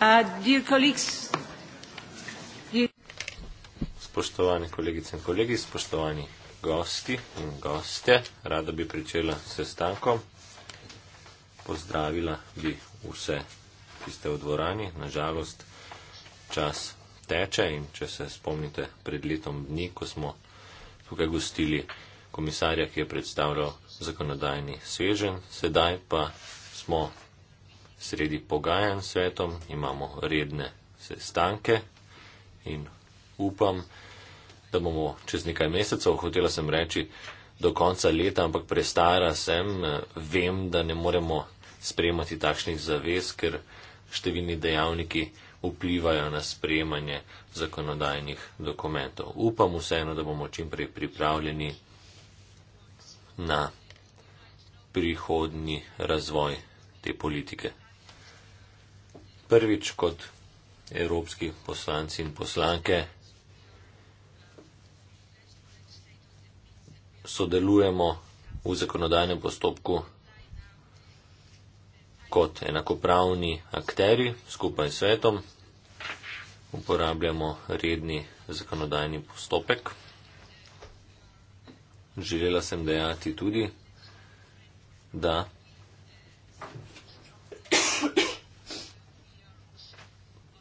Uh, Spoštovane kolegice in kolegi, spoštovani gosti in goste, rada bi pričela sestankom. Pozdravila bi vse, ki ste v dvorani. Nažalost, čas teče in če se spomnite pred letom dni, ko smo tukaj gostili komisarja, ki je predstavljal zakonodajni svežen, sedaj pa smo sredi pogajanj s svetom, imamo redne sestanke in upam, da bomo čez nekaj mesecev, hotela sem reči, do konca leta, ampak prestara sem, eh, vem, da ne moremo sprejemati takšnih zavez, ker številni dejavniki vplivajo na sprejemanje zakonodajnih dokumentov. Upam vseeno, da bomo čimprej pripravljeni na prihodni razvoj te politike prvič kot evropski poslanci in poslanke sodelujemo v zakonodajnem postopku kot enakopravni akteri skupaj s svetom. Uporabljamo redni zakonodajni postopek. Želela sem dejati tudi, da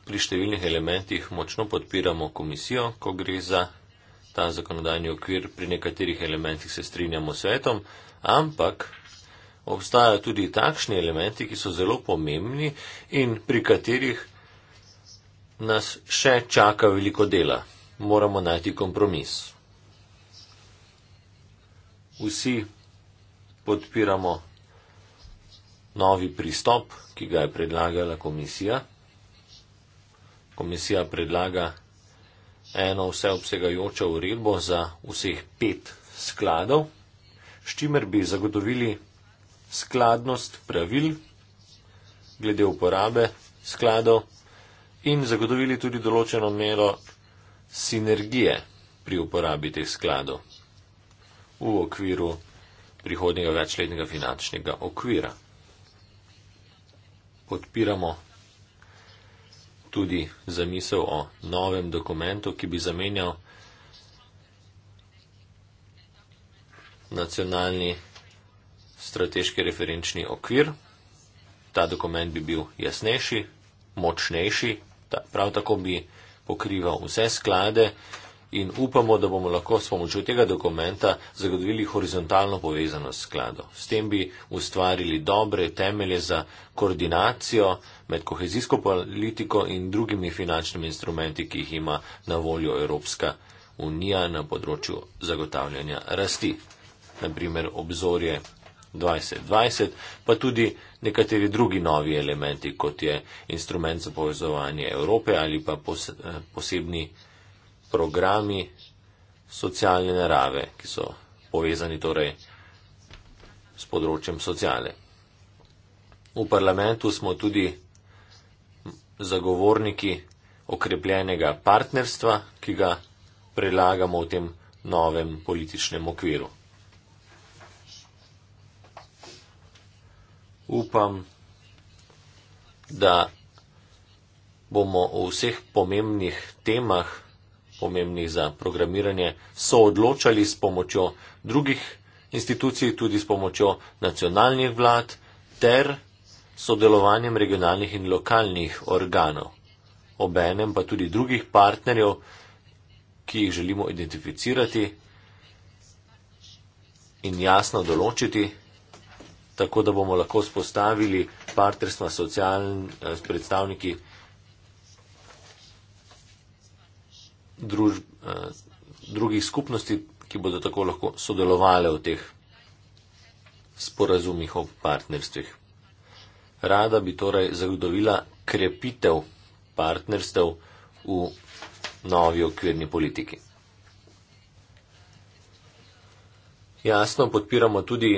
pri številnih elementih močno podpiramo komisijo, ko gre za ta zakonodajni okvir, pri nekaterih elementih se strinjamo s svetom, ampak obstajajo tudi takšni elementi, ki so zelo pomembni in pri katerih nas še čaka veliko dela. Moramo najti kompromis. Vsi podpiramo novi pristop, ki ga je predlagala komisija komisija predlaga eno vseobsegajočo uredbo za vseh pet skladov, s čimer bi zagotovili skladnost pravil glede uporabe skladov in zagotovili tudi določeno mero sinergije pri uporabi teh skladov v okviru prihodnjega večletnega finančnega okvira. Podpiramo tudi zamisel o novem dokumentu, ki bi zamenjal nacionalni strateški referenčni okvir. Ta dokument bi bil jasnejši, močnejši, prav tako bi pokrival vse sklade, in upamo, da bomo lahko s pomočjo tega dokumenta zagotovili horizontalno povezanost skladov. S tem bi ustvarili dobre temelje za koordinacijo med kohezijsko politiko in drugimi finančnimi instrumenti, ki jih ima na voljo Evropska unija na področju zagotavljanja rasti. Naprimer obzorje 2020, pa tudi nekateri drugi novi elementi, kot je instrument za povezovanje Evrope ali pa eh, posebni programi socialne narave, ki so povezani torej s področjem sociale. V parlamentu smo tudi zagovorniki okrepljenega partnerstva, ki ga prelagamo v tem novem političnem okviru. Upam, da bomo o vseh pomembnih temah pomembnih za programiranje, so odločali s pomočjo drugih institucij, tudi s pomočjo nacionalnih vlad ter sodelovanjem regionalnih in lokalnih organov, obenem pa tudi drugih partnerjev, ki jih želimo identificirati in jasno določiti, tako da bomo lahko spostavili partnerstva s predstavniki družb, eh, drugih skupnosti, ki bodo tako lahko sodelovali v teh sporazumih o partnerstvih. Rada bi torej zagotovila krepitev partnerstev v novi okvirni politiki. Jasno podpiramo tudi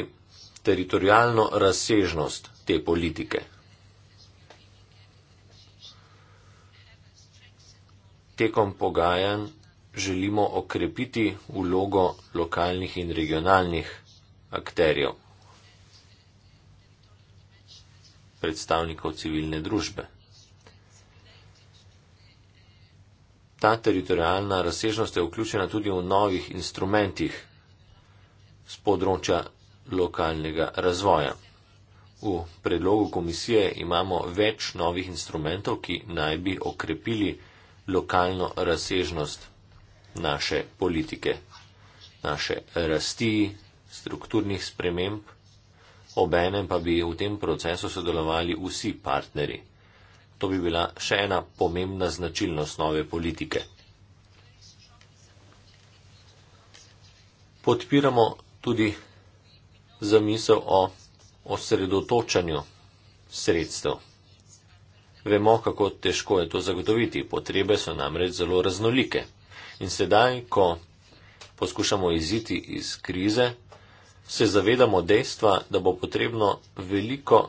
teritorijalno razsežnost te politike, tekom pogajanj želimo okrepiti vlogo lokalnih in regionalnih akterjev, predstavnikov civilne družbe. Ta teritorijalna razsežnost je vključena tudi v novih instrumentih z področja lokalnega razvoja. V predlogu komisije imamo več novih instrumentov, ki naj bi okrepili lokalno razsežnost naše politike, naše rasti, strukturnih sprememb, obenem pa bi v tem procesu sodelovali vsi partnerji. To bi bila še ena pomembna značilnost nove politike. Podpiramo tudi zamisel o osredotočanju sredstev. Vemo, kako težko je to zagotoviti, potrebe so namreč zelo raznolike. In sedaj, ko poskušamo iziti iz krize, se zavedamo dejstva, da bo potrebno veliko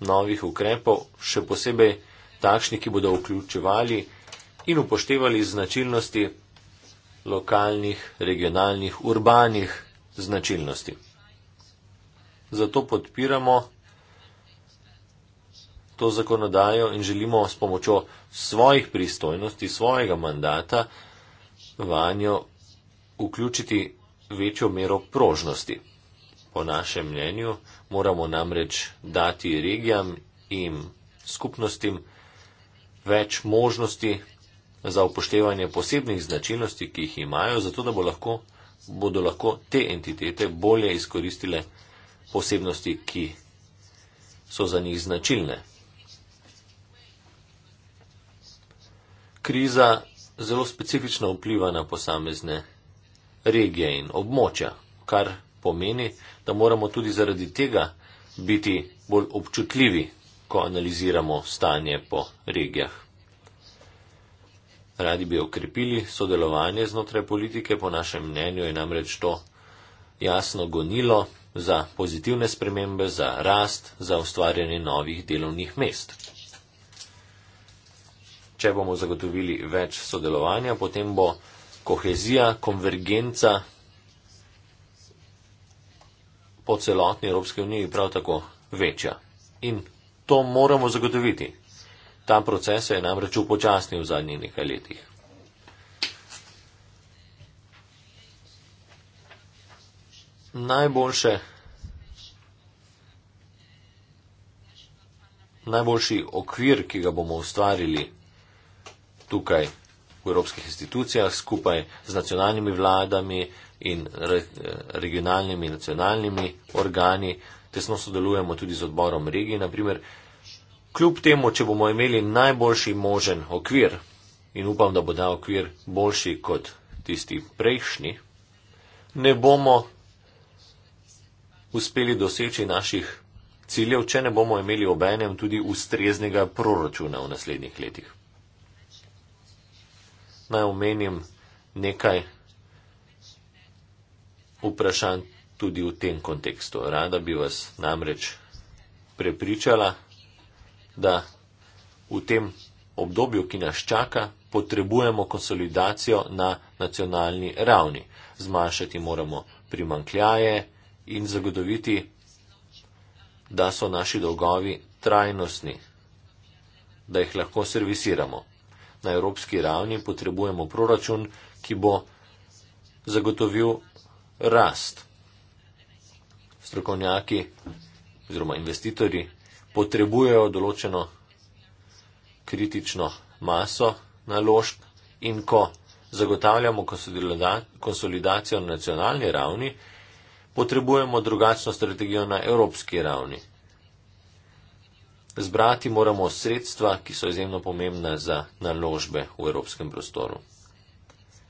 novih ukrepov, še posebej takšni, ki bodo vključevali in upoštevali značilnosti lokalnih, regionalnih, urbanih značilnosti. Zato podpiramo to zakonodajo in želimo s pomočjo svojih pristojnosti, svojega mandata vanjo vključiti večjo mero prožnosti. Po našem mnenju moramo namreč dati regijam in skupnostim več možnosti za upoštevanje posebnih značilnosti, ki jih imajo, zato da bo lahko, bodo lahko te entitete bolje izkoristile posebnosti, ki so za njih značilne. kriza zelo specifično vpliva na posamezne regije in območja, kar pomeni, da moramo tudi zaradi tega biti bolj občutljivi, ko analiziramo stanje po regijah. Radi bi okrepili sodelovanje znotraj politike, po našem mnenju je namreč to jasno gonilo za pozitivne spremembe, za rast, za ustvarjanje novih delovnih mest če bomo zagotovili več sodelovanja, potem bo kohezija, konvergenca po celotni Evropski uniji prav tako večja. In to moramo zagotoviti. Ta proces se je namreč upočasnil v zadnjih nekaj letih. Najboljše, najboljši okvir, ki ga bomo ustvarili tukaj v evropskih institucijah, skupaj z nacionalnimi vladami in re, regionalnimi in nacionalnimi organi. Tesno sodelujemo tudi z odborom regij. Naprimer, kljub temu, če bomo imeli najboljši možen okvir in upam, da bo ta okvir boljši kot tisti prejšnji, ne bomo uspeli doseči naših ciljev, če ne bomo imeli obenem tudi ustreznega proračuna v naslednjih letih naj omenim nekaj vprašanj tudi v tem kontekstu. Rada bi vas namreč prepričala, da v tem obdobju, ki nas čaka, potrebujemo konsolidacijo na nacionalni ravni. Zmanjšati moramo primankljaje in zagotoviti, da so naši dolgovi trajnostni, da jih lahko servisiramo na evropski ravni potrebujemo proračun, ki bo zagotovil rast. Strokovnjaki oziroma investitorji potrebujejo določeno kritično maso naložb in ko zagotavljamo konsolidacijo na nacionalni ravni, potrebujemo drugačno strategijo na evropski ravni. Zbrati moramo sredstva, ki so izjemno pomembna za naložbe v evropskem prostoru.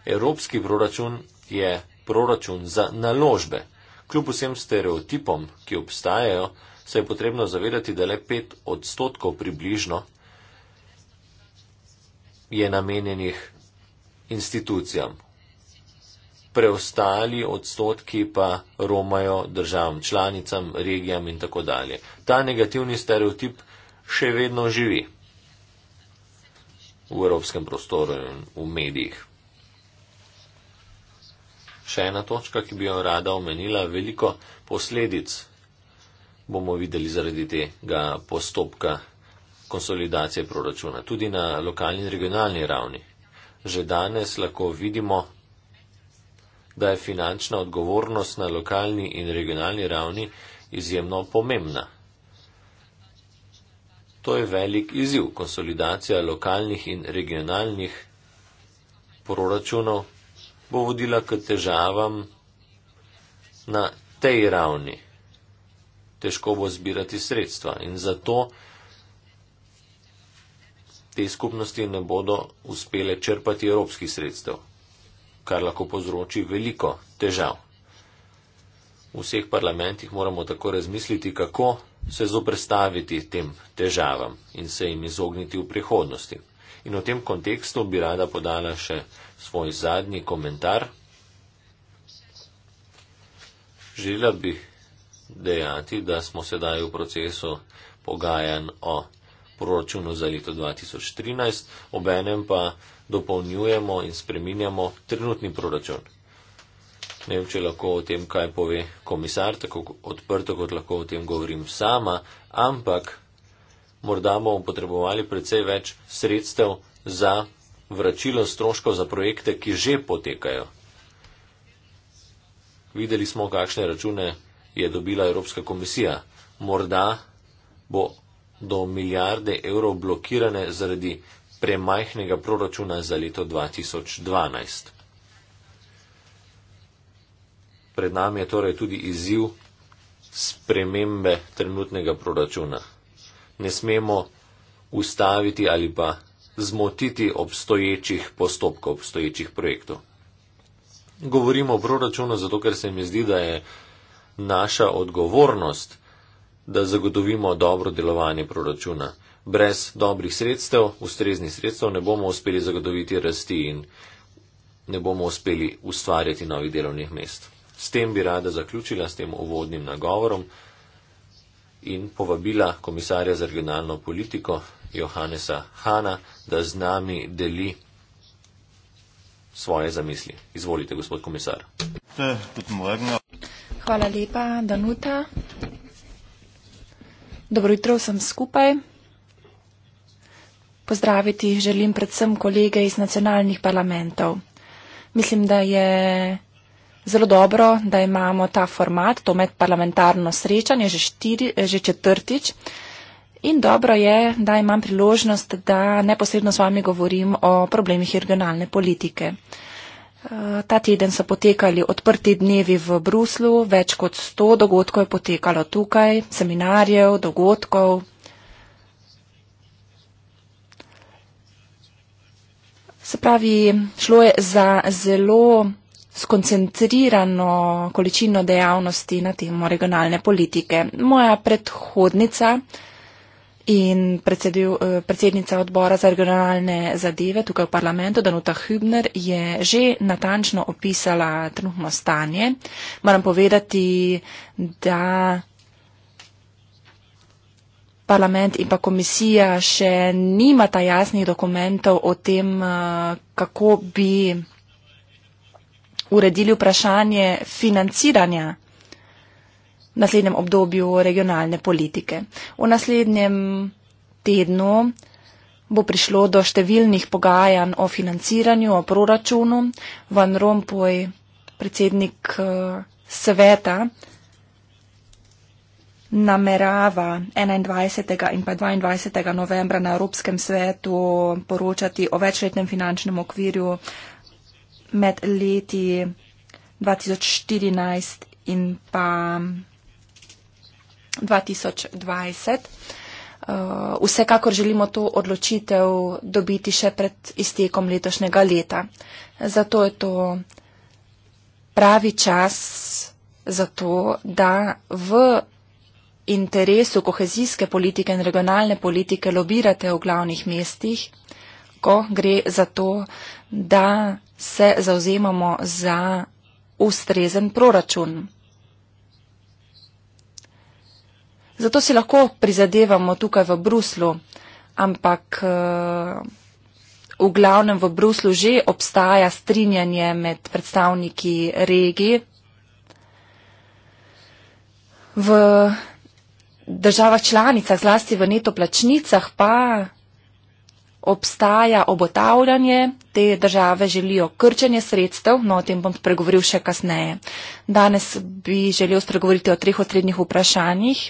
Evropski proračun je proračun za naložbe. Kljub vsem stereotipom, ki obstajajo, se je potrebno zavedati, da le pet odstotkov približno je namenjenih institucijam. Preostali odstotki pa romajo državam, članicam, regijam in tako dalje. Ta negativni stereotip še vedno živi v evropskem prostoru in v medijih. Še ena točka, ki bi jo rada omenila, veliko posledic bomo videli zaradi tega postopka konsolidacije proračuna, tudi na lokalni in regionalni ravni. Že danes lahko vidimo, da je finančna odgovornost na lokalni in regionalni ravni izjemno pomembna. To je velik izziv, konsolidacija lokalnih in regionalnih proračunov bo vodila k težavam na tej ravni. Težko bo zbirati sredstva in zato te skupnosti ne bodo uspele črpati evropskih sredstev, kar lahko povzroči veliko težav. V vseh parlamentih moramo tako razmisliti, kako se zoprstaviti tem težavam in se jim izogniti v prihodnosti. In v tem kontekstu bi rada podala še svoj zadnji komentar. Želela bi dejati, da smo sedaj v procesu pogajan o proračunu za leto 2013, obenem pa dopolnjujemo in spreminjamo trenutni proračun. Ne vem, če lahko o tem kaj pove komisar, tako odprto, kot lahko o tem govorim sama, ampak morda bomo potrebovali precej več sredstev za vračilo stroškov za projekte, ki že potekajo. Videli smo, kakšne račune je dobila Evropska komisija. Morda bo do milijarde evrov blokirane zaradi premajhnega proračuna za leto 2012 pred nami je torej tudi izziv spremembe trenutnega proračuna. Ne smemo ustaviti ali pa zmotiti obstoječih postopkov, obstoječih projektov. Govorimo o proračunu zato, ker se mi zdi, da je naša odgovornost, da zagotovimo dobro delovanje proračuna. Brez dobrih sredstev, ustreznih sredstev, ne bomo uspeli zagotoviti rasti in ne bomo uspeli ustvarjati novih delovnih mest. S tem bi rada zaključila, s tem uvodnim nagovorom in povabila komisarja za regionalno politiko Johannesa Hanna, da z nami deli svoje zamisli. Izvolite, gospod komisar. Hvala lepa, Danuta. Dobro jutro vsem skupaj. Pozdraviti želim predvsem kolege iz nacionalnih parlamentov. Mislim, da je Zelo dobro, da imamo ta format, to medparlamentarno srečanje, že, štiri, že četrtič. In dobro je, da imam priložnost, da neposredno z vami govorim o problemih regionalne politike. Eh, ta teden so potekali odprti dnevi v Bruslu, več kot sto dogodkov je potekalo tukaj, seminarjev, dogodkov. Se pravi, šlo je za zelo skoncentrirano količino dejavnosti na temo regionalne politike. Moja predhodnica in eh, predsednica odbora za regionalne zadeve tukaj v parlamentu, Danuta Hübner, je že natančno opisala trenutno stanje. Moram povedati, da parlament in pa komisija še nimata jasnih dokumentov o tem, eh, kako bi uredili vprašanje financiranja v naslednjem obdobju regionalne politike. V naslednjem tednu bo prišlo do številnih pogajanj o financiranju, o proračunu. Van Rompuy, predsednik eh, sveta, namerava 21. in pa 22. novembra na Evropskem svetu poročati o večletnem finančnem okvirju med leti 2014 in pa 2020. Eh, vsekakor želimo to odločitev dobiti še pred iztekom letošnjega leta. Zato je to pravi čas za to, da v interesu kohezijske politike in regionalne politike lobirate v glavnih mestih, ko gre za to, da se zauzemamo za ustrezen proračun. Zato si lahko prizadevamo tukaj v Bruslu, ampak eh, v glavnem v Bruslu že obstaja strinjanje med predstavniki regij. V državah članicah, zlasti v netoplačnicah, pa obstaja obotavljanje, te države želijo krčenje sredstev, no o tem bom spregovoril še kasneje. Danes bi želel spregovoriti o treh osrednjih vprašanjih,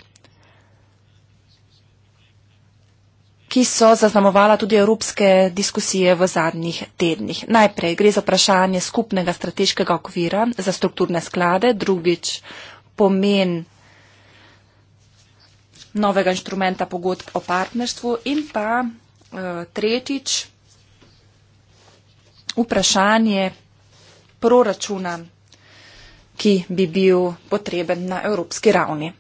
ki so zaznamovala tudi evropske diskusije v zadnjih tednih. Najprej gre za vprašanje skupnega strateškega okvira za strukturne sklade, drugič pomen novega inštrumenta pogodb o partnerstvu in pa tretjič vprašanje proračuna, ki bi bil potreben na evropski ravni.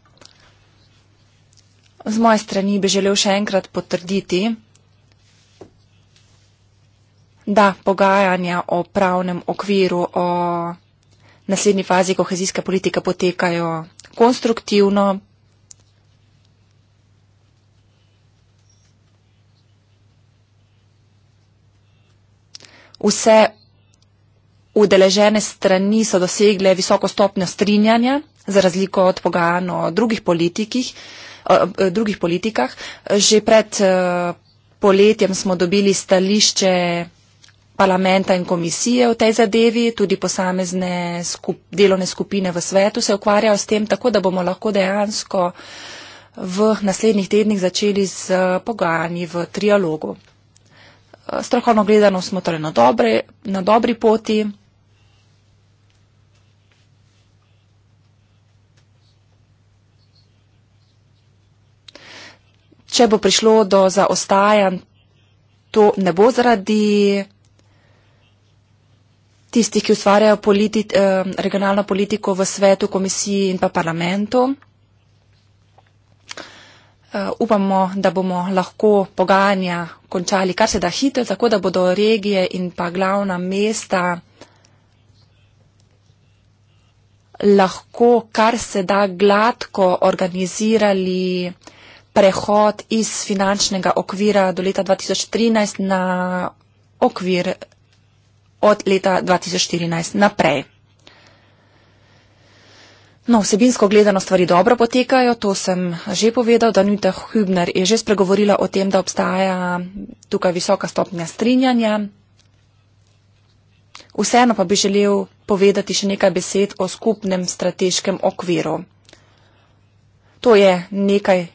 Z moje strani bi želel še enkrat potrditi, da pogajanja o pravnem okviru, o naslednji fazi kohezijske politike potekajo konstruktivno, vse udeležene strani so dosegle visoko stopnjo strinjanja, za razliko od pogajanj o drugih, politikih, o drugih politikah. Že pred eh, poletjem smo dobili stališče parlamenta in komisije v tej zadevi, tudi posamezne skup, delovne skupine v svetu se ukvarjajo s tem, tako da bomo lahko dejansko v naslednjih tednih začeli z pogajanji v trialogu strokovno gledano smo torej na, dobre, na dobri poti. Če bo prišlo do zaostajanj, to ne bo zaradi tistih, ki ustvarjajo politi, eh, regionalno politiko v svetu, komisiji in pa parlamentu. Eh, upamo, da bomo lahko pogajanja končali kar se da hitro, tako da bodo regije in pa glavna mesta lahko kar se da gladko organizirali prehod iz finančnega okvira do leta 2013 na okvir od leta 2014 naprej. No, vsebinsko gledano stvari dobro potekajo, to sem že povedal, da Nita Hübner je že spregovorila o tem, da obstaja tukaj visoka stopnja strinjanja. Vseeno pa bi želel povedati še nekaj besed o skupnem strateškem okviru. To je nekaj,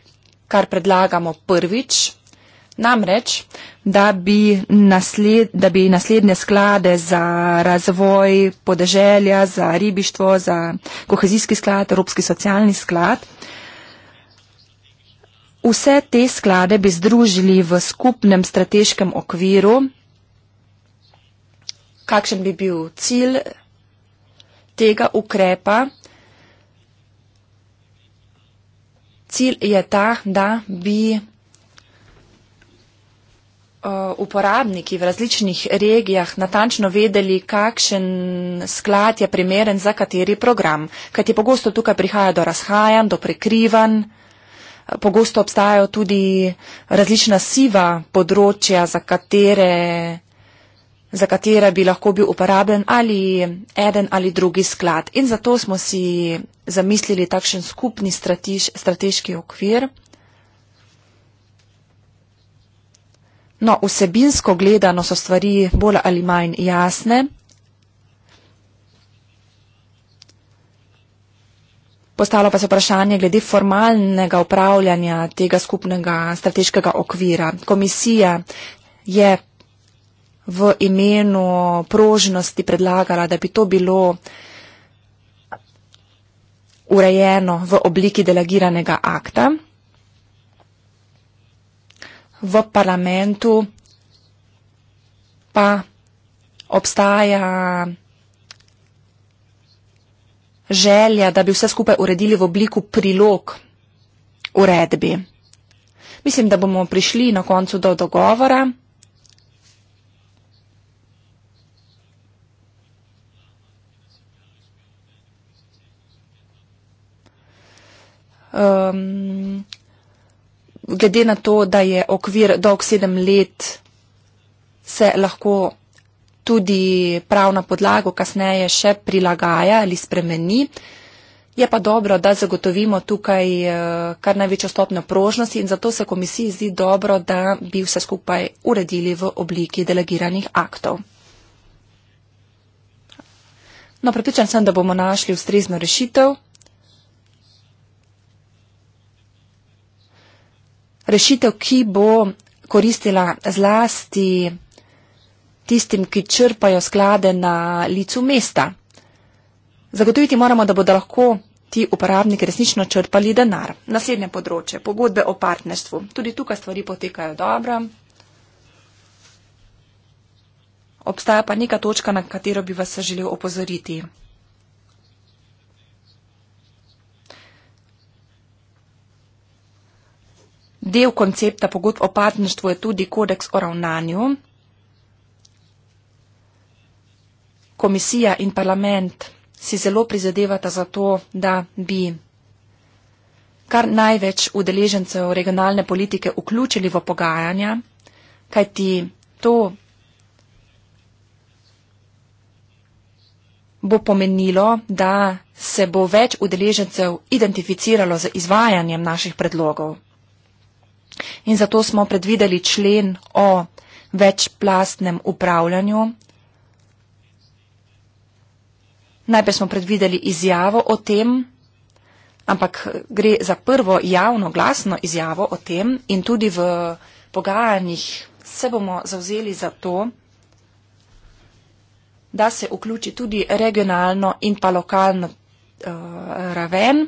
kar predlagamo prvič Namreč, da bi, nasled, da bi naslednje sklade za razvoj podeželja, za ribištvo, za kohezijski sklad, Evropski socialni sklad, vse te sklade bi združili v skupnem strateškem okviru, kakšen bi bil cilj tega ukrepa. Cilj je ta, da bi Uh, uporabniki v različnih regijah natančno vedeli, kakšen sklad je primeren za kateri program. Kaj ti pogosto tukaj prihaja do razhajanj, do prekrivanj, pogosto obstajajo tudi različna siva področja, za katere za katera bi lahko bil uporaben ali eden ali drugi sklad. In zato smo si zamislili takšen skupni strateš, strateški okvir. No, vsebinsko gledano so stvari bolj ali manj jasne. Postalo pa se vprašanje glede formalnega upravljanja tega skupnega strateškega okvira. Komisija je v imenu prožnosti predlagala, da bi to bilo urejeno v obliki delegiranega akta v parlamentu pa obstaja želja, da bi vse skupaj uredili v obliku prilog uredbi. Mislim, da bomo prišli na koncu do dogovora. Um, glede na to, da je okvir dolg sedem let, se lahko tudi pravna podlago kasneje še prilagaja ali spremeni. Je pa dobro, da zagotovimo tukaj eh, kar največjo stopnjo prožnosti in zato se komisiji zdi dobro, da bi vse skupaj uredili v obliki delegiranih aktov. No, pripričan sem, da bomo našli ustrezno rešitev. rešitev, ki bo koristila zlasti tistim, ki črpajo sklade na licu mesta. Zagotoviti moramo, da bodo lahko ti uporabniki resnično črpali denar. Naslednje področje, pogodbe o partnerstvu. Tudi tukaj stvari potekajo dobro. Obstaja pa neka točka, na katero bi vas želel opozoriti. Del koncepta pogodb o partnerstvu je tudi kodeks o ravnanju. Komisija in parlament si zelo prizadevata za to, da bi kar največ udeležencev regionalne politike vključili v pogajanja, kajti to bo pomenilo, da se bo več udeležencev identificiralo z izvajanjem naših predlogov. In zato smo predvideli člen o večplastnem upravljanju. Najprej smo predvideli izjavo o tem, ampak gre za prvo javno glasno izjavo o tem in tudi v pogajanjih se bomo zavzeli za to, da se vključi tudi regionalno in pa lokalno uh, raven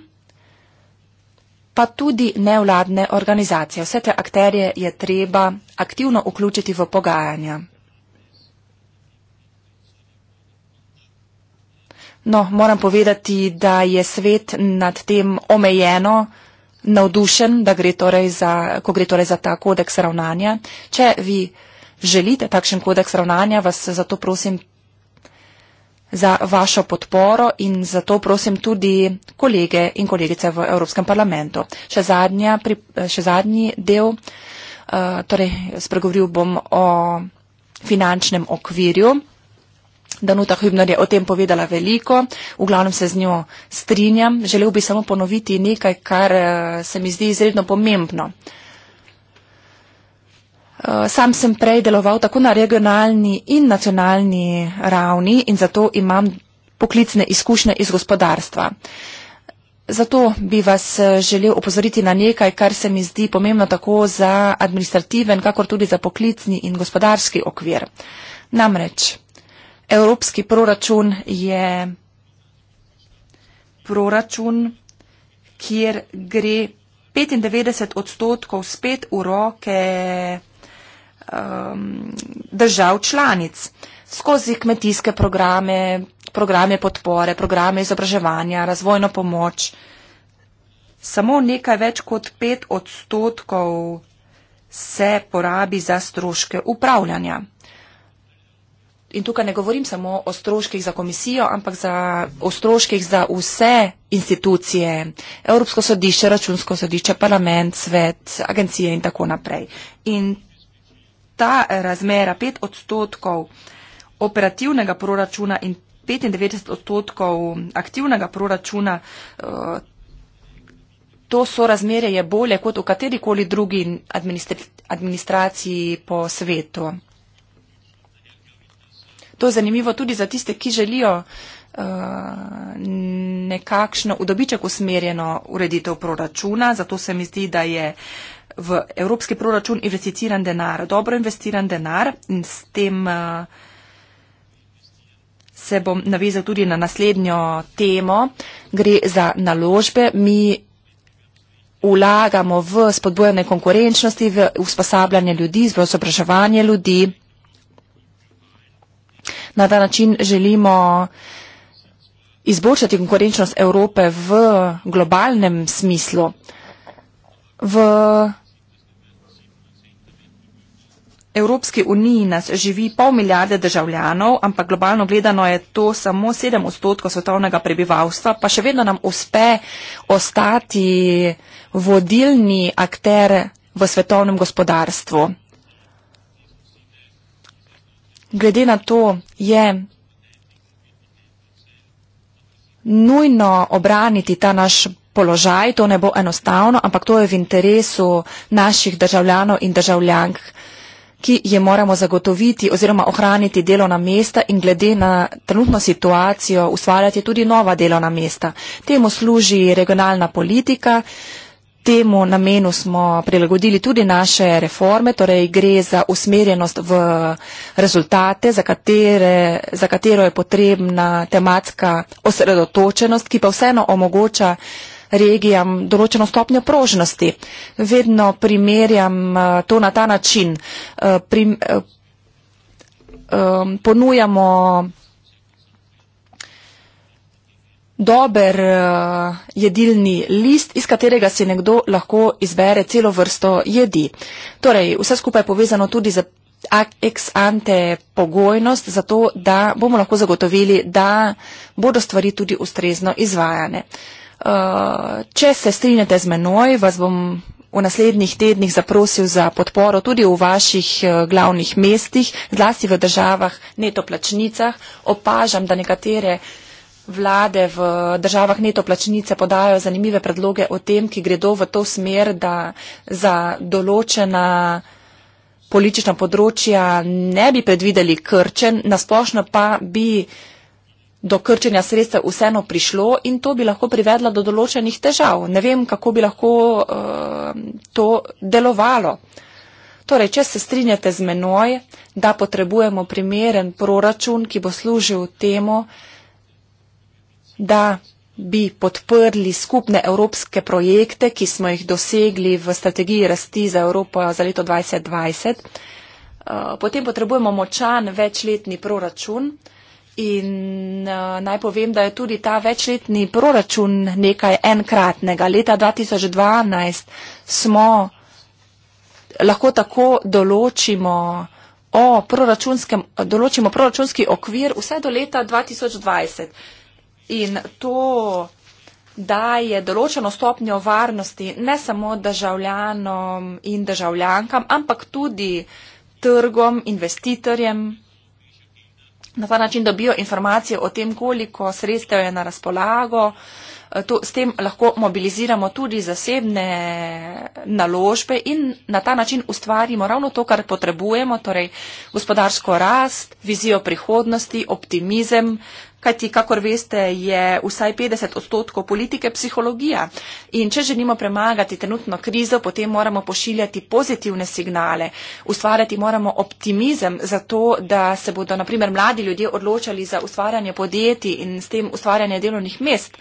pa tudi nevladne organizacije. Vse te akterje je treba aktivno vključiti v pogajanja. No, moram povedati, da je svet nad tem omejeno navdušen, da gre torej za, ko gre torej za ta kodeks ravnanja. Če vi želite takšen kodeks ravnanja, vas zato prosim za vašo podporo in zato prosim tudi kolege in kolegice v Evropskem parlamentu. Še, zadnja, še zadnji del, eh, torej spregovoril bom o finančnem okvirju. Danuta Hübner je o tem povedala veliko, v glavnem se z njo strinjam. Želel bi samo ponoviti nekaj, kar eh, se mi zdi izredno pomembno. Eh, sam sem prej deloval tako na regionalni in nacionalni ravni in zato imam poklicne izkušnje iz gospodarstva. Zato bi vas eh, želel opozoriti na nekaj, kar se mi zdi pomembno tako za administrativen, kakor tudi za poklicni in gospodarski okvir. Namreč, evropski proračun je proračun, kjer gre 95 odstotkov spet v roke um, držav članic skozi kmetijske programe, programe podpore, programe izobraževanja, razvojno pomoč. Samo nekaj več kot pet odstotkov se porabi za stroške upravljanja. In tukaj ne govorim samo o stroških za komisijo, ampak za, o stroških za vse institucije, Evropsko sodišče, Računsko sodišče, parlament, svet, agencije in tako naprej. In ta razmera 5 odstotkov operativnega proračuna in 95 odstotkov aktivnega proračuna, eh, to sorazmerje je bolje kot v katerikoli drugi administraciji po svetu. To je zanimivo tudi za tiste, ki želijo uh, nekakšno v dobiček usmerjeno ureditev proračuna, zato se mi zdi, da je uh, v evropski proračun investiciran denar, dobro investiran denar in s tem eh, se bom navezal tudi na naslednjo temo. Gre za naložbe. Mi vlagamo v spodbojanje konkurenčnosti, v usposabljanje ljudi, v izobraževanje ljudi. Na ta način želimo izboljšati konkurenčnost Evrope v globalnem smislu. V Evropski uniji nas živi pol milijarde državljanov, ampak globalno gledano je to samo sedem odstotkov svetovnega prebivalstva, pa še vedno nam uspe ostati vodilni akter v svetovnem gospodarstvu. Glede na to je nujno obraniti ta naš položaj, to ne bo enostavno, ampak to je v interesu naših državljanov in državljank ki jim moramo zagotoviti oziroma ohraniti delovna mesta in glede na trenutno situacijo ustvarjati tudi nova delovna mesta. Temu služi regionalna politika, temu namenu smo prilagodili tudi naše reforme, torej gre za usmerjenost v rezultate, za, katere, za katero je potrebna tematska osredotočenost, ki pa vseeno omogoča regijam določeno stopnjo prožnosti. Vedno primerjam eh, to na ta način. Eh, eh, um, ponujamo dober jedilni list, iz katerega si nekdo lahko izbere celo vrsto jedi. Torej, vse skupaj je povezano tudi z ex ante pogojnost, zato da bomo lahko zagotovili, da bodo stvari tudi ustrezno izvajane. Uh, če se strinjate z menoj, vas bom v naslednjih tednih zaprosil za podporo tudi v vaših eh, glavnih mestih, zlasti v državah netoplačnicah. Opažam, da nekatere vlade v državah netoplačnice podajo zanimive predloge o tem, ki gredo v to smer, da za določena politična področja ne bi predvideli krčen, nasplošno pa bi uh, do krčenja sredstev vseeno prišlo in to bi lahko privedlo do določenih težav. Ne vem, kako bi lahko uh, to delovalo. Torej, če se strinjate z menoj, da potrebujemo primeren proračun, ki bo služil temu, da bi podprli skupne evropske projekte, ki smo jih dosegli v strategiji rasti za Evropo za leto 2020, eh, potem potrebujemo močan večletni proračun. In uh, naj povem, da je tudi ta večletni proračun nekaj enkratnega. Leta 2012 smo lahko tako določimo, o proračunskem, določimo proračunski okvir vse do leta 2020. In to daje določeno stopnjo varnosti ne samo državljanom in državljankam, ampak tudi trgom, investitorjem, na ta način dobijo informacije o tem, koliko sredstev je na razpolago. E, to, s tem lahko mobiliziramo tudi zasebne naložbe in na ta način ustvarimo ravno to, kar potrebujemo, torej gospodarsko rast, vizijo prihodnosti, optimizem, kajti, kakor veste, je vsaj 50 odstotkov politike psihologija. In če želimo premagati trenutno krizo, potem moramo pošiljati pozitivne signale, ustvarjati moramo optimizem za to, da se bodo, naprimer, mladi ljudje odločali za ustvarjanje podjetij in s tem ustvarjanje delovnih mest.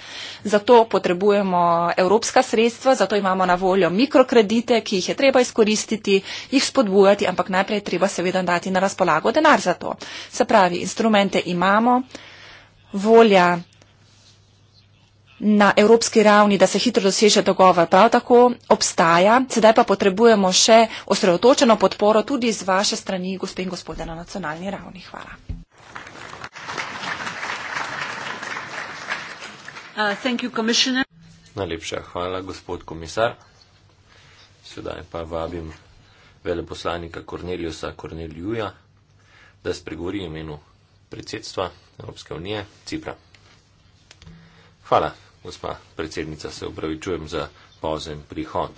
Zato potrebujemo evropska sredstva, zato imamo na voljo mikrokredite, ki jih je treba izkoristiti, jih spodbujati, ampak najprej treba seveda dati na razpolago denar za to. Se pravi, instrumente imamo, volja na evropski ravni, da se hitro doseže dogovor. Prav tako obstaja. Sedaj pa potrebujemo še osredotočeno podporo tudi z vaše strani, gospe in gospode, na nacionalni ravni. Hvala. Uh, you, Najlepša hvala, gospod komisar. Sedaj pa vabim veleposlanika Korneliusa Korneljuja, da spregovori imenu predsedstva. Evropske unije, Cipra. Hvala, gospa predsednica, se upravičujem za pozen prihod.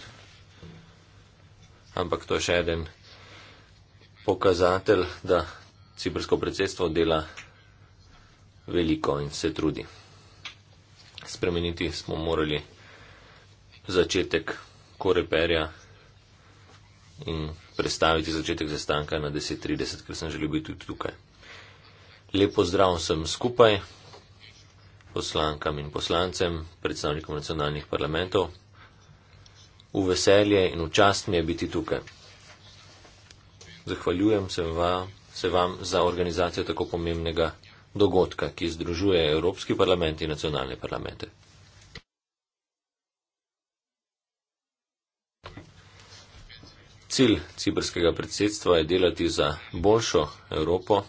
Ampak to je še en pokazatelj, da ciprsko predsedstvo dela veliko in se trudi. Spremeniti smo morali začetek koreperja in prestaviti začetek zastanka na 10.30, ker sem želel biti tudi tukaj. Lepo zdrav vsem skupaj, poslankam in poslancem, predstavnikom nacionalnih parlamentov. V veselje in v čast mi je biti tukaj. Zahvaljujem se vam, se vam za organizacijo tako pomembnega dogodka, ki združuje Evropski parlament in nacionalne parlamente. Cilj ciberskega predsedstva je delati za boljšo Evropo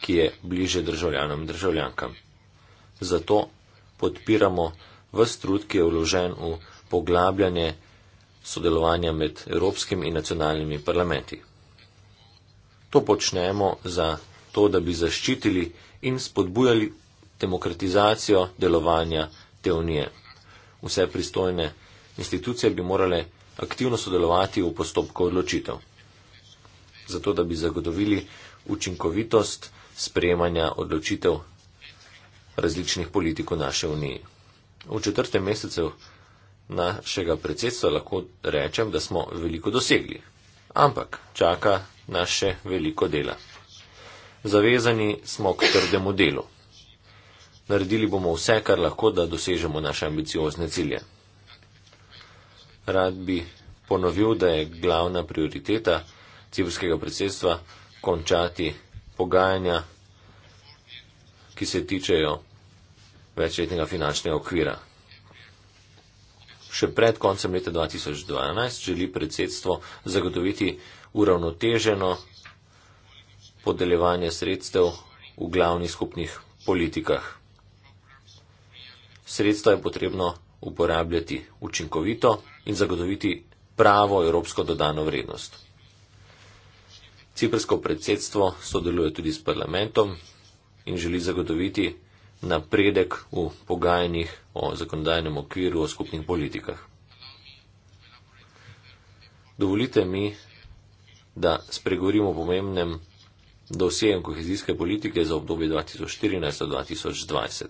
ki je bliže državljanom in državljankam. Zato podpiramo vse trud, ki je vložen v poglabljanje sodelovanja med evropskimi in nacionalnimi parlamenti. To počnemo za to, da bi zaščitili in spodbujali demokratizacijo delovanja te unije. Vse pristojne institucije bi morale aktivno sodelovati v postopku odločitev, zato da bi zagotovili učinkovitost sprejemanja odločitev različnih politik v naše uniji. V četrtem mesecu našega predsedstva lahko rečem, da smo veliko dosegli, ampak čaka naše veliko dela. Zavezani smo k trdemu delu. Naredili bomo vse, kar lahko, da dosežemo naše ambiciozne cilje. Rad bi ponovil, da je glavna prioriteta civilskega predsedstva končati pogajanja, ki se tičejo večletnega finančnega okvira. Še pred koncem leta 2012 želi predsedstvo zagotoviti uravnoteženo podeljevanje sredstev v glavnih skupnih politikah. Sredstva je potrebno uporabljati učinkovito in zagotoviti pravo evropsko dodano vrednost. Ciprsko predsedstvo sodeluje tudi s parlamentom in želi zagotoviti napredek v pogajanjih o zakonodajnem okviru o skupnih politikah. Dovolite mi, da spregovorimo o pomembnem dosjeju kohezijske politike za obdobje 2014-2020.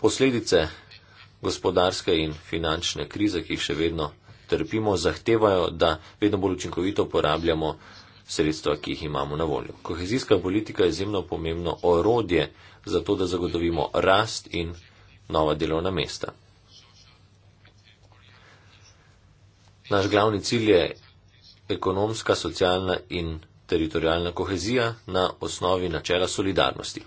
Posledice gospodarske in finančne krize, ki jih še vedno trpimo, zahtevajo, da vedno bolj učinkovito uporabljamo sredstva, ki jih imamo na voljo. Kohezijska politika je izjemno pomembno orodje za to, da zagotovimo rast in nova delovna mesta. Naš glavni cilj je ekonomska, socialna in teritorijalna kohezija na osnovi načela solidarnosti.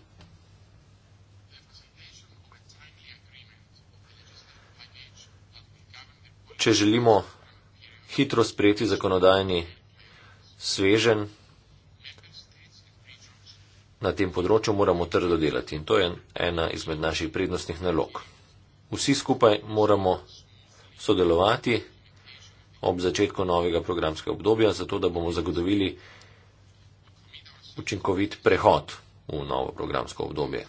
če želimo hitro sprejeti zakonodajni svežen na tem področju, moramo trdo delati in to je ena izmed naših prednostnih nalog. Vsi skupaj moramo sodelovati ob začetku novega programskega obdobja, zato da bomo zagotovili učinkovit prehod v novo programsko obdobje.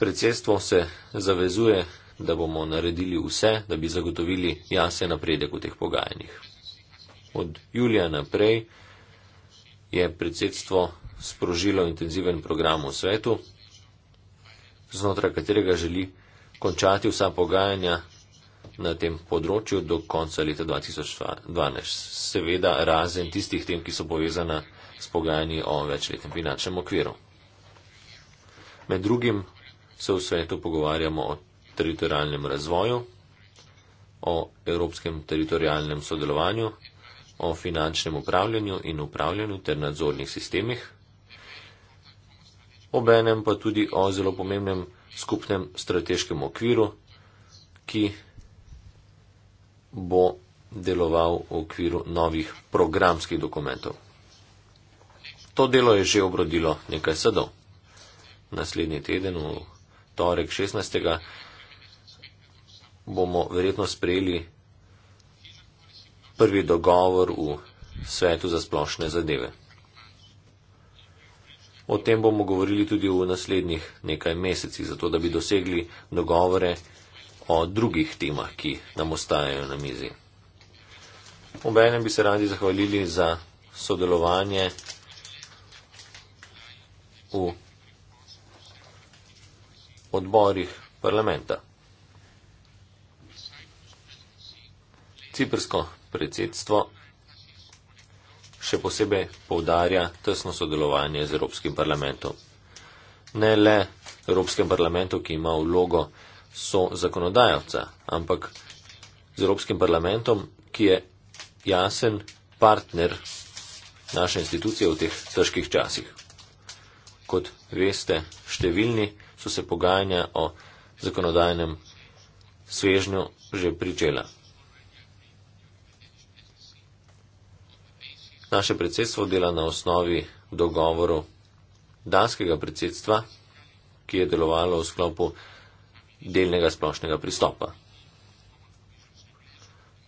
Predsedstvo se zavezuje da bomo naredili vse, da bi zagotovili jasen napredek v teh pogajanjih. Od julija naprej je predsedstvo sprožilo intenziven program v svetu, znotraj katerega želi končati vsa pogajanja na tem področju do konca leta 2012. Seveda razen tistih tem, ki so povezana s pogajanji o večletnem finančnem okviru. Med drugim se v svetu pogovarjamo o teritorijalnem razvoju, o evropskem teritorijalnem sodelovanju, o finančnem upravljanju in upravljanju ter nadzornih sistemih, obenem pa tudi o zelo pomembnem skupnem strateškem okviru, ki bo deloval v okviru novih programskih dokumentov. To delo je že obrodilo nekaj sadov. Naslednji teden, v torek 16 bomo verjetno sprejeli prvi dogovor v svetu za splošne zadeve. O tem bomo govorili tudi v naslednjih nekaj mesecih, zato da bi dosegli dogovore o drugih temah, ki nam ostajajo na mizi. Obenem bi se radi zahvalili za sodelovanje v odborih parlamenta. Ciprsko predsedstvo še posebej povdarja tesno sodelovanje z Evropskim parlamentom. Ne le Evropskem parlamentu, ki ima vlogo so zakonodajalca, ampak z Evropskim parlamentom, ki je jasen partner naše institucije v teh težkih časih. Kot veste, številni so se pogajanja o zakonodajnem svežnju že pričela. Naše predsedstvo dela na osnovi dogovoru danskega predsedstva, ki je delovalo v sklopu delnega splošnega pristopa.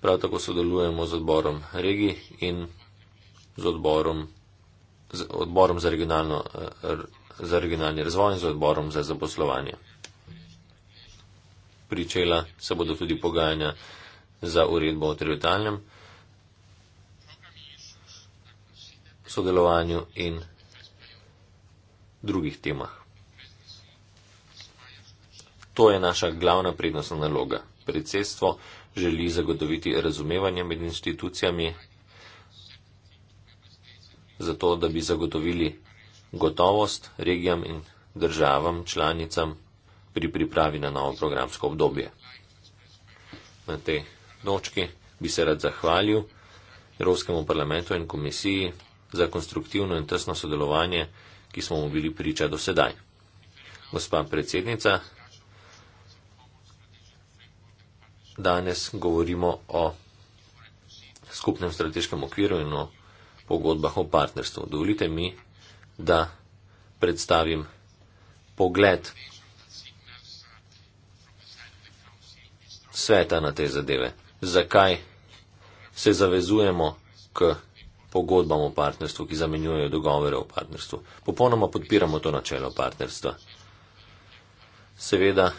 Prav tako sodelujemo z odborom regij in z odborom, z odborom za, za regionalni razvoj in z odborom za zaposlovanje. Pričela se bodo tudi pogajanja za uredbo o trivitalnem. sodelovanju in drugih temah. To je naša glavna prednostna naloga. Predsedstvo želi zagotoviti razumevanje med institucijami, zato da bi zagotovili gotovost regijam in državam, članicam pri pripravi na novo programsko obdobje. Na tej točki bi se rad zahvalil Evropskemu parlamentu in komisiji za konstruktivno in tesno sodelovanje, ki smo mu bili priča do sedaj. Gospa predsednica, danes govorimo o skupnem strateškem okviru in o pogodbah o partnerstvu. Dovolite mi, da predstavim pogled sveta na te zadeve. Zakaj se zavezujemo k pogodbam o partnerstvu, ki zamenjujejo dogovore o partnerstvu. Popolnoma podpiramo to načelo partnerstva. Seveda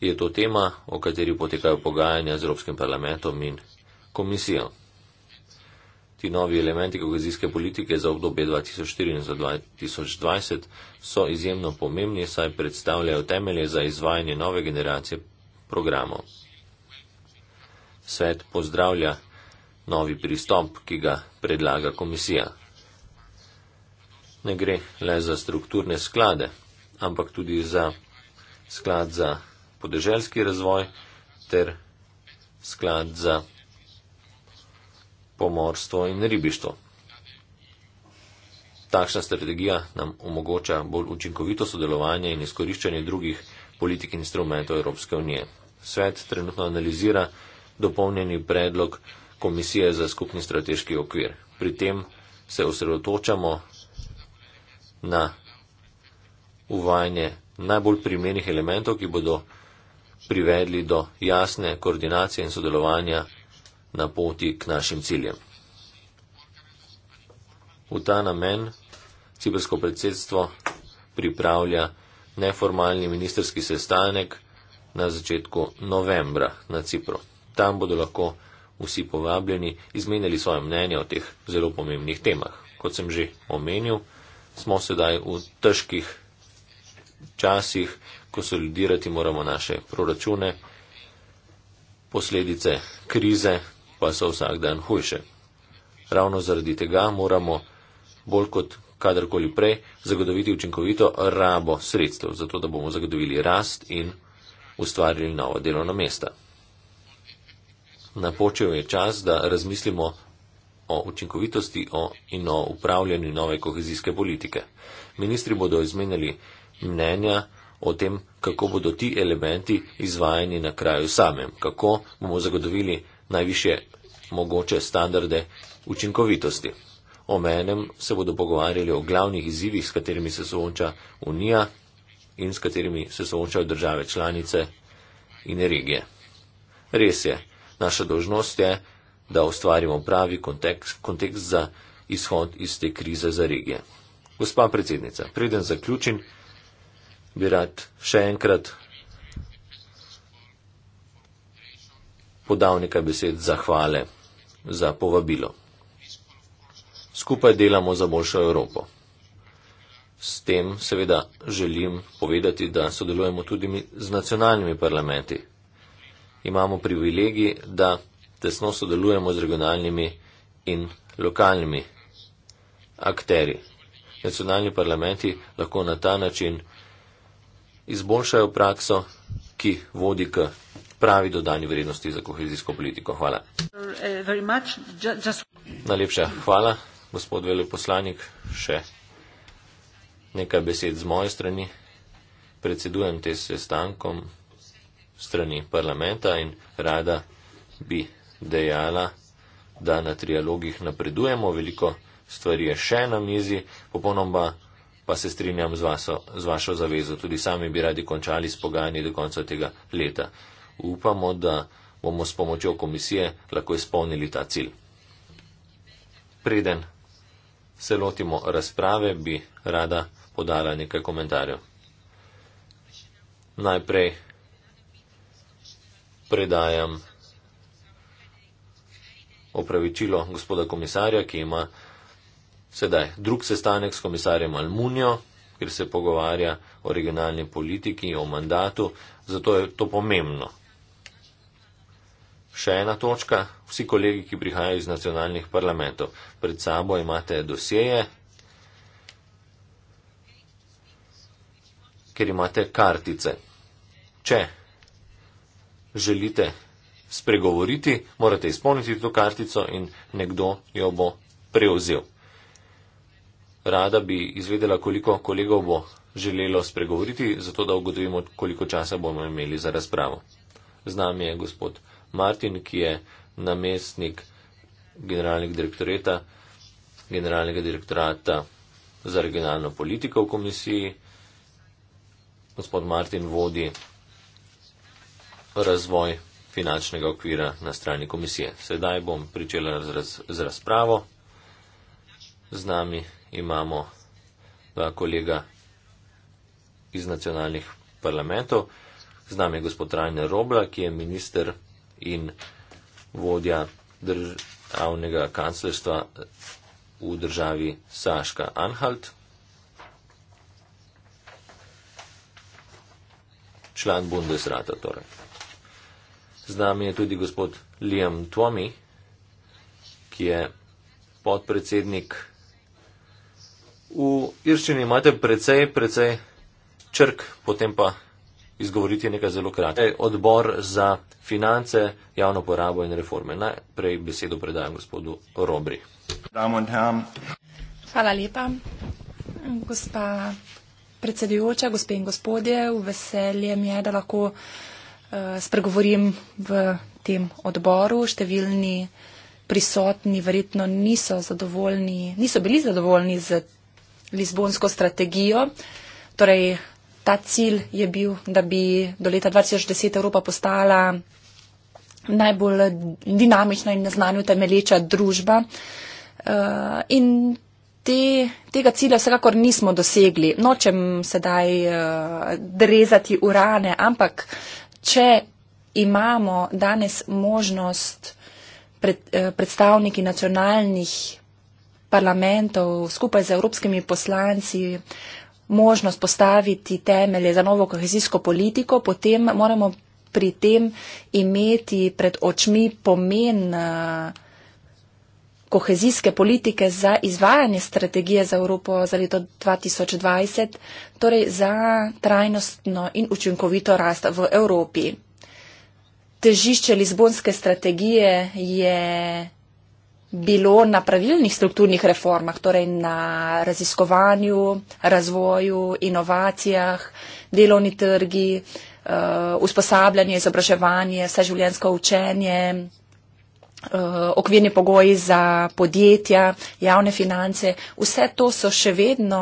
je to tema, o kateri potekajo pogajanja z Evropskim parlamentom in komisijo. Ti novi elementi kohezijske politike za obdobje 2014-2020 so izjemno pomembni, saj predstavljajo temelje za izvajanje nove generacije programov. Svet pozdravlja novi pristop, ki ga predlaga komisija. Ne gre le za strukturne sklade, ampak tudi za sklad za podeželski razvoj ter sklad za pomorstvo in ribištvo. Takšna strategija nam omogoča bolj učinkovito sodelovanje in izkoriščanje drugih politik in instrumentov Evropske unije. Svet trenutno analizira dopolnjeni predlog Komisije za skupni strateški okvir. Pri tem se osredotočamo na uvajanje najbolj primernih elementov, ki bodo privedli do jasne koordinacije in sodelovanja na poti k našim ciljem. V ta namen cibersko predsedstvo pripravlja neformalni ministerski sestanek na začetku novembra na Cipru. Tam bodo lahko vsi povabljeni, izmenjali svoje mnenje o teh zelo pomembnih temah. Kot sem že omenil, smo sedaj v težkih časih, konsolidirati moramo naše proračune, posledice krize pa so vsak dan hujše. Ravno zaradi tega moramo bolj kot kadarkoli prej zagotoviti učinkovito rabo sredstev, zato da bomo zagotovili rast in ustvarili nova delovna mesta. Napočil je čas, da razmislimo o učinkovitosti o in o upravljanju nove kohezijske politike. Ministri bodo izmenjali mnenja o tem, kako bodo ti elementi izvajani na kraju samem, kako bomo zagotovili najviše mogoče standarde učinkovitosti. O menem se bodo pogovarjali o glavnih izzivih, s katerimi se soonča Unija in s katerimi se soočajo države članice in regije. Res je, Naša dožnost je, da ustvarimo pravi kontekst, kontekst za izhod iz te krize za regije. Gospa predsednica, preden zaključim, bi rad še enkrat podal nekaj besed zahvale za povabilo. Skupaj delamo za boljšo Evropo. S tem seveda želim povedati, da sodelujemo tudi z nacionalnimi parlamenti, imamo privilegij, da tesno sodelujemo z regionalnimi in lokalnimi akteri. Nacionalni parlamenti lahko na ta način izboljšajo prakso, ki vodi k pravi dodani vrednosti za kohezijsko politiko. Hvala. Najlepša hvala, gospod veleposlanik. Še nekaj besed z moje strani. Predsedujem te sestankom strani parlamenta in rada bi dejala, da na trialogih napredujemo, veliko stvari je še na mizi, popolnoma pa se strinjam z, vaso, z vašo zavezo, tudi sami bi radi končali s pogajanji do konca tega leta. Upamo, da bomo s pomočjo komisije lahko izpolnili ta cilj. Preden se lotimo razprave, bi rada podala nekaj komentarjev. Najprej predajam opravičilo gospoda komisarja, ki ima sedaj drug sestanek s komisarjem Almunijo, ker se pogovarja o regionalni politiki, o mandatu, zato je to pomembno. Še ena točka, vsi kolegi, ki prihajajo iz nacionalnih parlamentov, pred sabo imate dosjeje, ker imate kartice. Če želite spregovoriti, morate izpolniti to kartico in nekdo jo bo prevzel. Rada bi izvedela, koliko kolegov bo želelo spregovoriti, zato da ugotovimo, koliko časa bomo imeli za razpravo. Z nami je gospod Martin, ki je namestnik generalnega direktoreta, generalnega direktorata za regionalno politiko v komisiji. Gospod Martin vodi razvoj finančnega okvira na strani komisije. Sedaj bom pričela z, raz, z razpravo. Z nami imamo dva kolega iz nacionalnih parlamentov. Z nami je gospod Rajne Robla, ki je minister in vodja državnega kanclerstva v državi Saška Anhalt. Član Bundesrata torej. Z nami je tudi gospod Liam Tuomi, ki je podpredsednik. V irščini imate precej, precej črk, potem pa izgovoriti nekaj zelo kratkega. Torej, odbor za finance, javno porabo in reforme. Najprej besedo predajam gospodu Robri. Hvala lepa, gospa predsedujoča, gospe in gospodje. V veselje mi je, da lahko. Eh, spregovorim v tem odboru. Številni prisotni verjetno niso, niso bili zadovoljni z Lizbonsko strategijo. Torej, ta cilj je bil, da bi do leta 2010 Evropa postala najbolj dinamična in na znanju temelječa družba. Eh, in te, tega cilja vsekakor nismo dosegli. Nočem sedaj eh, drezati urane, ampak če imamo danes možnost pred, eh, predstavniki nacionalnih parlamentov skupaj z evropskimi poslanci možnost postaviti temelje za novo kohezijsko politiko, potem moramo pri tem imeti pred očmi pomen uh, kohezijske politike za izvajanje strategije za Evropo za leto 2020, torej za trajnostno in učinkovito rast v Evropi. Težišče Lizbonske strategije je bilo na pravilnih strukturnih reformah, torej na raziskovanju, razvoju, inovacijah, delovni trgi, eh, usposabljanje, izobraževanje, vseživljenjsko učenje, Eh, okvirni pogoji za podjetja, javne finance, vse to so še vedno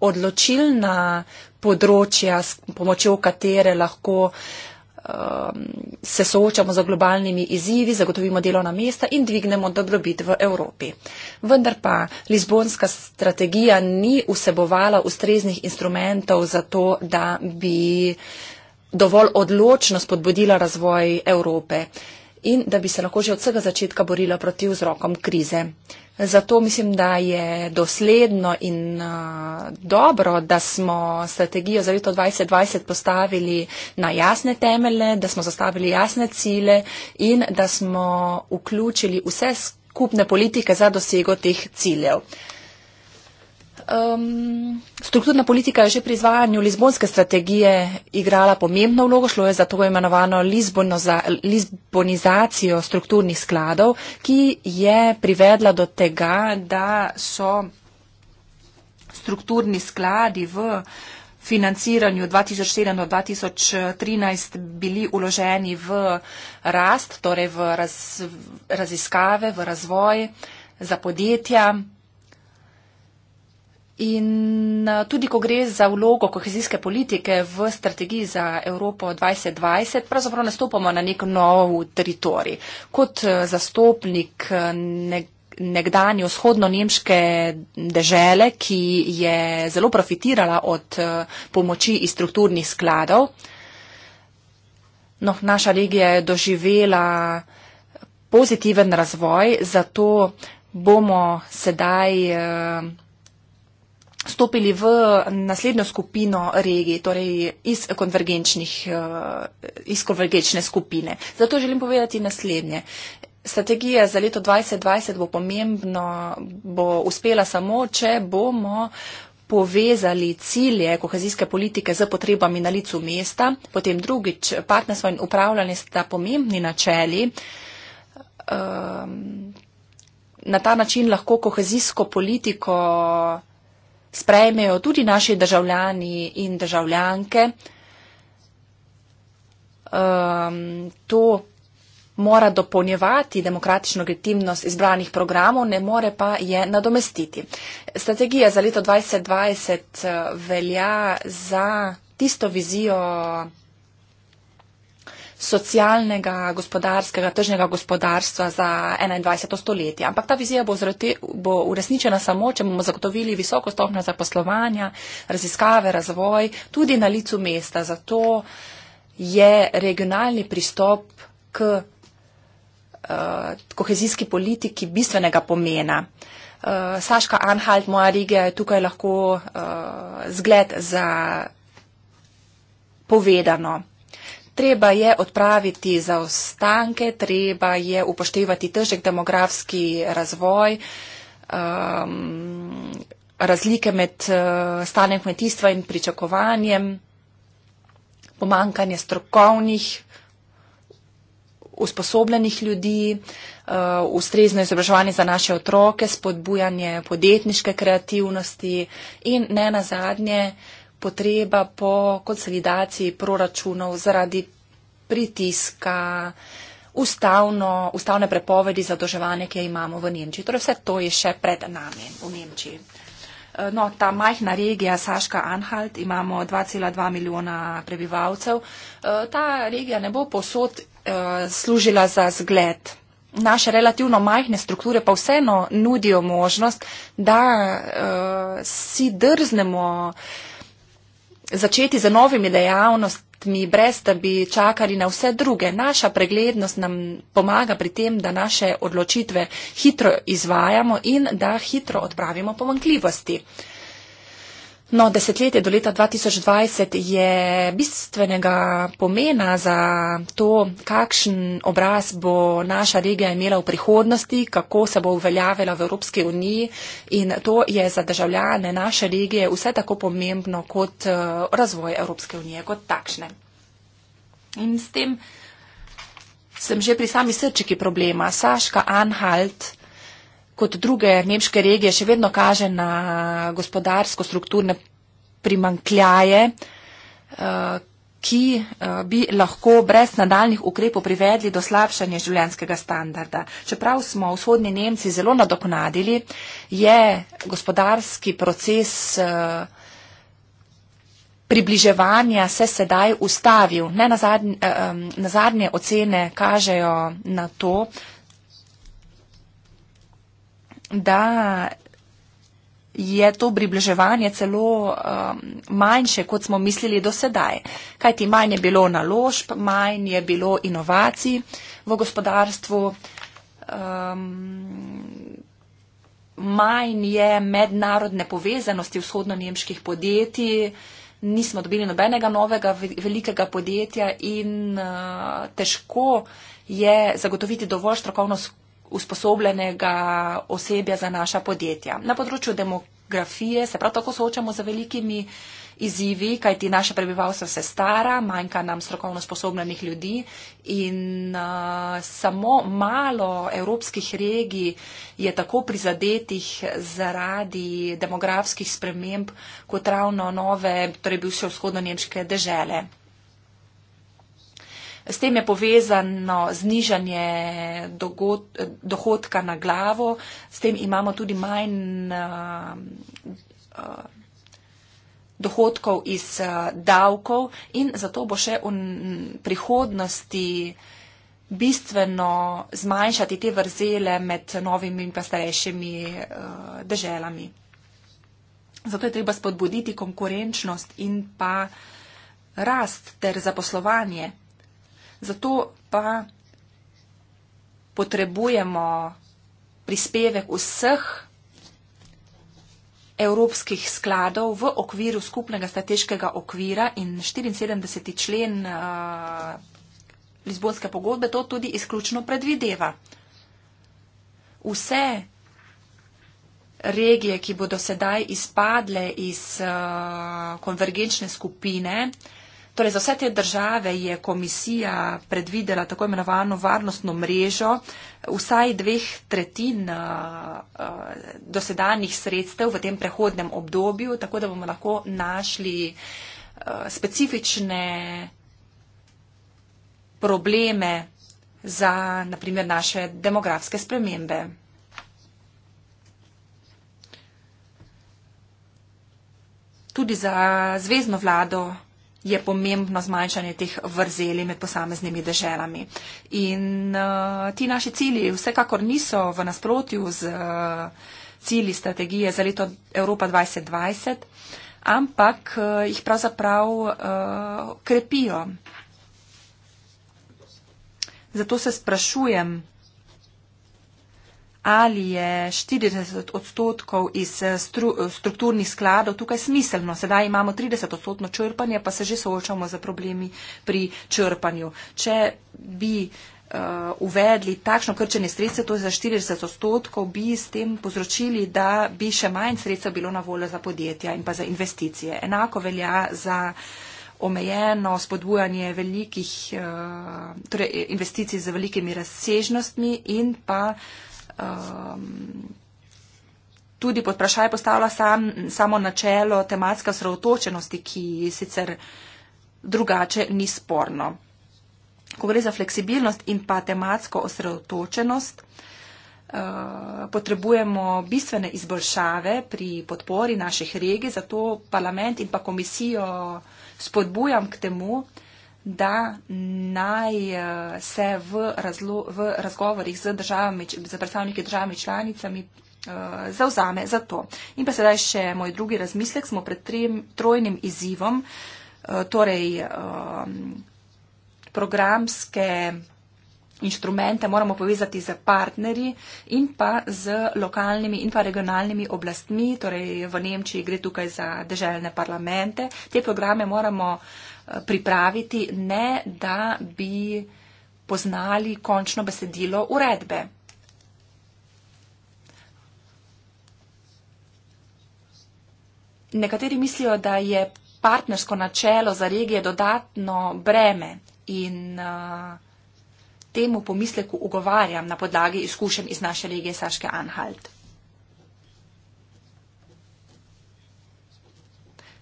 odločilna področja, s pomočjo katere lahko um, se soočamo z globalnimi izzivi, zagotovimo delovna mesta in dvignemo dobrobit v Evropi. Vendar pa Lizbonska strategija ni vsebovala ustreznih instrumentov za to, da bi dovolj odločno spodbudila razvoj Evrope. Uh, in da bi se lahko že od vsega začetka borila proti vzrokom krize. Zato mislim, da je dosledno in uh, dobro, da smo strategijo za leto 2020 postavili na jasne temelje, da smo zastavili jasne cile in da smo vključili vse skupne politike za dosego teh ciljev. Uh, Um, strukturna politika je že pri izvajanju Lizbonske strategije igrala pomembno vlogo, šlo je za to imenovano Lizbonizacijo strukturnih skladov, ki je privedla do tega, da so strukturni skladi v financiranju 2007 do 2013 bili uloženi v rast, torej v raz, raziskave, v razvoj za podjetja. In eh, tudi, ko gre za vlogo kohezijske politike v strategiji za Evropo 2020, pravzaprav nastopamo na nek nov teritorij. Kot eh, zastopnik eh, nekdanje vzhodno-nemške dežele, ki je zelo profitirala od pomoči iz strukturnih skladov, no, naša regija je doživela pozitiven razvoj, zato bomo sedaj stopili v naslednjo skupino regij, torej iz, eh, iz konvergenčne skupine. Zato želim povedati naslednje. Strategija za leto 2020 bo pomembno, bo uspela samo, če bomo povezali cilje kohezijske politike z potrebami na licu mesta, potem drugič partnerstvo in upravljanje sta pomembni načeli. Ehm, na ta način lahko kohezijsko politiko sprejmejo tudi naši državljani in državljanke. Um, to mora dopolnjevati demokratično legitimnost izbranih programov, ne more pa je nadomestiti. Strategija za leto 2020 eh, velja za tisto vizijo socialnega, gospodarskega, tržnega gospodarstva za 21. stoletje. Ampak ta vizija bo, zrati, bo uresničena samo, če bomo zagotovili visoko stopnjo zaposlovanja, raziskave, razvoj, tudi na licu mesta. Zato je regionalni pristop k uh, kohezijski politiki bistvenega pomena. Uh, Saška Anhalt, moja regija, je tukaj lahko uh, zgled za povedano. Treba je odpraviti zaostanke, treba je upoštevati težek demografski razvoj, um, razlike med uh, stanjem kmetijstva in pričakovanjem, pomankanje strokovnih usposobljenih ljudi, uh, ustrezno izobraževanje za naše otroke, spodbujanje podjetniške kreativnosti in ne nazadnje uh, potreba po konsolidaciji proračunov zaradi pritiska, ustavno, ustavne prepovedi zadoževanja, ki jo imamo v Nemčiji. Torej vse to je še pred nami v Nemčiji. Eh, no, ta majhna regija Saška Anhalt, imamo 2,2 milijona prebivalcev. Eh, ta regija ne bo posod eh, služila za zgled. Naše relativno majhne strukture pa vseeno nudijo možnost, da uh, si drznemo uh, začeti z novimi dejavnostmi, brez da bi čakali na vse druge. Naša preglednost nam pomaga pri tem, da naše odločitve hitro izvajamo in da hitro odpravimo pomankljivosti. No, desetletje do leta 2020 je bistvenega pomena za to, kakšen obraz bo naša regija imela v prihodnosti, kako se bo uveljavila v Evropski uniji in to je za državljane naše regije vse tako pomembno kot eh, razvoj Evropske unije kot takšne. In s tem sem že pri sami srčiki problema. Saška Anhalt kot druge nemške regije še vedno kaže na gospodarsko-strukturne primankljaje, eh, ki eh, bi lahko brez nadaljnih ukrepov privedli do slabšanja življenskega standarda. Čeprav smo vzhodni Nemci zelo nadoknadili, je gospodarski proces eh, približevanja se sedaj ustavil. Ne nazadnje, nazadnje ocene kažejo na to, da je to približevanje celo um, manjše, kot smo mislili do sedaj. Kajti manj je bilo naložb, manj je bilo inovacij v gospodarstvu, um, manj je mednarodne povezanosti vzhodno-nemških podjetij, nismo dobili nobenega novega velikega podjetja in uh, težko je zagotoviti dovolj strokovno skupnost usposobljenega osebja za naša podjetja. Na področju demografije se prav tako soočamo z velikimi izzivi, kajti naše prebivalstvo se stara, manjka nam strokovno sposobnenih ljudi in uh, samo malo evropskih regij je tako prizadetih zaradi demografskih sprememb kot ravno nove, torej bivše vzhodno-nemške dežele. S tem je povezano znižanje dogod, dohodka na glavo, s tem imamo tudi manj eh, eh, dohodkov iz eh, davkov in zato bo še v prihodnosti bistveno zmanjšati te vrzele med novimi in pa starejšimi deželami. Zato je treba spodbuditi konkurenčnost in pa rast ter zaposlovanje zato pa potrebujemo prispevek vseh evropskih skladov v okviru skupnega strateškega okvira in 74. člen uh, Lizbonske pogodbe to tudi izključno predvideva. Vse regije, ki bodo sedaj izpadle iz uh, konvergenčne skupine, uh, Torej, za vse te države je komisija predvidela tako imenovano varnostno mrežo vsaj dveh tretjin eh, eh, dosedanjih sredstev v tem prehodnem obdobju, tako da bomo lahko našli eh, specifične probleme za naprimer naše demografske spremembe. Tudi za zvezdno vlado je pomembno zmanjšanje teh vrzeli med posameznimi deželami. In uh, ti naši cilji vsekakor niso v nasprotju z uh, cilji strategije za leto Evropa 2020, ampak uh, jih pravzaprav uh, krepijo. Zato se sprašujem, ali je 40 odstotkov iz eh, stru, strukturnih skladov tukaj smiselno. Sedaj imamo 30 odstotno črpanje, pa se že soočamo z problemi pri črpanju. Če bi eh, uvedli takšno krčenje sredstev, to je za 40 odstotkov, bi s tem povzročili, da bi še manj sredstev bilo na voljo za podjetja in pa za investicije. Enako velja za omejeno spodbujanje velikih, eh, torej investicij z velikimi razsežnostmi in pa um, tudi pod vprašaj postavlja sam, samo načelo tematske osredotočenosti, ki sicer drugače ni sporno. Ko gre za fleksibilnost in pa tematsko osredotočenost, uh, potrebujemo bistvene izboljšave pri podpori naših regij, zato parlament in pa komisijo spodbujam k temu, da naj eh, se v, razlo, v razgovorih z, državami, z predstavniki državami članicami uh, eh, zauzame za to. In pa sedaj še moj drugi razmislek. Smo pred trem, trojnim izzivom, uh, torej uh, programske inštrumente moramo povezati z partnerji in pa z lokalnimi in pa regionalnimi oblastmi, torej v Nemčiji gre tukaj za državne parlamente. Te programe moramo eh, pripraviti ne, da bi poznali končno besedilo uredbe. Nekateri mislijo, da je partnersko načelo za regije dodatno breme in uh, temu pomisleku ugovarjam na podlagi izkušenj iz naše regije Saške Anhalt.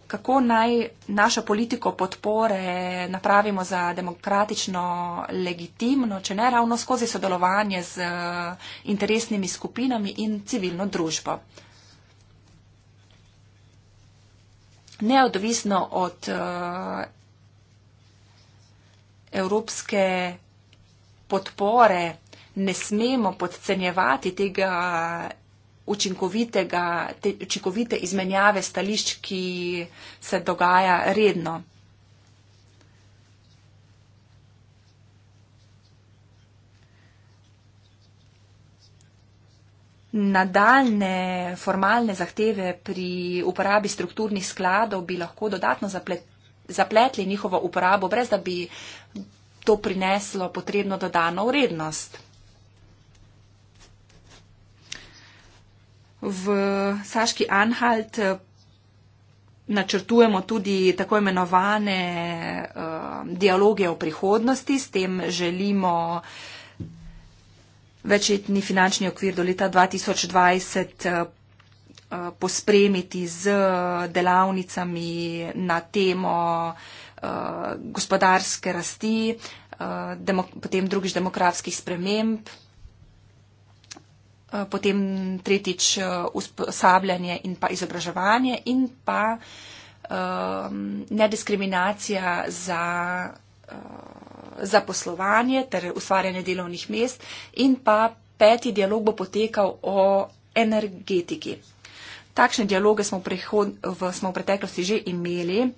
Kako naj našo politiko podpore napravimo za demokratično legitimno, če ne ravno skozi sodelovanje z eh, interesnimi skupinami in civilno družbo? Neodvisno od uh, Evropske podpore, ne smemo podcenjevati tega učinkovitega, te učinkovite izmenjave stališč, ki se dogaja redno. Nadaljne formalne zahteve pri uporabi strukturnih skladov bi lahko dodatno zapletli njihovo uporabo, brez da bi to prineslo potrebno dodano vrednost. V Saški Anhalt eh, načrtujemo tudi tako imenovane uh, dialoge o prihodnosti, s tem želimo večetni finančni okvir do leta 2020 uh, eh, pospremiti z delavnicami na temo uh, Eh, gospodarske rasti, eh, demo, potem drugič demografskih sprememb, eh, potem tretjič usposabljanje in pa izobraževanje in pa nediskriminacija za zaposlovanje ter ustvarjanje delovnih mest in pa peti dialog bo potekal o energetiki. Takšne dialoge smo v, prehod, v, smo v preteklosti že imeli. Uh,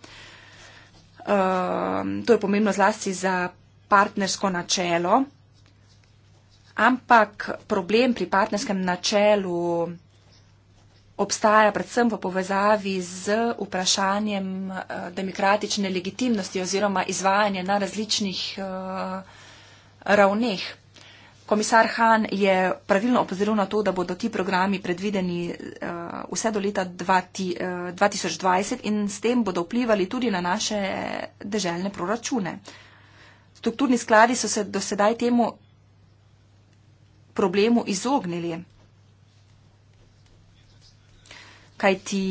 Ehm, to je pomembno zlasti za partnersko načelo, ampak problem pri partnerskem načelu obstaja predvsem v povezavi z vprašanjem eh, demokratične legitimnosti oziroma izvajanja na različnih eh, ravneh. Komisar Han je pravilno opozoril na to, da bodo ti programi predvideni eh, vse do leta 2020 eh, in s tem bodo vplivali tudi na naše državne proračune. Strukturni skladi so se do sedaj temu problemu izognili. Kaj ti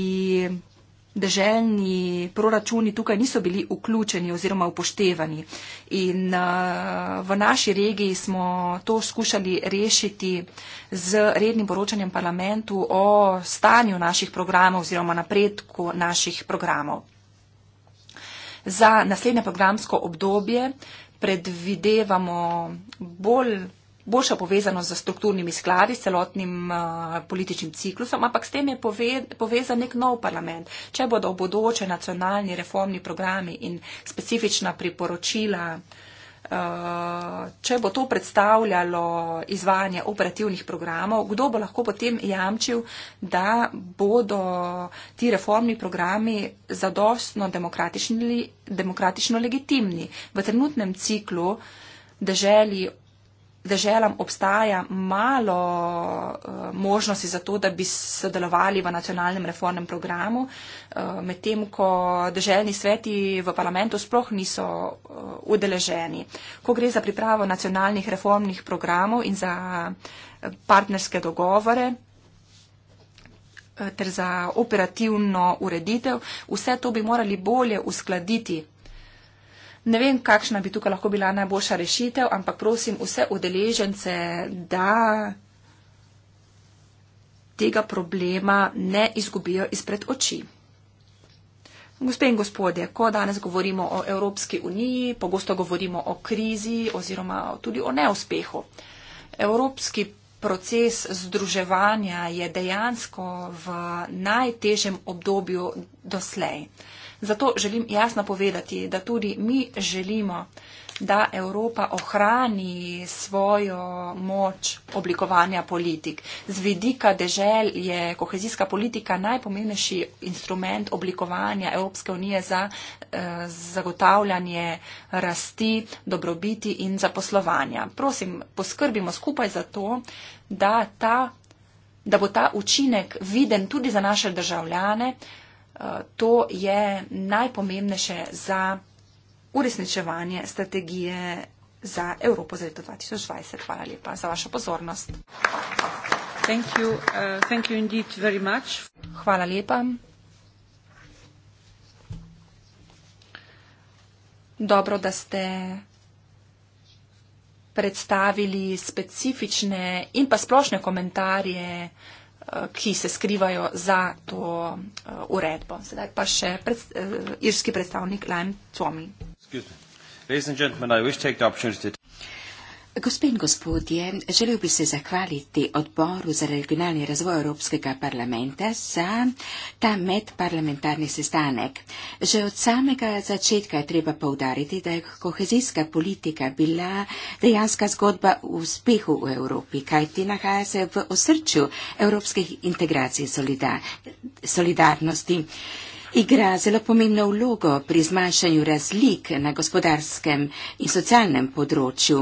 Deželjni proračuni tukaj niso bili vključeni oziroma upoštevani. In uh, v naši regiji smo to skušali rešiti z rednim poročanjem parlamentu o stanju naših programov oziroma napredku naših programov. Za naslednje programsko obdobje predvidevamo bolj boljšo povezanost z strukturnimi skladi, s celotnim uh, političnim ciklusom, ampak s tem je pove, povezan nek nov parlament. Če bodo v bodoče nacionalni reformni programi in specifična priporočila, uh, če bo to predstavljalo izvajanje operativnih programov, kdo bo lahko potem jamčil, da bodo ti reformni programi zadostno demokratično legitimni. V trenutnem ciklu deželi deželam obstaja malo uh, možnosti za to, da bi sodelovali v nacionalnem reformnem programu, uh, medtem ko deželjni sveti v parlamentu sploh niso uh, udeleženi. Ko gre za pripravo nacionalnih reformnih programov in za partnerske dogovore ter za operativno ureditev, vse to bi morali bolje uskladiti Ne vem, kakšna bi tukaj lahko bila najboljša rešitev, ampak prosim vse udeležence, da tega problema ne izgubijo izpred oči. Gospe in gospodje, ko danes govorimo o Evropski uniji, pogosto govorimo o krizi oziroma tudi o neuspehu. Evropski proces združevanja je dejansko v najtežjem obdobju doslej. Zato želim jasno povedati, da tudi mi želimo, da Evropa ohrani svojo moč oblikovanja politik. Z vidika dežel je kohezijska politika najpomembnejši instrument oblikovanja Evropske unije za eh, zagotavljanje rasti, dobrobiti in zaposlovanja. Prosim, poskrbimo skupaj za to, da, ta, da bo ta učinek viden tudi za naše državljane, Eh, to je najpomembnejše za uresničevanje strategije za Evropo za leto 2020. Hvala lepa za vašo pozornost. Thank you. Uh, thank you very much. Hvala lepa. Dobro, da ste predstavili specifične in pa splošne komentarje uh, Eh, ki se skrivajo za to eh, uredbo. Sedaj pa še pred, eh, irski predstavnik Lime Tuomi. Gospe in gospodje, želel bi se zahvaliti odboru za regionalni razvoj Evropskega parlamenta za ta medparlamentarni sestanek. Že od samega začetka je treba povdariti, da je kohezijska politika bila dejanska zgodba o uspehu v Evropi, kajti nahaja se v osrčju evropskih integracij solida solidarnosti igra zelo pomembno vlogo pri zmanjšanju razlik na gospodarskem in socialnem področju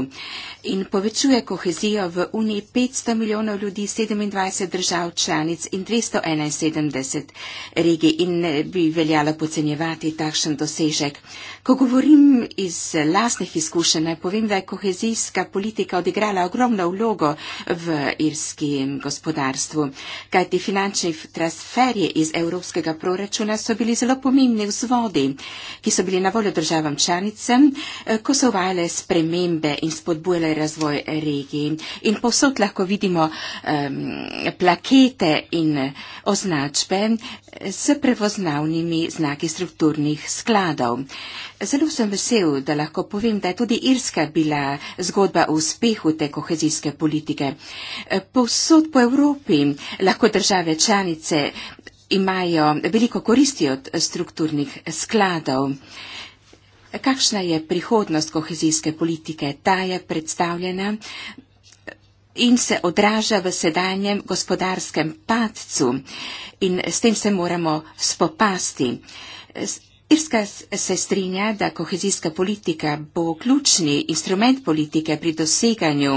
in povečuje kohezijo v Uniji 500 milijonov ljudi, 27 držav članic in 271 regij in ne bi veljalo pocenjevati takšen dosežek. Ko govorim iz lastnih izkušenj, povem, da je kohezijska politika odigrala ogromno vlogo v irskem gospodarstvu, kajti finančni transferje iz evropskega proračuna so bili zelo pomembni vzvodi, ki so bili na voljo državam članicam, eh, ko so uvajale spremembe in spodbujale razvoj regij. In posod lahko vidimo um, plakete in eh, označbe eh, s prevoznavnimi znaki strukturnih skladov. Zelo sem vesel, da lahko povem, da je tudi Irska bila zgodba o uspehu te kohezijske politike. E, povsod po Evropi lahko države članice imajo veliko koristi od strukturnih skladov. Kakšna je prihodnost kohezijske politike? Ta je predstavljena in se odraža v sedanjem gospodarskem padcu in s tem se moramo spopasti. Irska se strinja, da kohezijska politika bo ključni instrument politike pri doseganju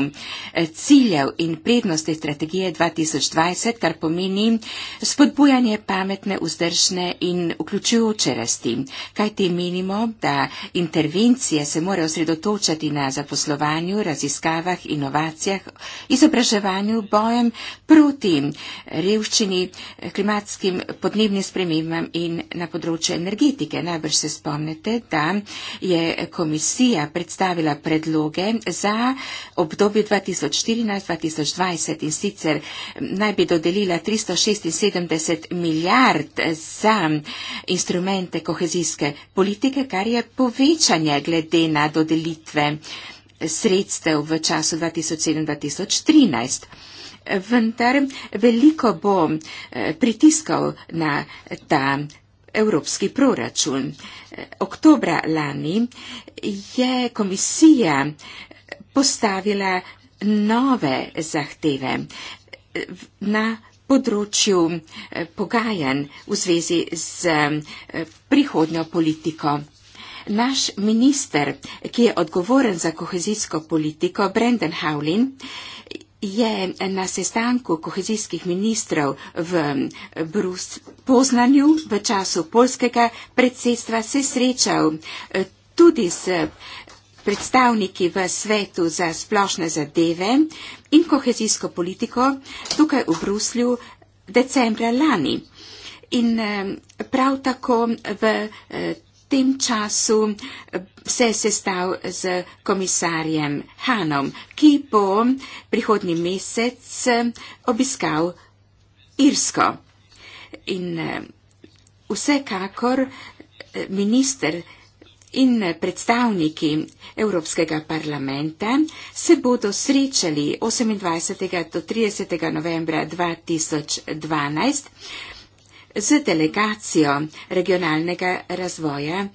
eh, ciljev in prednosti strategije 2020, kar pomeni spodbujanje pametne, vzdržne in vključujoče rasti. Kaj ti menimo, da intervencije se morajo osredotočati na zaposlovanju, raziskavah, inovacijah, izobraževanju, bojem proti revščini, klimatskim podnebnim spremembam in na področju energetike najbrž se spomnite, da je komisija predstavila predloge za obdobje 2014-2020 in sicer naj bi dodelila 376 milijard za instrumente kohezijske politike, kar je povečanje glede na dodelitve sredstev v času 2007-2013. Vendar veliko bo eh, pritiskal na ta evropski proračun. Oktobra lani je komisija postavila nove zahteve na področju eh, pogajanj v zvezi z eh, prihodnjo politiko. Naš minister, ki je odgovoren za kohezijsko politiko, Brendan Howlin, je na sestanku kohezijskih ministrov v eh, Brus Poznanju v času polskega predsedstva se srečal eh, tudi s predstavniki v svetu za splošne zadeve in kohezijsko politiko tukaj v Bruslju decembra lani. In eh, prav tako v tem času eh, se je sestal z komisarjem Hanom, ki bo prihodni mesec eh, obiskal Irsko. In eh, vsekakor minister in predstavniki Evropskega parlamenta se bodo srečali 28. do 30. novembra 2012 z delegacijo regionalnega razvoja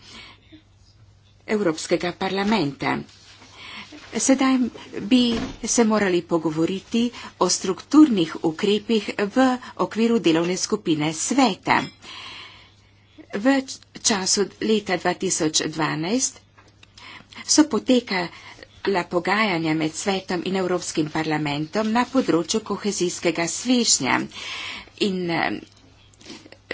Evropskega parlamenta. Sedaj bi se morali pogovoriti o strukturnih ukrepih v okviru delovne skupine sveta. V času leta 2012 so potekala pogajanja med svetom in Evropskim parlamentom na področju kohezijskega svežnja in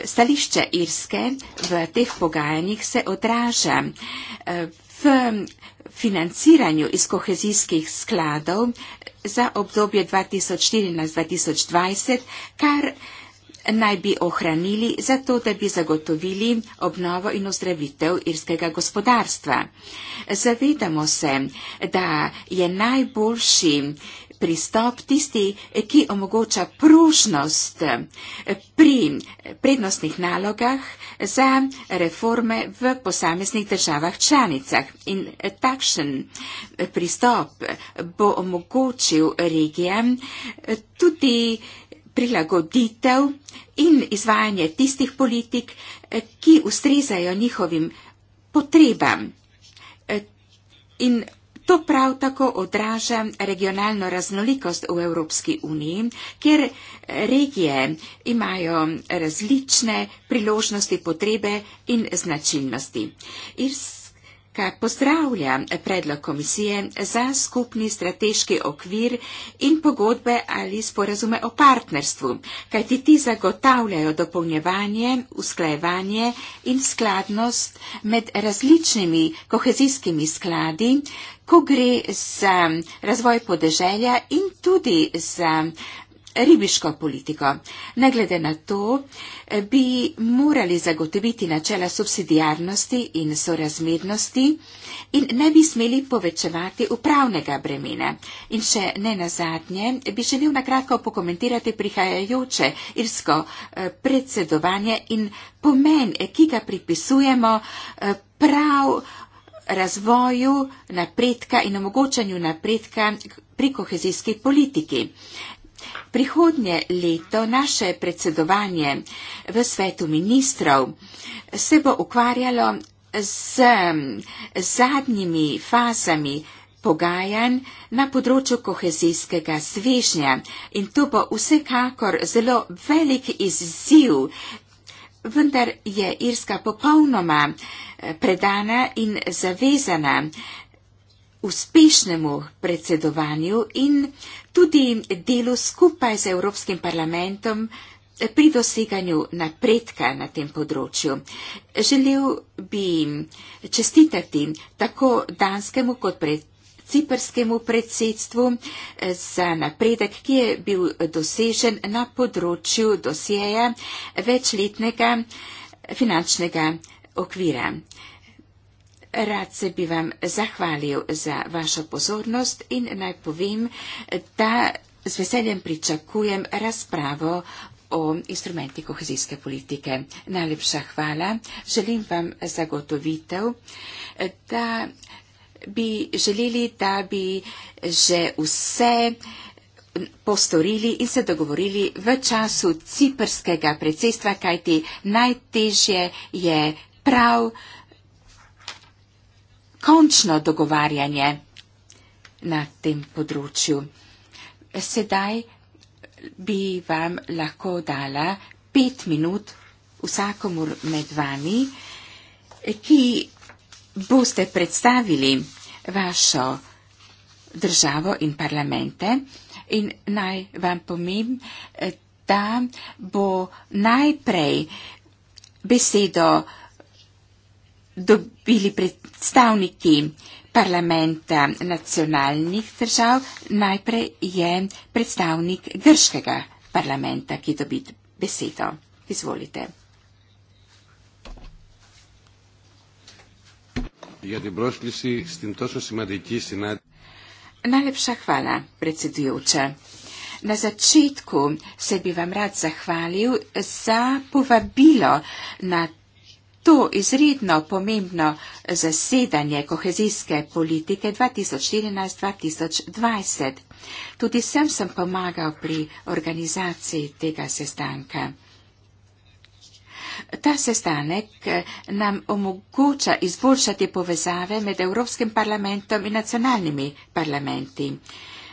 stališče Irske v teh pogajanjih se odraža eh, v financiranju iz kohezijskih skladov za obdobje 2014-2020, kar naj bi ohranili zato, da bi zagotovili obnovo in ozdravitev irskega gospodarstva. Zavedamo se, da je najboljši eh, pristop tisti, ki omogoča pružnost eh, pri prednostnih nalogah za reforme v posameznih državah članicah. In eh, takšen eh, pristop bo omogočil regijam tudi prilagoditev in izvajanje tistih politik, ki ustrezajo njihovim potrebam. In To prav tako odraža regionalno raznolikost v Evropski uniji, kjer regije imajo različne priložnosti, potrebe in značilnosti. Irska pozdravlja predlog komisije za skupni strateški okvir in pogodbe ali sporazume o partnerstvu, kajti ti zagotavljajo dopolnjevanje, usklajevanje in skladnost med različnimi kohezijskimi skladi, ko gre za razvoj podeželja in tudi za ribiško politiko. Ne glede na to, bi morali zagotoviti načela subsidijarnosti in sorazmernosti in ne bi smeli povečevati upravnega bremena. In še ne nazadnje, bi želel nakratko pokomentirati prihajajoče irsko eh, predsedovanje in pomen, eh, ki ga pripisujemo eh, prav razvoju napredka in omogočanju napredka pri kohezijski politiki. Prihodnje leto naše predsedovanje v svetu ministrov se bo ukvarjalo z zadnjimi fazami pogajanj na področju kohezijskega svežnja in to bo vsekakor zelo velik izziv vendar je Irska popolnoma eh, predana in zavezana uspešnemu predsedovanju in tudi delu skupaj z Evropskim parlamentom eh, pri doseganju napredka na tem področju. Želel bi čestitati tako danskemu kot predsedovanju ciperskemu predsedstvu eh, za napredek, ki je bil dosežen na področju dosjeja večletnega eh, finančnega okvira. Rad se bi vam zahvalil za vašo pozornost in naj povem, da z veseljem pričakujem razpravo o instrumenti kohezijske politike. Najlepša hvala. Želim vam zagotovitev, eh, da bi želeli, da bi že vse postorili in se dogovorili v času ciperskega predsedstva, kajti najtežje je prav končno dogovarjanje na tem področju. Sedaj bi vam lahko dala pet minut vsakomur med vami, ki boste predstavili vašo državo in parlamente in naj vam pomim, eh, da bo najprej besedo dobili predstavniki parlamenta nacionalnih držav, najprej je predstavnik grškega parlamenta, ki dobi besedo. Izvolite. Για την πρόσκληση στην τόσο σημαντική συνάντηση. Najlepša hvala, predsedujoča. Na začetku se bi vam rad zahvalil za povabilo na to izredno pomembno zasedanje kohezijske politike 2014-2020. Tudi sem sem pomagal pri organizaciji tega sestanka. Ta sestanek eh, nam omogoča izboljšati povezave med Evropskim parlamentom in nacionalnimi parlamenti.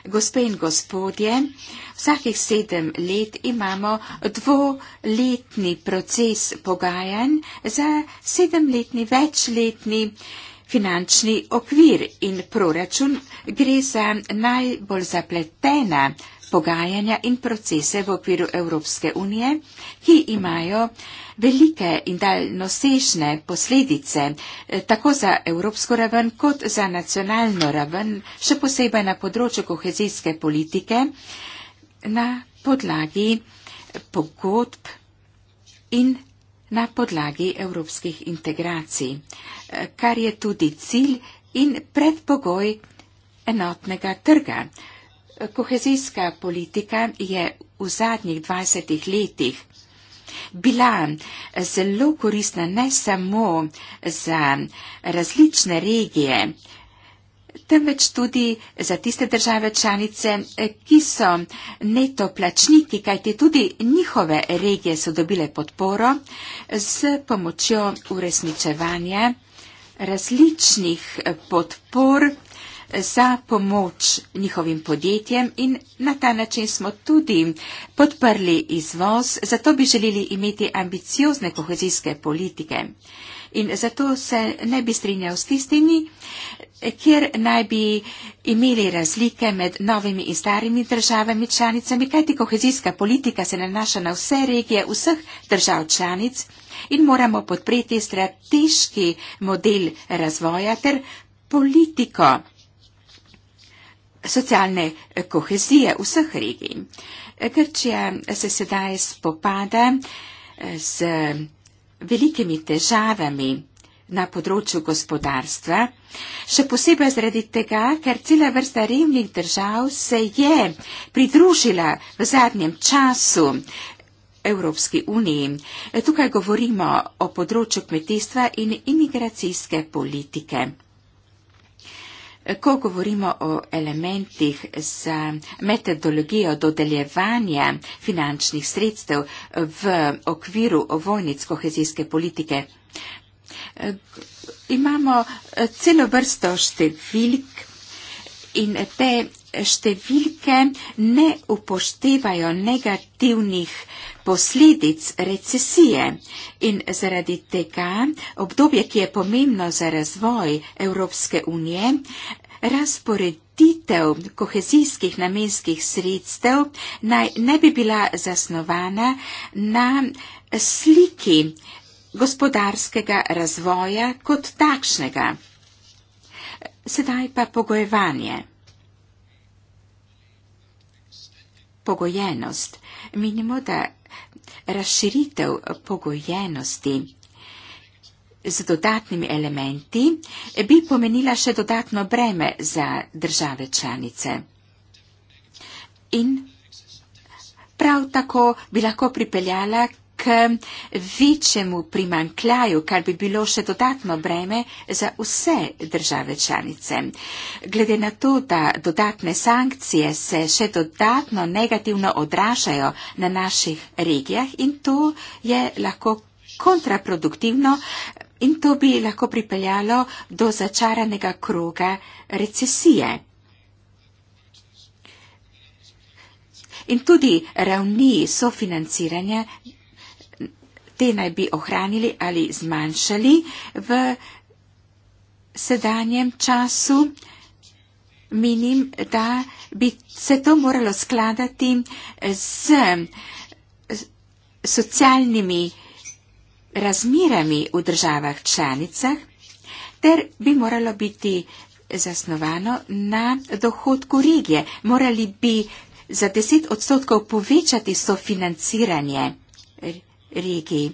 Gospe in gospodje, vsakih sedem let imamo dvoletni proces pogajanj za sedemletni večletni finančni okvir in proračun gre za najbolj zapletena pogajanja in procese v okviru Evropske unije, ki imajo velike in daljnosežne posledice eh, tako za evropsko raven kot za nacionalno raven, še posebej na področju kohezijske politike, na podlagi pogodb in na podlagi evropskih integracij, eh, kar je tudi cilj in predpogoj enotnega trga, kohezijska politika je v zadnjih 20 letih bila zelo koristna ne samo za različne regije, temveč tudi za tiste države članice, ki so neto plačniki, kajti tudi njihove regije so dobile podporo z pomočjo uresničevanja različnih podpor za pomoč njihovim podjetjem in na ta način smo tudi podprli izvoz, zato bi želeli imeti ambiciozne kohezijske politike. In zato se ne bi strinjal s tistimi, kjer naj bi imeli razlike med novimi in starimi državami članicami, kajti kohezijska politika se nanaša na vse regije vseh držav članic in moramo podpreti strateški model razvoja ter politiko socialne eh, kohezije vseh regij. Eh, Grčija eh, se sedaj spopada z velikimi težavami na področju gospodarstva, še posebej zaradi tega, ker cela vrsta revnih držav se je pridružila v zadnjem času Evropski uniji. Tukaj govorimo o področju kmetijstva in imigracijske politike. Ko govorimo o elementih za metodologijo dodeljevanja finančnih sredstev v okviru vojnic kohezijske politike, imamo celo vrsto številk in te številke ne upoštevajo negativnih posledic recesije in zaradi tega obdobje, ki je pomembno za razvoj Evropske unije, razporeditev kohezijskih namenskih sredstev naj ne bi bila zasnovana na sliki gospodarskega razvoja kot takšnega. Sedaj pa pogojevanje. pogojenost. Menimo, da razširitev pogojenosti z dodatnimi elementi bi pomenila še dodatno breme za države članice. In prav tako bi lahko pripeljala k večjemu primankljaju, kar bi bilo še dodatno breme za vse države članice. Glede na to, da dodatne sankcije se še dodatno negativno odražajo na naših regijah in to je lahko kontraproduktivno in to bi lahko pripeljalo do začaranega kroga recesije. In tudi ravni sofinanciranja te naj bi ohranili ali zmanjšali v sedanjem času. Menim, da bi se to moralo skladati z socialnimi razmirami v državah članicah, ter bi moralo biti zasnovano na dohodku regije. Morali bi za deset odstotkov povečati sofinanciranje regiji.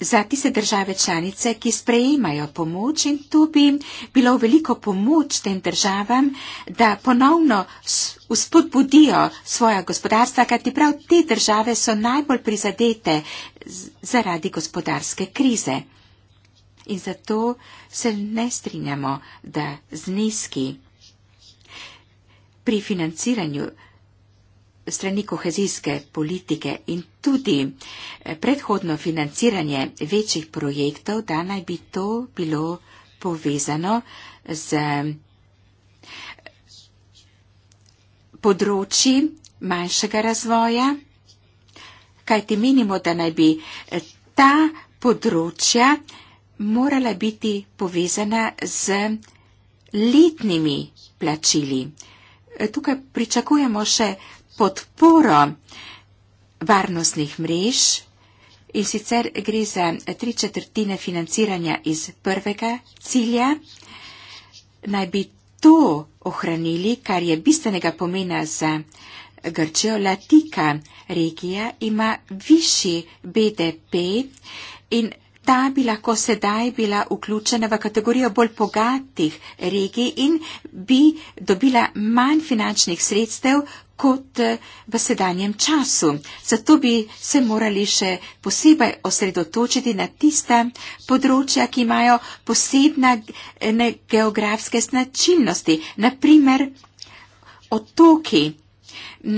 Za tiste države članice, ki sprejemajo pomoč in tu bi bilo veliko pomoč tem državam, da ponovno uspodbudijo svoja gospodarstva, kajti prav te države so najbolj prizadete zaradi gospodarske krize. In zato se ne strinjamo, da zneski pri financiranju strani kohezijske politike in tudi eh, predhodno financiranje večjih projektov, da naj bi to bilo povezano z eh, področji manjšega razvoja, kajti menimo, da naj bi eh, ta področja morala biti povezana z letnimi plačili. Tukaj pričakujemo še podporo varnostnih mrež in sicer gre za tri četrtine financiranja iz prvega cilja. Naj bi to ohranili, kar je bistvenega pomena za Grčijo. Latika regija ima višji BDP in Ta bi lahko sedaj bila vključena v kategorijo bolj bogatih regij in bi dobila manj finančnih sredstev kot eh, v sedanjem času. Zato bi se morali še posebej osredotočiti na tiste področja, ki imajo posebne eh, geografske značilnosti. Naprimer, otoki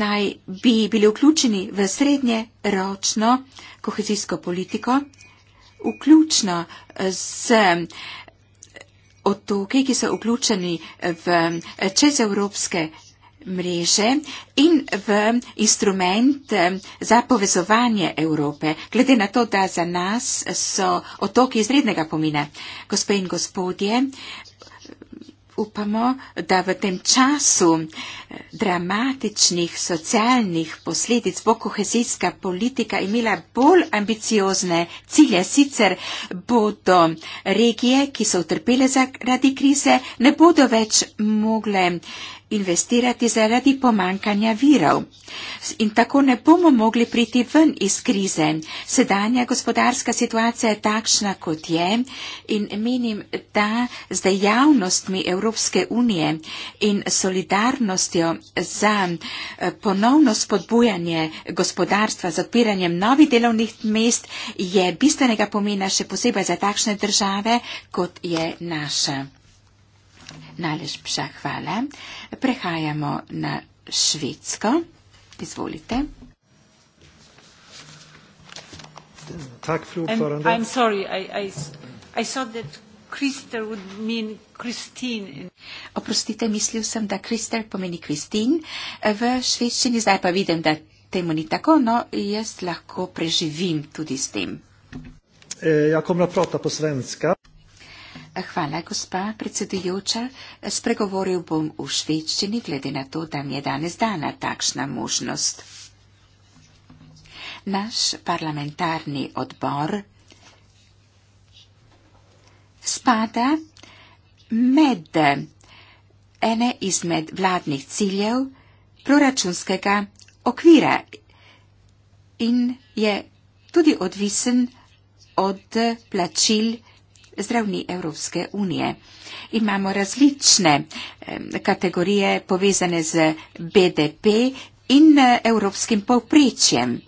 naj bi bili vključeni v srednje ročno kohezijsko politiko vključno z otoki, ki so vključeni v čezevropske mreže in v instrument eh, za povezovanje Evrope, glede na to, da za nas so otoki izrednega pomena. Gospe in gospodje, upamo, da v tem času eh, dramatičnih socialnih posledic bo kohezijska politika imela bolj ambiciozne cilje. Sicer bodo regije, ki so utrpele zaradi krize, ne bodo več mogle investirati zaradi pomankanja virov. In tako ne bomo mogli priti ven iz krize. Sedanja gospodarska situacija je takšna, kot je in menim, da z dejavnostmi Evropske unije in solidarnostjo za eh, ponovno spodbujanje gospodarstva z odpiranjem novih delovnih mest je bistvenega pomena še posebej za takšne države, kot je naša najlepša hvala. Prehajamo na Švedsko. Izvolite. Tak, Oprostite, mislil sem, da Krister pomeni Kristin. V švedščini zdaj pa vidim, da temu ni tako, no jaz lahko preživim tudi s tem. Eh, jaz bom naprota po svenska. Hvala, gospa predsedujoča. Spregovoril bom v švedščini, glede na to, da mi je danes dana takšna možnost. Naš parlamentarni odbor spada med ene izmed vladnih ciljev proračunskega okvira in je tudi odvisen od plačil z ravni Evropske unije. Imamo različne kategorije povezane z BDP in eh, evropskim povprečjem.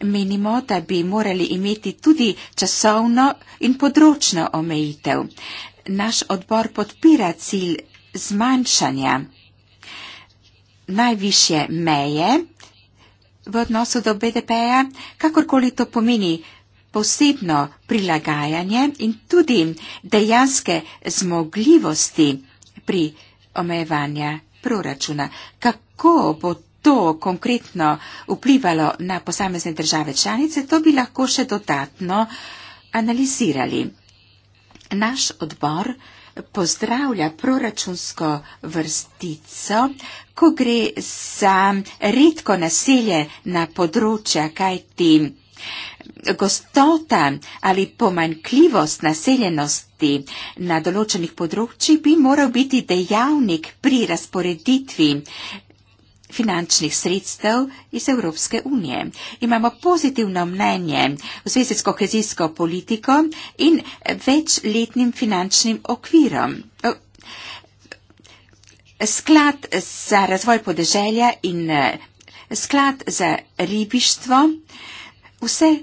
Menimo, da bi morali imeti tudi časovno in področno omejitev. Naš odbor podpira cilj zmanjšanja najviše meje v odnosu do BDP-ja, kakorkoli to pomeni posebno prilagajanje in tudi dejanske zmogljivosti pri omejevanju proračuna. Kako bo to konkretno vplivalo na posamezne države članice, to bi lahko še dodatno analizirali. Naš odbor pozdravlja proračunsko vrstico, ko gre za redko nasilje na področja, kaj tim Gostota ali pomanjkljivost naseljenosti na določenih področjih bi moral biti dejavnik pri razporeditvi finančnih sredstev iz Evropske unije. Imamo pozitivno mnenje v zvezi s kohezijsko politiko in večletnim finančnim okvirom. Sklad za razvoj podeželja in eh, sklad za ribištvo Vse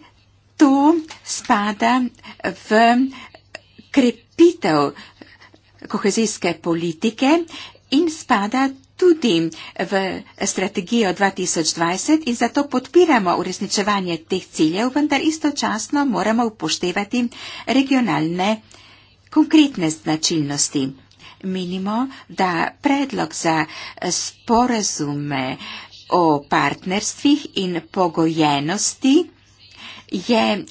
to spada v krepitev kohezijske politike in spada tudi v strategijo 2020 in zato podpiramo uresničevanje teh ciljev, vendar istočasno moramo upoštevati regionalne konkretne značilnosti. Menimo, da predlog za sporazume o partnerstvih in pogojenosti je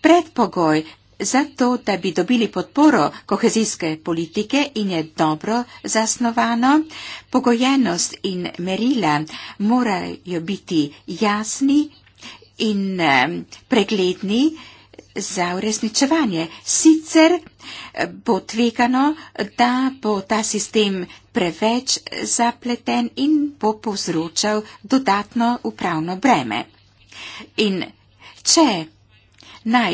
predpogoj za to, da bi dobili podporo kohezijske politike in je dobro zasnovano. Pogojenost in merila morajo biti jasni in pregledni za uresničevanje. Sicer eh, bo tvegano, da bo ta sistem preveč zapleten in bo povzročal dodatno upravno breme. In če naj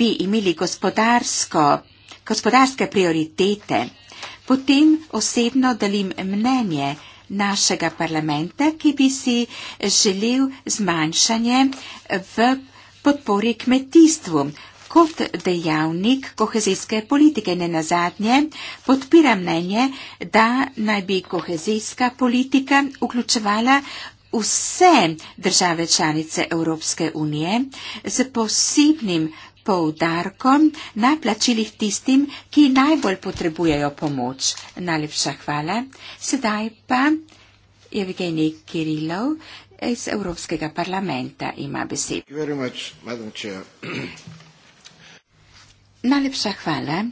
bi imeli gospodarske prioritete, potem osebno delim mnenje našega parlamenta, ki bi si želel zmanjšanje v podpori kmetijstvu kot dejavnik kohezijske politike. Ne nazadnje podpira mnenje, da naj bi kohezijska politika vključevala vse države članice Evropske unije z posebnim poudarkom na plačilih tistim, ki najbolj potrebujejo pomoč. Najlepša hvala. Sedaj pa Evgenij Kirilov iz Evropskega parlamenta ima besedo. Najlepša hvala,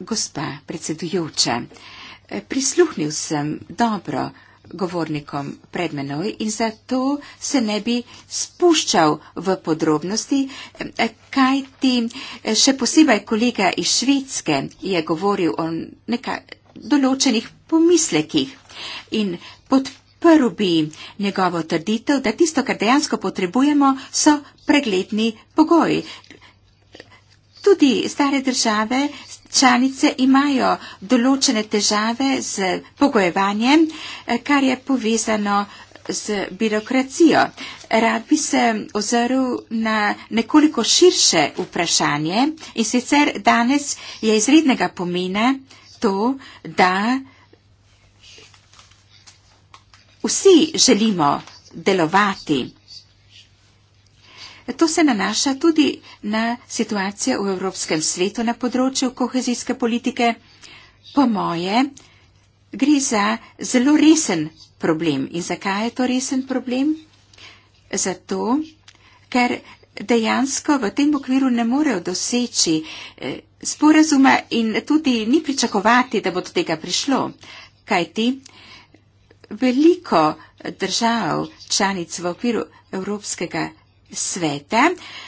gospa predsedujoča. Prisluhnil sem dobro govornikom pred menoj in zato se ne bi spuščal v podrobnosti, e, kaj ti e, še posebej kolega iz Švedske je govoril o neka določenih pomislekih in podprl bi njegovo trditev, da tisto, kar dejansko potrebujemo, so pregledni pogoji. Tudi stare države Članice imajo določene težave z pogojevanjem, eh, kar je povezano z birokracijo. Rad bi se ozrl na nekoliko širše vprašanje in sicer danes je izrednega pomena to, da vsi želimo delovati To se nanaša tudi na situacijo v Evropskem svetu na področju kohezijske politike. Po moje gre za zelo resen problem. In zakaj je to resen problem? Zato, ker dejansko v tem okviru ne morejo doseči eh, sporazuma in tudi ni pričakovati, da bo do tega prišlo. Kajti veliko držav članic v okviru Evropskega svete,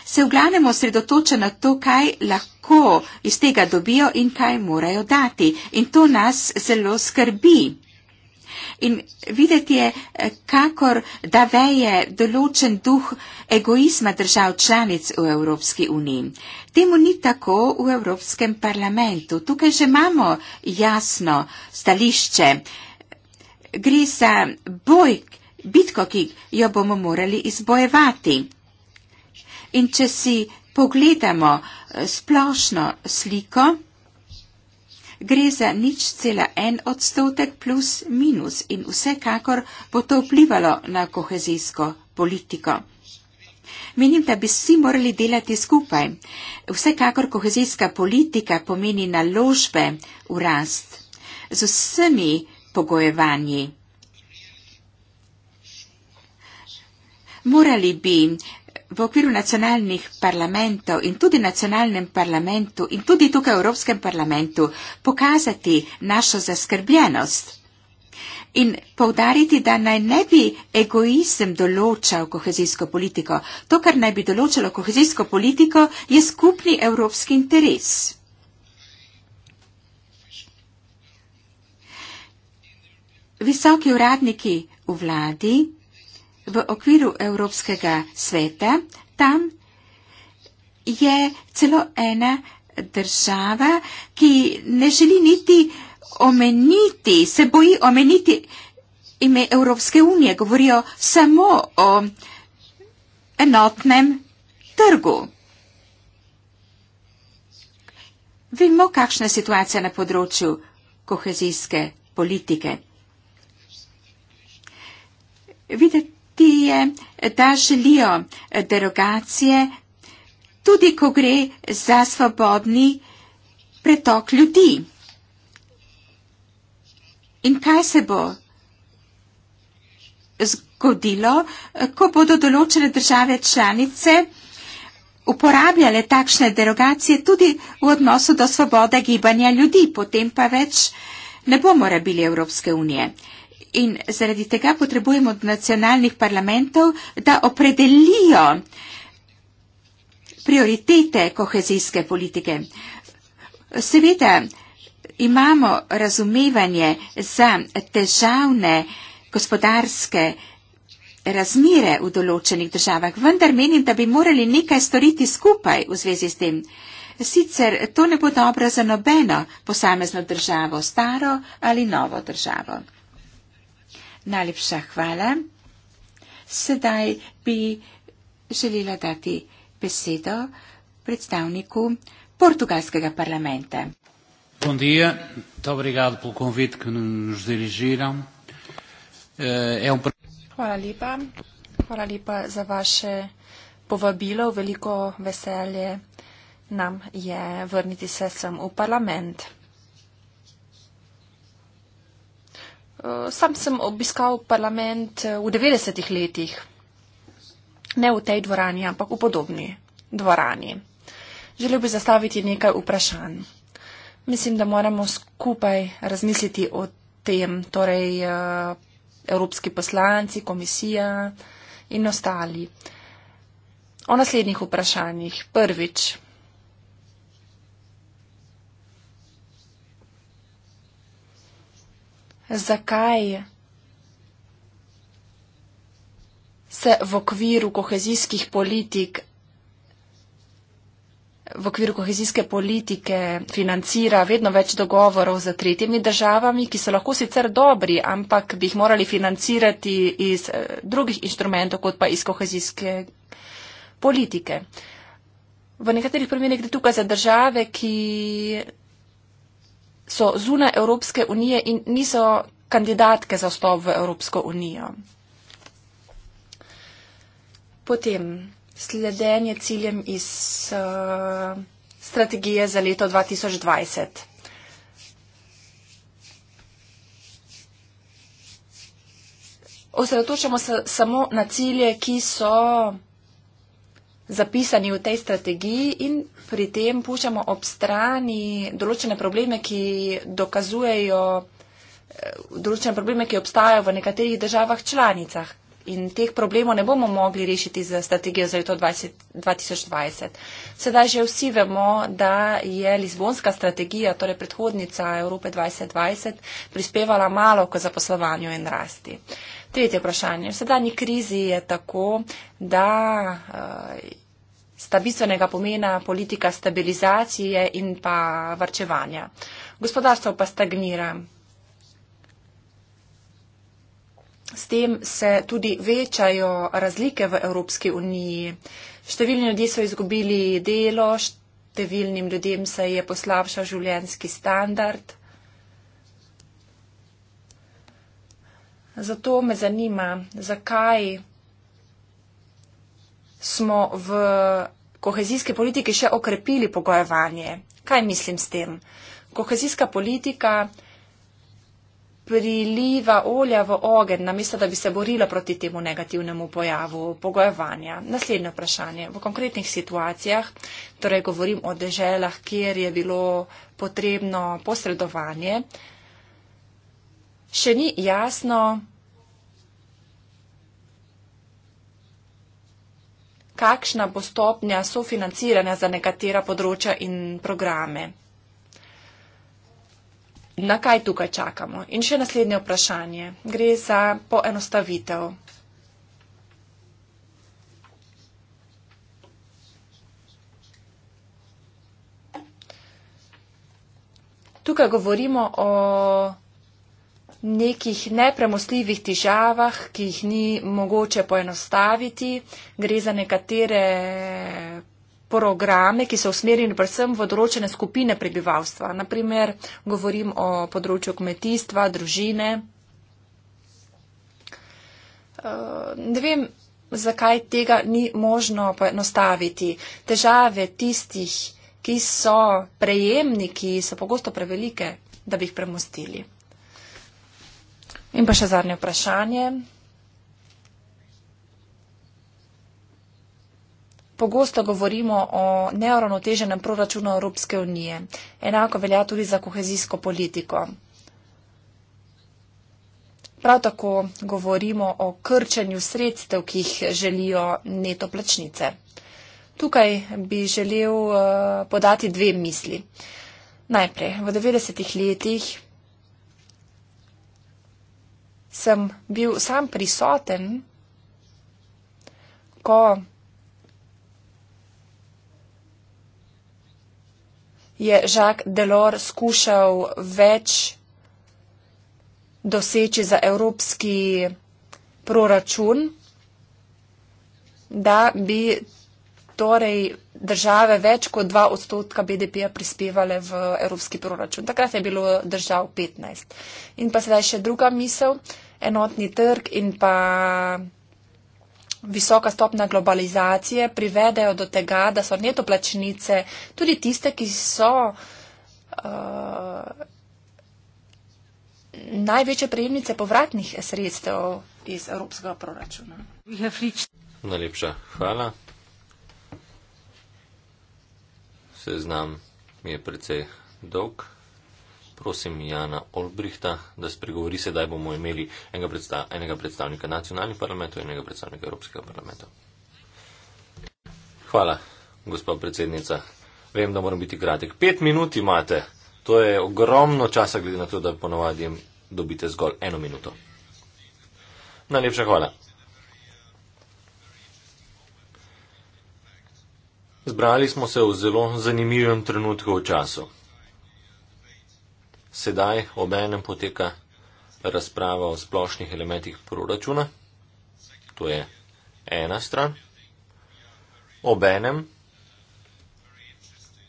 se v glavnem osredotoča na to, kaj lahko iz tega dobijo in kaj morajo dati. In to nas zelo skrbi. In videti je, eh, kakor da veje določen duh egoizma držav članic v Evropski uniji. Temu ni tako v Evropskem parlamentu. Tukaj že imamo jasno stališče. Gre za boj, bitko, ki jo bomo morali izbojevati. In če si pogledamo eh, splošno sliko, gre za nič cela en odstotek plus minus in vsekakor bo to vplivalo na kohezijsko politiko. Menim, da bi vsi morali delati skupaj. Vsekakor kohezijska politika pomeni naložbe v rast z vsemi pogojevanji. Morali bi uh, v okviru nacionalnih parlamentov in tudi nacionalnem parlamentu in tudi tukaj v Evropskem parlamentu pokazati našo zaskrbljenost in povdariti, da naj ne bi egoizem določal kohezijsko politiko. To, kar naj bi določalo kohezijsko politiko, je skupni evropski interes. Visoki uradniki v vladi v okviru Evropskega sveta, tam je celo ena država, ki ne želi niti omeniti, se boji omeniti ime Evropske unije, govorijo samo o enotnem trgu. Vemo, kakšna je situacija na področju kohezijske politike. Videti kmetije, da želijo eh, derogacije, tudi ko gre za svobodni pretok ljudi. In kaj se bo zgodilo, eh, ko bodo določene države članice uporabljale takšne derogacije tudi v odnosu do svobode gibanja ljudi, potem pa več ne bomo rabili Evropske unije in zaradi tega potrebujemo od nacionalnih parlamentov, da opredelijo prioritete kohezijske politike. Seveda imamo razumevanje za težavne gospodarske razmire v določenih državah, vendar menim, da bi morali nekaj storiti skupaj v zvezi s tem. Sicer to ne bo dobro za nobeno posamezno državo, staro ali novo državo. Najlepša hvala. Sedaj bi želela dati besedo predstavniku portugalskega parlamenta. Bom dia, to obrigado pelo convite que nos dirigiram. Eh, é um... Hvala lepa, hvala lepa za vaše povabilo, veliko veselje nam je vrniti se sem v parlament. Eh, sam sem obiskal parlament eh, v 90-ih letih. Ne v tej dvorani, ampak v podobni dvorani. Želel bi zastaviti nekaj vprašanj. Mislim, da moramo skupaj razmisliti o tem, torej eh, evropski poslanci, komisija in ostali. O naslednjih vprašanjih. Prvič. zakaj se v okviru kohezijskih politik, v okviru kohezijske politike financira vedno več dogovorov z tretjimi državami, ki so lahko sicer dobri, ampak bi jih morali financirati iz eh, drugih inštrumentov, kot pa iz kohezijske politike. V nekaterih primerih gre tukaj za države, ki so zune Evropske unije in niso kandidatke za vstop v Evropsko unijo. Potem sledenje ciljem iz uh, strategije za leto 2020. Osredotočamo se samo na cilje, ki so zapisani v tej strategiji in pri tem puščamo ob strani določene probleme, ki dokazujejo eh, določene probleme, ki obstajajo v nekaterih državah članicah. In teh problemov ne bomo mogli rešiti z strategijo za leto 20, 2020. Sedaj že vsi vemo, da je Lizbonska strategija, torej predhodnica Evrope 2020, prispevala malo k zaposlovanju in rasti. Uh, Tretje vprašanje. V sedanji krizi je tako, da eh, sta bistvenega pomena politika stabilizacije in pa varčevanja. Gospodarstvo pa stagnira. S tem se tudi večajo razlike v Evropski uniji. Številni ljudje so izgubili delo, številnim ljudem se je poslabšal življenski standard. Zato me zanima, zakaj smo v kohezijske politike še okrepili pogojevanje. Kaj mislim s tem? Kohezijska politika priliva olja v ogen, namesto da bi se borila proti temu negativnemu pojavu pogojevanja. Naslednje vprašanje. V konkretnih situacijah, torej govorim o deželah, kjer je bilo potrebno posredovanje, še ni jasno, kakšna bo stopnja sofinanciranja za nekatera področja in programe. Na kaj tukaj čakamo? In še naslednje vprašanje. Gre za poenostavitev. Tukaj govorimo o nekih nepremostljivih težavah, ki jih ni mogoče poenostaviti. Gre za nekatere programe, ki so usmerjeni predvsem v odročene skupine prebivalstva. Naprimer, govorim o področju kmetijstva, družine. Eh, ne vem, zakaj tega ni možno poenostaviti. Težave tistih, ki so prejemniki, so pogosto prevelike, da bi jih premostili. In pa še zadnje vprašanje. Pogosto govorimo o neuravnoteženem proračunu Evropske unije. Enako velja tudi za kohezijsko politiko. Prav tako govorimo o krčenju sredstev, ki jih želijo neto plačnice. Tukaj bi želel eh, podati dve misli. Najprej, v 90-ih letih sem bil sam prisoten, ko je Žak Delor skušal več doseči za evropski proračun, da bi torej države več kot 2 odstotka BDP-ja prispevale v evropski proračun. Takrat je bilo držav 15. In pa sedaj še druga misel, enotni trg in pa visoka stopna globalizacije privedejo do tega, da so neto plačnice tudi tiste, ki so. Uh, največje prejemnice povratnih sredstev iz evropskega proračuna. Najlepša hvala. seznam mi je precej dolg. Prosim Jana Olbrihta, da spregovori se, da bomo imeli enega, predstav, enega predstavnika nacionalnih parlamentov in enega predstavnika Evropskega parlamenta. Hvala, gospod predsednica. Vem, da moram biti kratek. Pet minut imate. To je ogromno časa, glede na to, da ponovadi dobite zgolj eno minuto. Najlepša hvala. Zbrali smo se v zelo zanimivem trenutku v času. Sedaj ob enem poteka razprava o splošnih elementih proračuna, to je ena stran, ob enem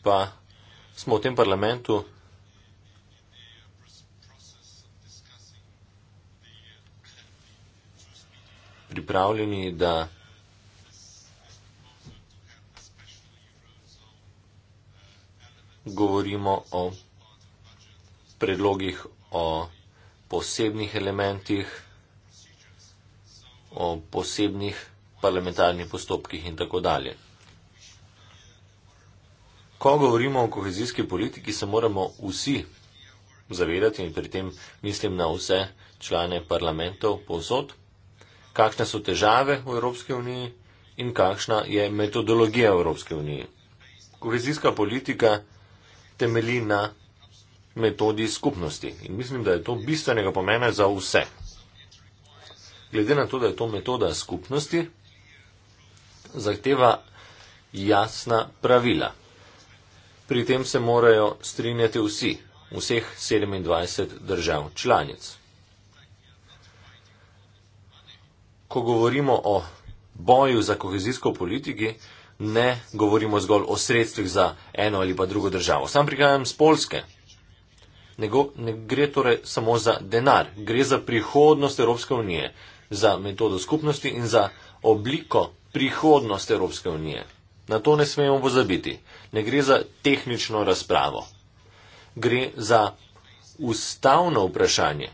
pa smo v tem parlamentu pripravljeni, da govorimo o predlogih, o posebnih elementih, o posebnih parlamentarnih postopkih in tako dalje. Ko govorimo o kohezijski politiki, se moramo vsi zavedati in pri tem mislim na vse člane parlamentov povsod, kakšne so težave v Evropski uniji in kakšna je metodologija v Evropski uniji. Kohezijska politika temelji na metodi skupnosti. In mislim, da je to bistvenega pomena za vse. Glede na to, da je to metoda skupnosti, zahteva jasna pravila. Pri tem se morajo strinjati vsi, vseh 27 držav članic. Ko govorimo o boju za kohezijsko politiko, ne govorimo zgolj o sredstvih za eno ali pa drugo državo. Sam prihajam z Polske. Nego, ne gre torej samo za denar, gre za prihodnost Evropske unije, za metodo skupnosti in za obliko prihodnost Evropske unije. Na to ne smemo pozabiti. Ne gre za tehnično razpravo. Gre za ustavno vprašanje,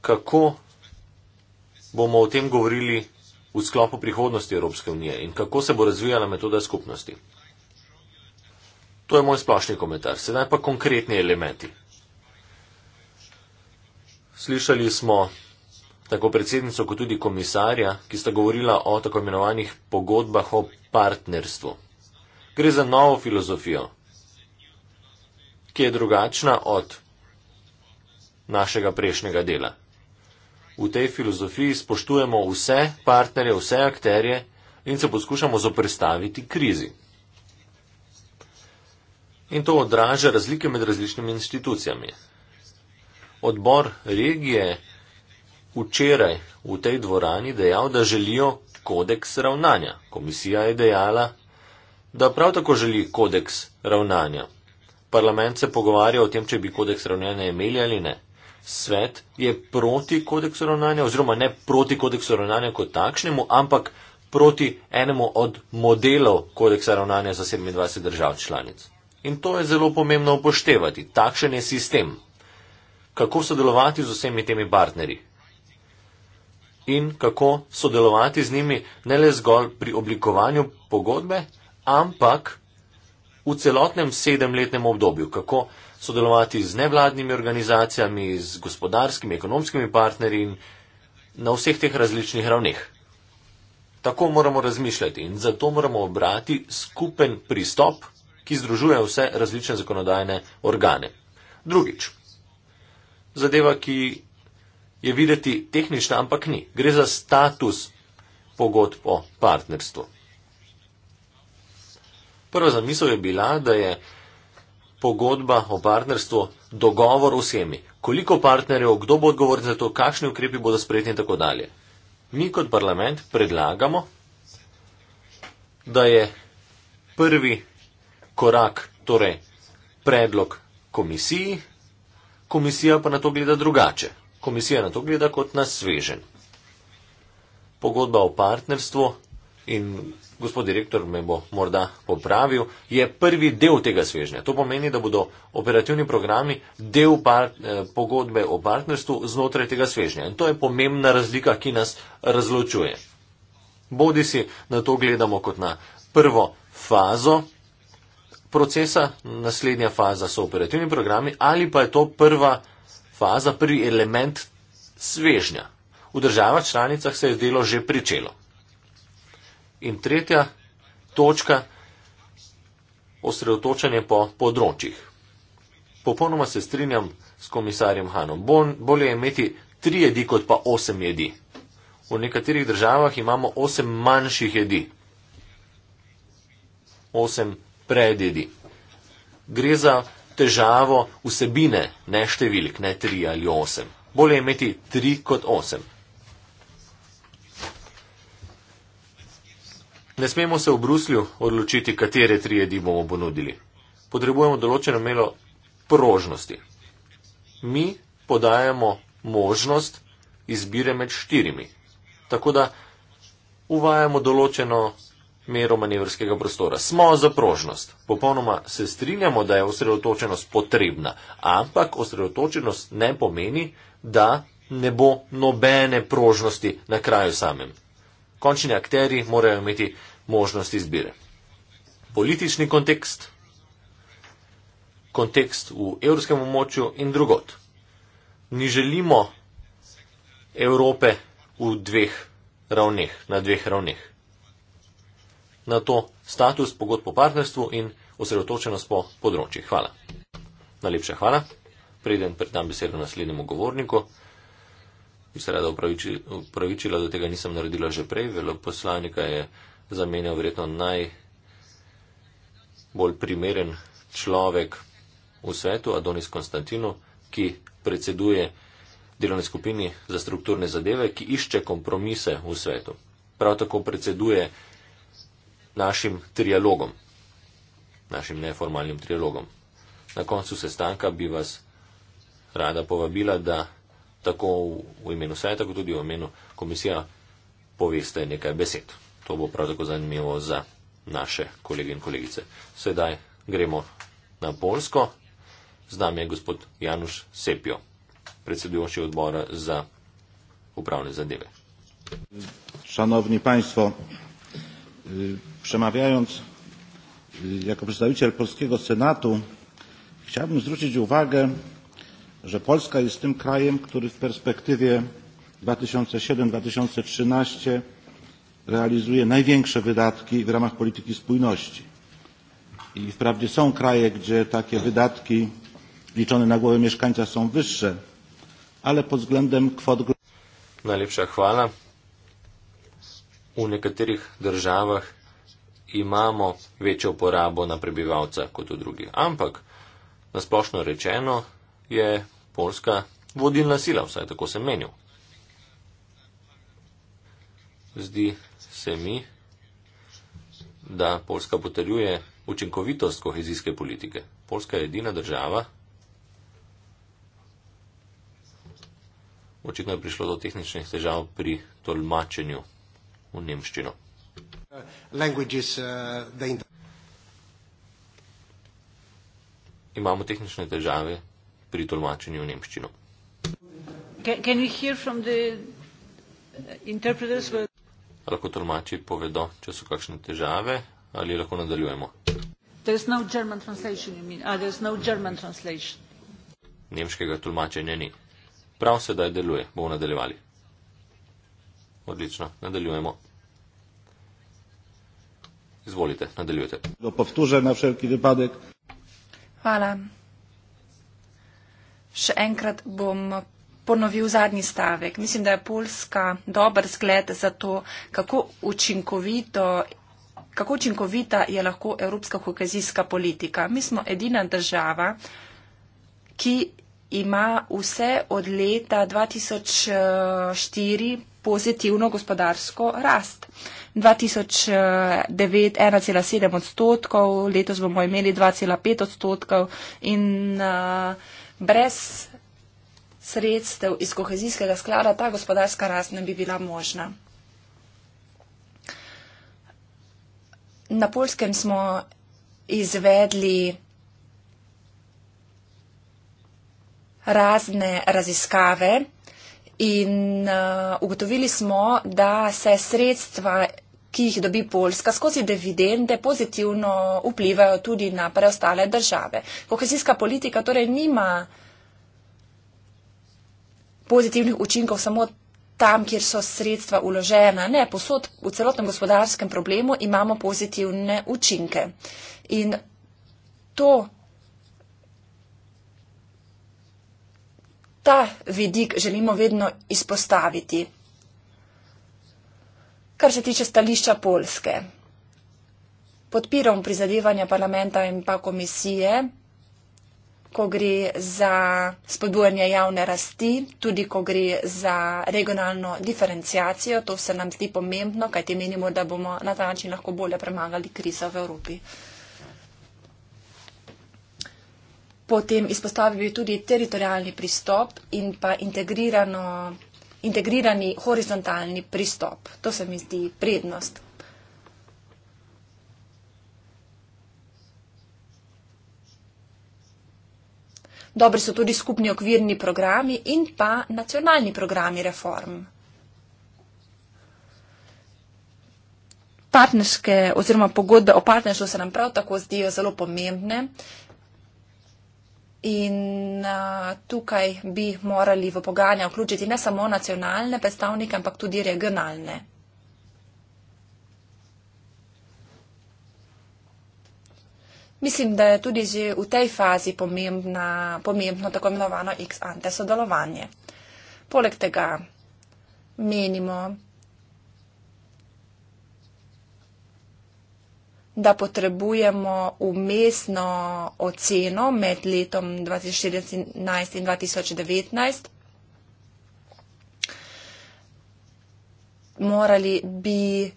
kako bomo o tem govorili v sklopu prihodnosti Evropske unije in kako se bo razvijala metoda skupnosti. To je moj splošni komentar. Sedaj pa konkretni elementi. Slišali smo tako predsednico kot tudi komisarja, ki sta govorila o tako imenovanih pogodbah o partnerstvu. Gre za novo filozofijo, ki je drugačna od našega prejšnjega dela v tej filozofiji spoštujemo vse partnerje, vse akterje in se poskušamo zoprstaviti krizi. In to odraža razlike med različnimi institucijami. Odbor regije včeraj v tej dvorani dejal, da želijo kodeks ravnanja. Komisija je dejala, da prav tako želi kodeks ravnanja. Parlament se pogovarja o tem, če bi kodeks ravnanja imeli ali ne svet je proti kodeksu ravnanja, oziroma ne proti kodeksu ravnanja kot takšnemu, ampak proti enemu od modelov kodeksa ravnanja za 27 držav članic. In to je zelo pomembno upoštevati. Takšen je sistem. Kako sodelovati z vsemi temi partnerji. In kako sodelovati z njimi ne le zgolj pri oblikovanju pogodbe, ampak v celotnem sedemletnem obdobju. Kako sodelovati z nevladnimi organizacijami, z gospodarskimi, ekonomskimi partnerji na vseh teh različnih ravneh. Tako moramo razmišljati in zato moramo obrati skupen pristop, ki združuje vse različne zakonodajne organe. Drugič, zadeva, ki je videti tehnična, ampak ni. Gre za status pogodb o partnerstvu. Prva zamisel je bila, da je pogodba o partnerstvu, dogovor o vsemi, koliko partnerjev, kdo bo odgovoren za to, kakšni ukrepi bodo sprejeti in tako dalje. Mi kot parlament predlagamo, da je prvi korak, torej predlog komisiji, komisija pa na to gleda drugače. Komisija na to gleda kot na svežen. Pogodba o partnerstvu in gospod direktor me bo morda popravil, je prvi del tega svežnja. To pomeni, da bodo operativni programi del part, eh, pogodbe o partnerstvu znotraj tega svežnja. In to je pomembna razlika, ki nas razločuje. Bodi si na to gledamo kot na prvo fazo procesa, naslednja faza so operativni programi ali pa je to prva faza, prvi element svežnja. V državah članicah se je zdelo že pričelo. In tretja točka, osredotočanje po področjih. Popolnoma se strinjam s komisarjem Hanom. Bol, bolje je imeti tri jedi, kot pa osem jedi. V nekaterih državah imamo osem manjših jedi. Osem predjedi. Gre za težavo vsebine, ne številk, ne tri ali osem. Bolje je imeti tri kot osem. Ne smemo se v Bruslju odločiti, katere tri jedi bomo ponudili. Potrebujemo določeno melo prožnosti. Mi podajamo možnost izbire med štirimi. Tako da uvajamo določeno mero manevrskega prostora. Smo za prožnost. Popolnoma se strinjamo, da je osredotočenost potrebna, ampak osredotočenost ne pomeni, da ne bo nobene prožnosti na kraju samem. Končni akteri morajo imeti možnost izbire. Politični kontekst, kontekst v evropskem območju in drugot. Ni želimo Evrope v dveh ravneh, na dveh ravneh. Na to status pogod po partnerstvu in osredotočenost po področjih. Hvala. Najlepša hvala. Preden predam besedo naslednjemu govorniku, bi se rada upravičila, da tega nisem naredila že prej. Veloposlanika je za mene verjetno najbolj primeren človek v svetu, Adonis Konstantinu, ki predseduje delovne skupini za strukturne zadeve, ki išče kompromise v svetu. Prav tako predseduje našim trialogom, našim neformalnim trialogom. Na koncu sestanka bi vas rada povabila, da tako v imenu sveta, kot tudi v imenu komisija poveste nekaj besed. To bo prav tako zanimivo za naše kolege in kolegice. Sedaj gremo na Polsko. Z nami je gospod Januš Sepjo, predsedujoči odbora za upravne zadeve. Šanovni panjstvo, Przemawiając jako przedstawiciel polskiego Senatu, chciałbym zwrócić uwagę, że Polska jest tym krajem, który w perspektywie 2007-2013 realizuje największe wydatki w ramach polityki spójności. I wprawdzie są kraje, gdzie takie wydatki liczone na głowę mieszkańca są wyższe, ale pod względem kwot. Najlepsza chwała. U niektórych krajach mamy większą porabo na przebywalca kot u drugich. Ampak, na splošno rečeno, je Polska wodilna sila, wsaj tako se menił. Zdi vsemi, da Polska potrjuje učinkovitost kohezijske politike. Polska je edina država, očitno je prišlo do tehničnih težav pri tolmačenju v nemščino. Uh, Imamo tehnične težave pri tolmačenju v nemščino. Can, can lahko tolmači povedo, če so kakšne težave ali lahko nadaljujemo. No ah, no Nemškega tolmačenja ni. Prav sedaj deluje. Bomo nadaljevali. Odlično. Nadaljujemo. Izvolite, nadaljujte. Hvala. Še enkrat bom ponovil zadnji stavek. Mislim, da je Poljska dober zgled za to, kako učinkovito. Kako učinkovita je lahko evropska kohezijska politika? Mi smo edina država, ki ima vse od leta 2004 pozitivno gospodarsko rast. 2009 1,7 odstotkov, letos bomo imeli 2,5 odstotkov in eh, brez sredstev iz kohezijskega sklada ta gospodarska rast ne bi bila možna. Na polskem smo izvedli razne raziskave in uh, ugotovili smo, da se sredstva, ki jih dobi Polska, skozi dividende pozitivno vplivajo tudi na preostale države. Kohezijska politika torej nima pozitivnih učinkov samo tam, kjer so sredstva uložena. Ne, posod v celotnem gospodarskem problemu imamo pozitivne učinke. In to, ta vidik želimo vedno izpostaviti. Kar se tiče stališča Polske, podpiram prizadevanja parlamenta in pa komisije ko gre za spodbujanje javne rasti, tudi ko gre za regionalno diferencijacijo. To se nam zdi pomembno, kajti menimo, da bomo na ta način lahko bolje premagali krizo v Evropi. Potem izpostavil bi tudi teritorijalni pristop in pa integrirano integrirani horizontalni pristop. To se mi zdi prednost, Dobri so tudi skupni okvirni programi in pa nacionalni programi reform. Partnerske oziroma pogodbe o partnerstvu se nam prav tako zdijo zelo pomembne in a, tukaj bi morali v pogajanja vključiti ne samo nacionalne predstavnike, ampak tudi regionalne. Mislim, da je tudi že v tej fazi pomembna, pomembno tako imenovano ex ante sodelovanje. Poleg tega menimo, da potrebujemo umestno oceno med letom 2014 in 2019. Morali bi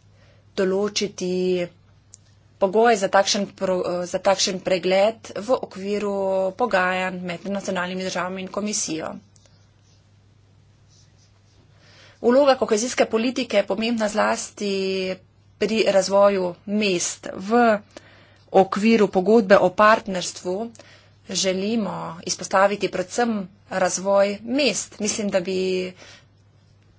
določiti pogoje za takšen, eh, za takšen pregled v okviru pogajanj med nacionalnimi državami in komisijo. Vloga kohezijske politike je pomembna zlasti pri razvoju mest. V okviru pogodbe o partnerstvu želimo izpostaviti predvsem razvoj mest. Mislim, da bi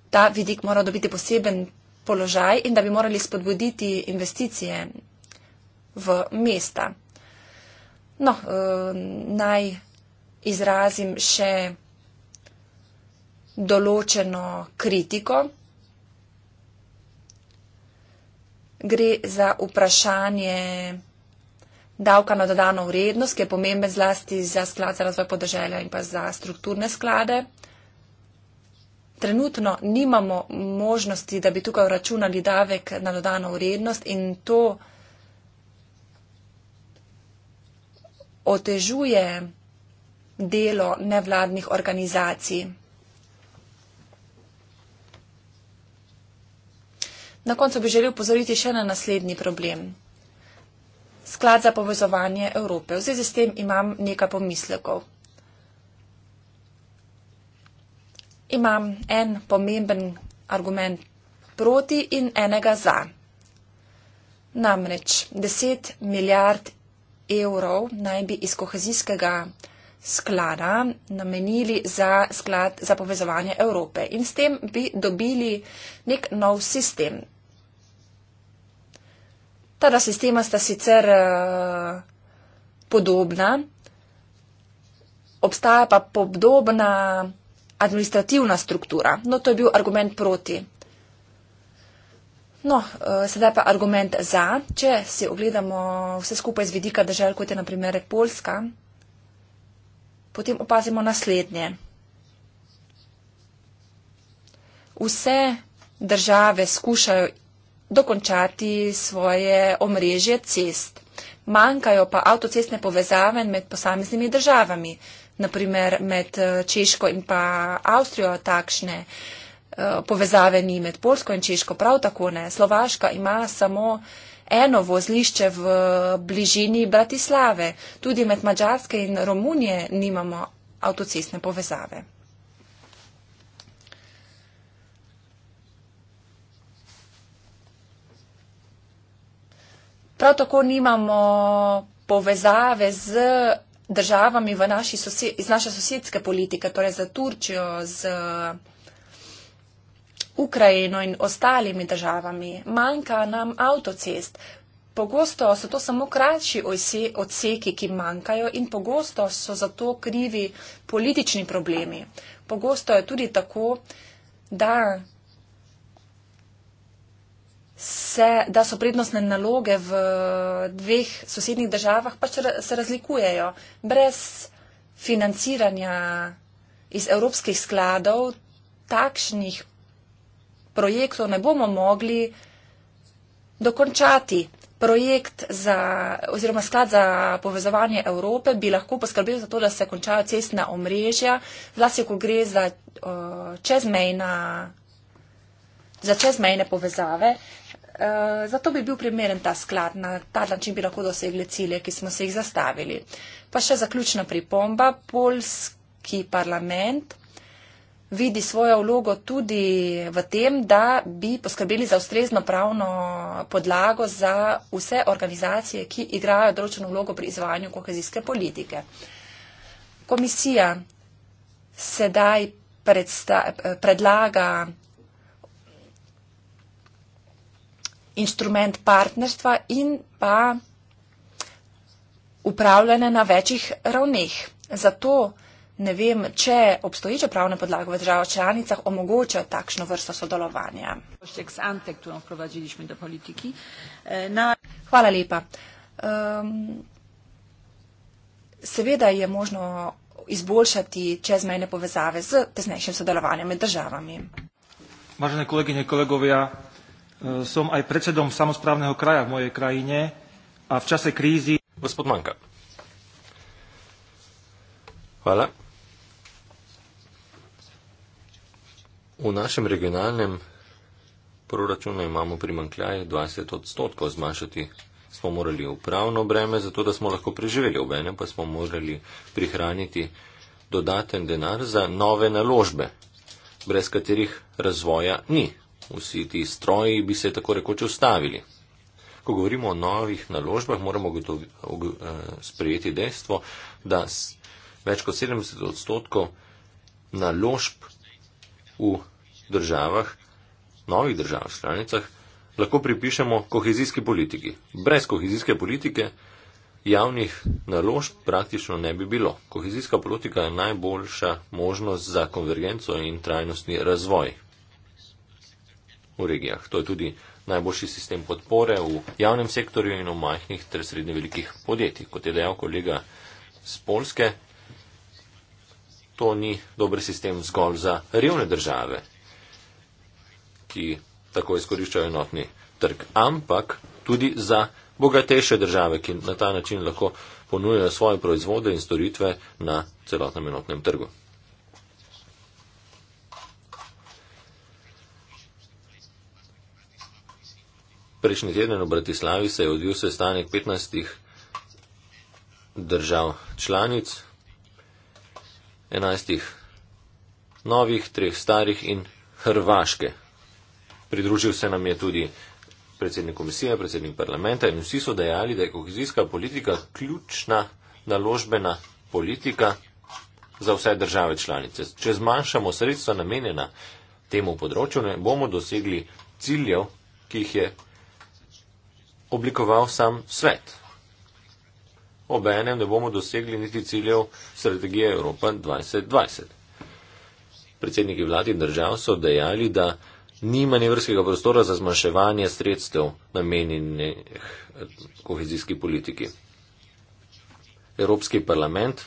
ta vidik moral dobiti poseben položaj in da bi morali spodbuditi investicije v mesta. No, eh, naj izrazim še določeno kritiko. Gre za vprašanje davka na dodano vrednost, ki je pomemben zlasti za sklad za razvoj podeželja in pa za strukturne sklade. Trenutno nimamo možnosti, da bi tukaj računali davek na dodano vrednost in to otežuje delo nevladnih organizacij. Na koncu bi želel pozoriti še na naslednji problem. Sklad za povezovanje Evrope. V zvezi s tem imam nekaj pomislekov. Imam en pomemben argument proti in enega za. Namreč 10 milijard evrov naj bi iz kohezijskega sklada namenili za sklad za povezovanje Evrope in s tem bi dobili nek nov sistem. Ta dva sistema sta sicer eh, podobna, obstaja pa podobna administrativna struktura. No, to je bil argument proti. No, eh, sedaj pa argument za, če si ogledamo vse skupaj z vidika držav, kot je naprimer Poljska, potem opazimo naslednje. Vse države skušajo dokončati svoje omrežje cest. Manjkajo pa avtocestne povezave med posameznimi državami, naprimer med eh, Češko in pa Avstrijo takšne. Uh, povezave ni med Polsko in Češko, prav tako ne. Slovaška ima samo eno vozlišče v bližini Bratislave. Tudi med Mačarske in Romunije nimamo avtocestne povezave. Prav tako nimamo povezave z državami v naši sosed, iz naše sosedske politike, torej z Turčijo, z Ukrajino in ostalimi državami. Manjka nam avtocest. Pogosto so to samo krajši odseki, ki manjkajo in pogosto so za to krivi politični problemi. Pogosto je tudi tako, da, se, da so prednostne naloge v dveh sosednjih državah pač se razlikujejo. Brez financiranja iz evropskih skladov takšnih projektov ne bomo mogli dokončati. Projekt za, oziroma sklad za povezovanje Evrope bi lahko poskrbel za to, da se končajo cestna omrežja, zlasti ko gre za, uh, čezmejna, za čezmejne povezave. Uh, zato bi bil primeren ta sklad, na ta način bi lahko dosegli cilje, ki smo se jih zastavili. Pa še zaključna pripomba. Polski parlament vidi svojo vlogo tudi v tem, da bi poskrbeli za ustrezno pravno podlago za vse organizacije, ki igrajo določeno vlogo pri izvajanju kohezijske politike. Komisija sedaj predlaga inštrument partnerstva in pa upravljanje na večjih ravneh. Zato ne vem, če obstoječa pravna podlaga v državah članicah omogoča takšno vrsto sodelovanja. Eh, Hvala lepa. Um, seveda je možno izboljšati čezmejne povezave z tesnejšim sodelovanjem med državami. Vážené kolegyne, kolegovia, eh, som aj predsedom samozprávneho kraja v mojej krajine a v čase krízy... Gospod Manka. Hvala. V našem regionalnem proračunu imamo primankljaj 20 odstotkov zmanjšati. Smo morali upravno breme, zato da smo lahko preživeli v enem, pa smo morali prihraniti dodaten denar za nove naložbe, brez katerih razvoja ni. Vsi ti stroji bi se tako rekoč ustavili. Ko govorimo o novih naložbah, moramo eh, sprejeti dejstvo, da več kot 70 odstotkov naložb v državah, novih državah, stranicah, lahko pripišemo kohezijski politiki. Brez kohezijske politike javnih naložb praktično ne bi bilo. Kohezijska politika je najboljša možnost za konvergenco in trajnostni razvoj v regijah. To je tudi najboljši sistem podpore v javnem sektorju in v majhnih ter srednje velikih podjetjih. Kot je dejal kolega z Polske, to ni dober sistem zgolj za revne države, ki tako izkoriščajo enotni trg, ampak tudi za bogatejše države, ki na ta način lahko ponujajo svoje proizvode in storitve na celotnem enotnem trgu. Prejšnji teden v Bratislavi se je odvil sestanek 15 držav članic, enajstih novih, treh starih in Hrvaške. Pridružil se nam je tudi predsednik komisije, predsednik parlamenta in vsi so dejali, da je kohezijska politika ključna naložbena politika za vse države članice. Če zmanjšamo sredstva namenjena temu področju, ne bomo dosegli ciljev, ki jih je oblikoval sam svet obenem ne bomo dosegli niti ciljev strategije Evropa 2020. Predsedniki vlad in držav so dejali, da ni manevrskega prostora za zmanjševanje sredstev namenjenih eh, kohezijski politiki. Evropski parlament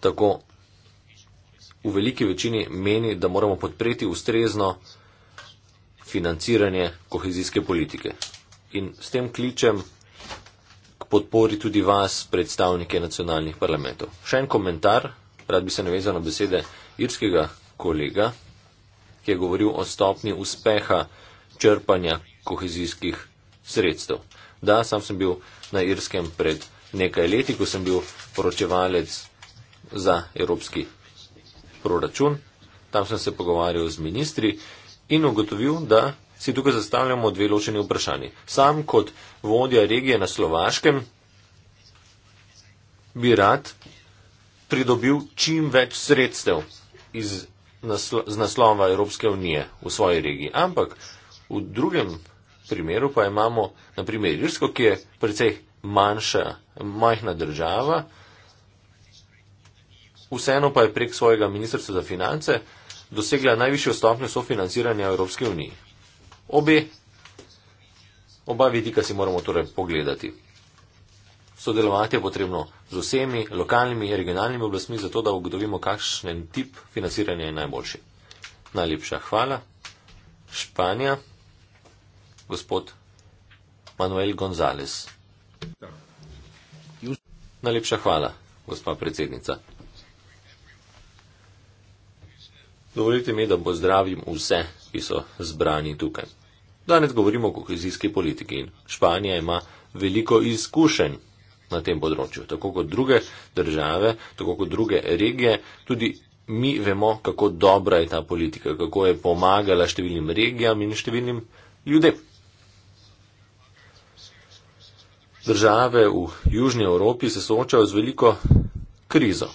tako v veliki večini meni, da moramo podpreti ustrezno financiranje kohezijske politike. In s tem kličem podpori tudi vas, predstavnike nacionalnih parlamentov. Še en komentar, rad bi se navezal na besede irskega kolega, ki je govoril o stopni uspeha črpanja kohezijskih sredstev. Da, sam sem bil na Irskem pred nekaj leti, ko sem bil poročevalec za evropski proračun. Tam sem se pogovarjal z ministri in ugotovil, da si tukaj zastavljamo dve ločeni vprašanji. Sam kot vodja regije na Slovaškem bi rad pridobil čim več sredstev iz naslo, z naslova Evropske unije v svoji regiji. Ampak v drugem primeru pa imamo naprimer Irsko, ki je precej manjša, majhna država, vseeno pa je prek svojega ministrstva za finance dosegla najvišjo stopnjo sofinanciranja Evropske unije obe, oba vidika si moramo torej pogledati. Sodelovati je potrebno z vsemi lokalnimi in regionalnimi oblastmi, zato da ugotovimo, kakšen tip financiranja je najboljši. Najlepša hvala. Španija, gospod Manuel González. Najlepša hvala, gospa predsednica. Dovolite mi, da pozdravim vse, ki so zbrani tukaj. Danes govorimo o kohezijski politiki in Španija ima veliko izkušenj na tem področju. Tako kot druge države, tako kot druge regije, tudi mi vemo, kako dobra je ta politika, kako je pomagala številnim regijam in številnim ljudem. Države v Južnji Evropi se soočajo z veliko krizo.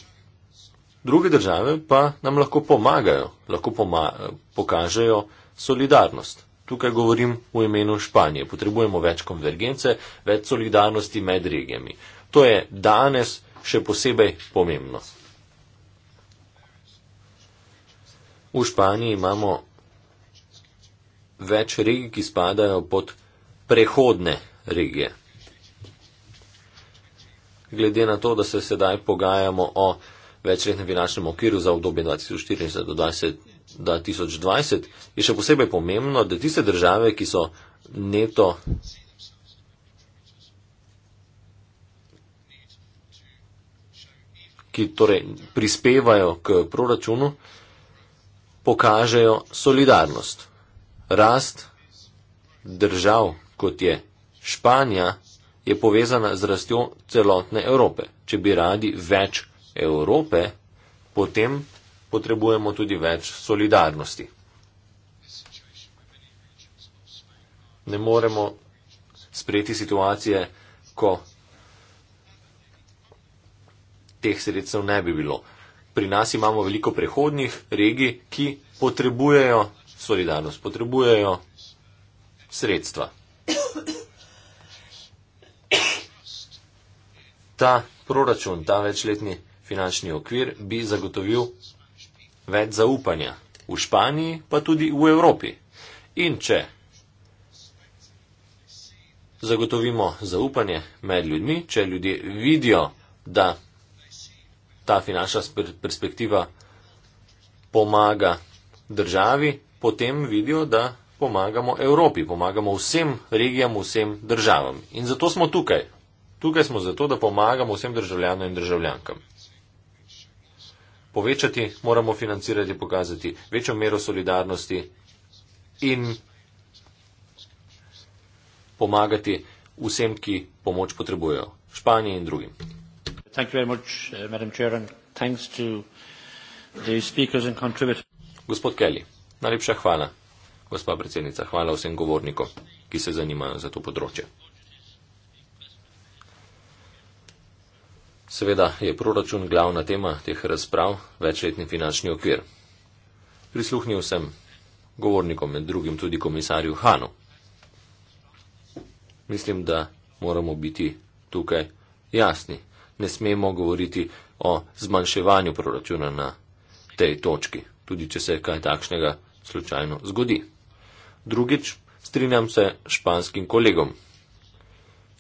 Druge države pa nam lahko pomagajo, lahko poma pokažejo solidarnost. Tukaj govorim v imenu Španije. Potrebujemo več konvergence, več solidarnosti med regijami. To je danes še posebej pomembno. V Španiji imamo več regij, ki spadajo pod prehodne regije. Glede na to, da se sedaj pogajamo o večletnem finančnem okviru za obdobje 2014 do 20, 2020, je še posebej pomembno, da tiste države, ki so neto. ki torej prispevajo k proračunu, pokažejo solidarnost. Rast držav, kot je Španija, je povezana z rastjo celotne Evrope. Če bi radi več Evrope, potem potrebujemo tudi več solidarnosti. Ne moremo sprejeti situacije, ko teh sredstev ne bi bilo. Pri nas imamo veliko prehodnih regij, ki potrebujejo solidarnost, potrebujejo sredstva. Ta proračun, ta večletni finančni okvir bi zagotovil več zaupanja, v Španiji pa tudi v Evropi. In če zagotovimo zaupanje med ljudmi, če ljudje vidijo, da ta finančna perspektiva pomaga državi, potem vidijo, da pomagamo Evropi, pomagamo vsem regijam, vsem državam. In zato smo tukaj. Tukaj smo zato, da pomagamo vsem državljanom in državljankam povečati, moramo financirati, pokazati večjo mero solidarnosti in pomagati vsem, ki pomoč potrebujejo, Španiji in drugim. Uh, Gospod Kelly, najlepša hvala, gospa predsednica, hvala vsem govornikom, ki se zanimajo za to področje. Seveda je proračun glavna tema teh razprav, večletni finančni okvir. Prisluhnil sem govornikom, med drugim tudi komisarju Hanu. Mislim, da moramo biti tukaj jasni. Ne smemo govoriti o zmanjševanju proračuna na tej točki, tudi če se kaj takšnega slučajno zgodi. Drugič, strinjam se španskim kolegom,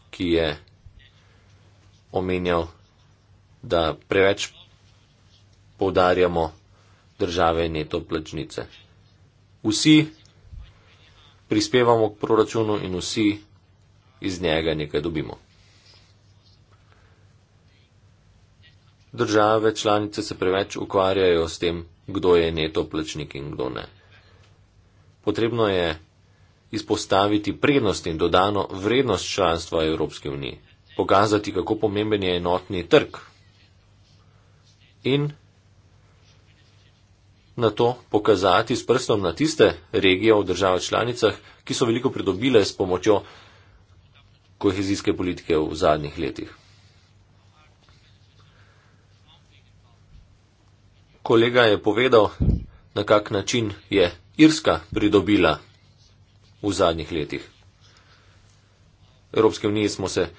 ki je omenjal da preveč podarjamo države neto plačnice. Vsi prispevamo k proračunu in vsi iz njega nekaj dobimo. Države članice se preveč ukvarjajo s tem, kdo je neto plačnik in kdo ne. Potrebno je izpostaviti prednost in dodano vrednost članstva Evropske unije, pokazati, kako pomemben je enotni trg in na to pokazati s prstom na tiste regije v državah članicah, ki so veliko pridobile s pomočjo kohezijske politike v zadnjih letih. Kolega je povedal, na kak način je Irska pridobila v zadnjih letih. Evropske unije smo se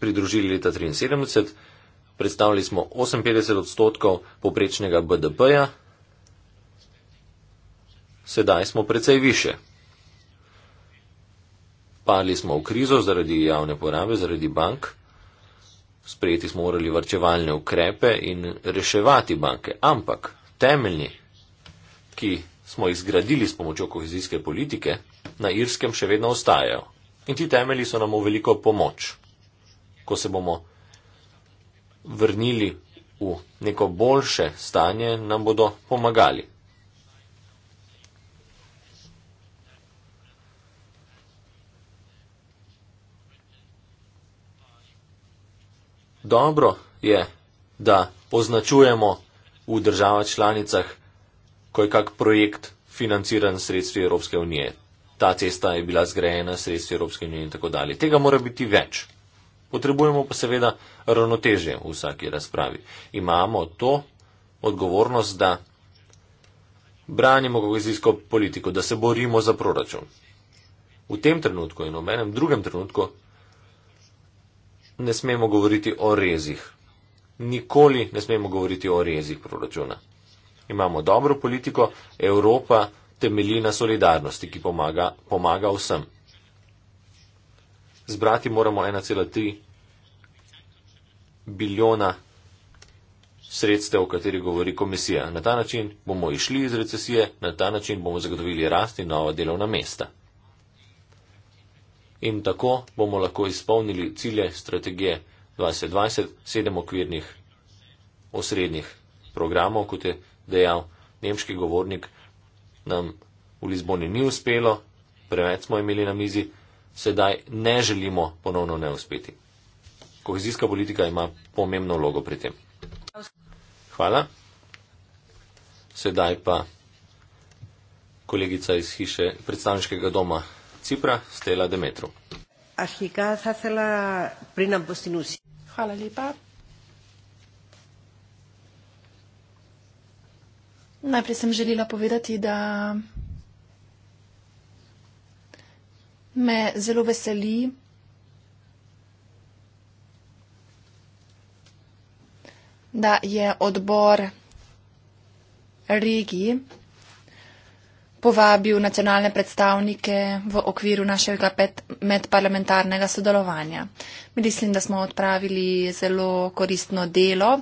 pridružili leta 1973 predstavljali smo 58 odstotkov poprečnega BDP-ja, sedaj smo precej više. Padli smo v krizo zaradi javne porabe, zaradi bank, sprejeti smo morali vrčevalne ukrepe in reševati banke, ampak temeljni, ki smo jih zgradili s pomočjo kohezijske politike, na Irskem še vedno ostajajo. In ti temelji so nam v veliko pomoč, ko se bomo vrnili v neko boljše stanje, nam bodo pomagali. Dobro je, da označujemo v državah članicah, ko je kak projekt financiran sredstvi Evropske unije. Ta cesta je bila zgrajena sredstvi Evropske unije in tako dalje. Tega mora biti več. Potrebujemo pa seveda ravnotežje v vsaki razpravi. Imamo to odgovornost, da branimo kohezijsko politiko, da se borimo za proračun. V tem trenutku in v enem drugem trenutku ne smemo govoriti o rezih. Nikoli ne smemo govoriti o rezih proračuna. Imamo dobro politiko, Evropa temelji na solidarnosti, ki pomaga, pomaga vsem zbrati moramo 1,3 biljona sredstev, o kateri govori komisija. Na ta način bomo išli iz recesije, na ta način bomo zagotovili rast in nova delovna mesta. In tako bomo lahko izpolnili cilje strategije 2020, sedem okvirnih osrednjih programov, kot je dejal nemški govornik, nam v Lizboni ni uspelo, preveč smo imeli na mizi, sedaj ne želimo ponovno ne uspeti. Kohezijska politika ima pomembno vlogo pri tem. Hvala. Sedaj pa kolegica iz hiše predstavniškega doma Cipra, Stela Demetru. Hvala lepa. Najprej sem želela povedati, da me zelo veseli, da je odbor regij povabil nacionalne predstavnike v okviru našega medparlamentarnega sodelovanja. Mislim, da smo odpravili zelo koristno delo.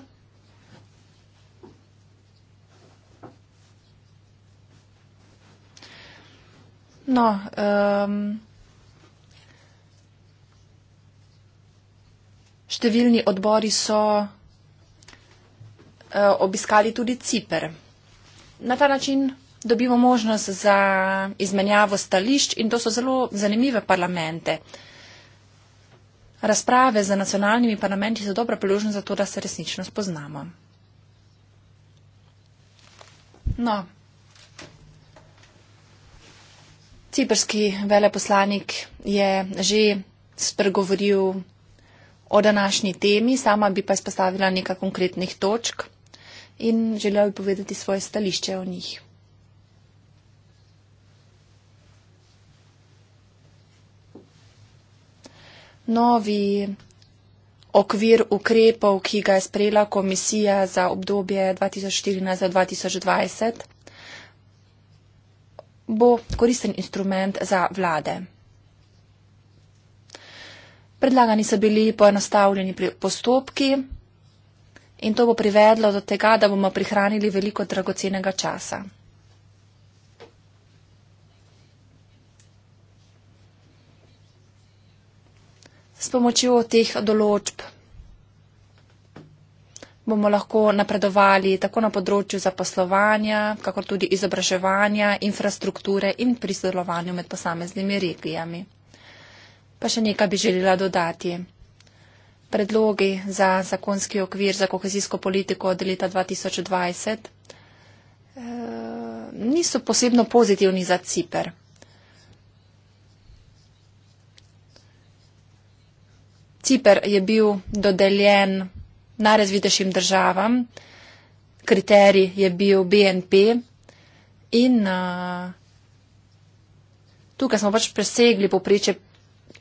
No, um, Številni odbori so eh, obiskali tudi Ciper. Na ta način dobimo možnost za izmenjavo stališč in to so zelo zanimive parlamente. Razprave za nacionalnimi parlamenti so dobra priložnost za to, da se resnično spoznamo. No. Ciperski veleposlanik je že spregovoril o današnji temi, sama bi pa izpostavila nekaj konkretnih točk in želela bi povedati svoje stališče o njih. Novi okvir ukrepov, ki ga je sprejela komisija za obdobje 2014-2020, bo koristen instrument za vlade. Predlagani so bili poenostavljeni postopki in to bo privedlo do tega, da bomo prihranili veliko dragocenega časa. S pomočjo teh določb bomo lahko napredovali tako na področju zaposlovanja, kakor tudi izobraževanja, infrastrukture in pri sodelovanju med posameznimi regijami. Pa še nekaj bi želela dodati. Predlogi za zakonski okvir za kohezijsko politiko od leta 2020 e, eh, niso posebno pozitivni za Ciper. Ciper je bil dodeljen najrazvitejšim državam, kriterij je bil BNP in a, eh, tukaj smo pač presegli poprečje 5%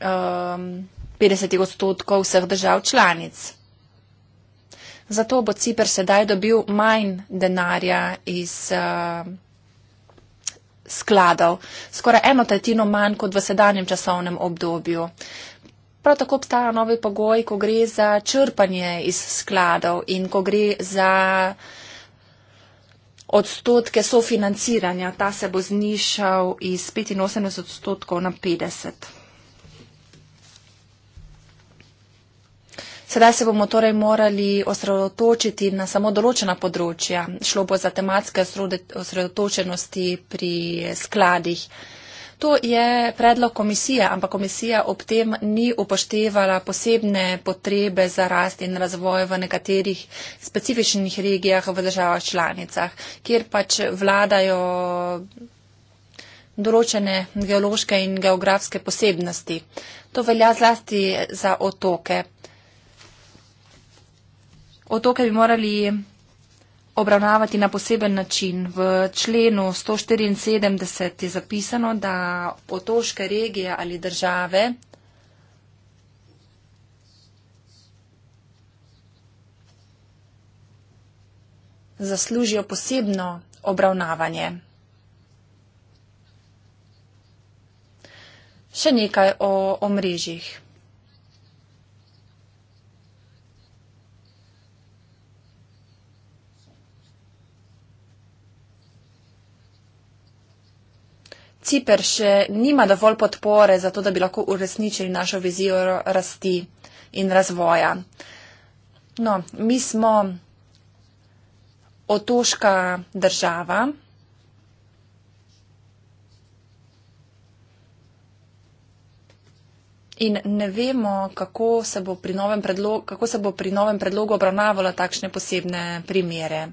um, 50 odstotkov vseh držav članic. Zato bo Cipr sedaj dobil manj denarja iz uh, skladov, skoraj eno tretjino manj kot v sedanjem časovnem obdobju. Prav tako obstaja novi pogoj, ko gre za črpanje iz skladov in ko gre za odstotke sofinanciranja. Ta se bo znišal iz 85 odstotkov na 50 odstotkov. Sedaj se bomo torej morali osredotočiti na samo določena področja. Šlo bo za tematske osredotočenosti pri skladih. To je predlog komisije, ampak komisija ob tem ni upoštevala posebne potrebe za rast in razvoj v nekaterih specifičnih regijah v državah članicah, kjer pač vladajo določene geološke in geografske posebnosti. To velja zlasti za otoke otoke bi morali obravnavati na poseben način. V členu 174 je zapisano, da otoške regije ali države zaslužijo posebno obravnavanje. Še nekaj o omrežjih. Ciper še nima dovolj podpore za to, da bi lahko uresničili našo vizijo rasti in razvoja. No, mi smo otoška država. In ne vemo, kako se, predlogu, kako se bo pri novem predlogu obravnavalo takšne posebne primere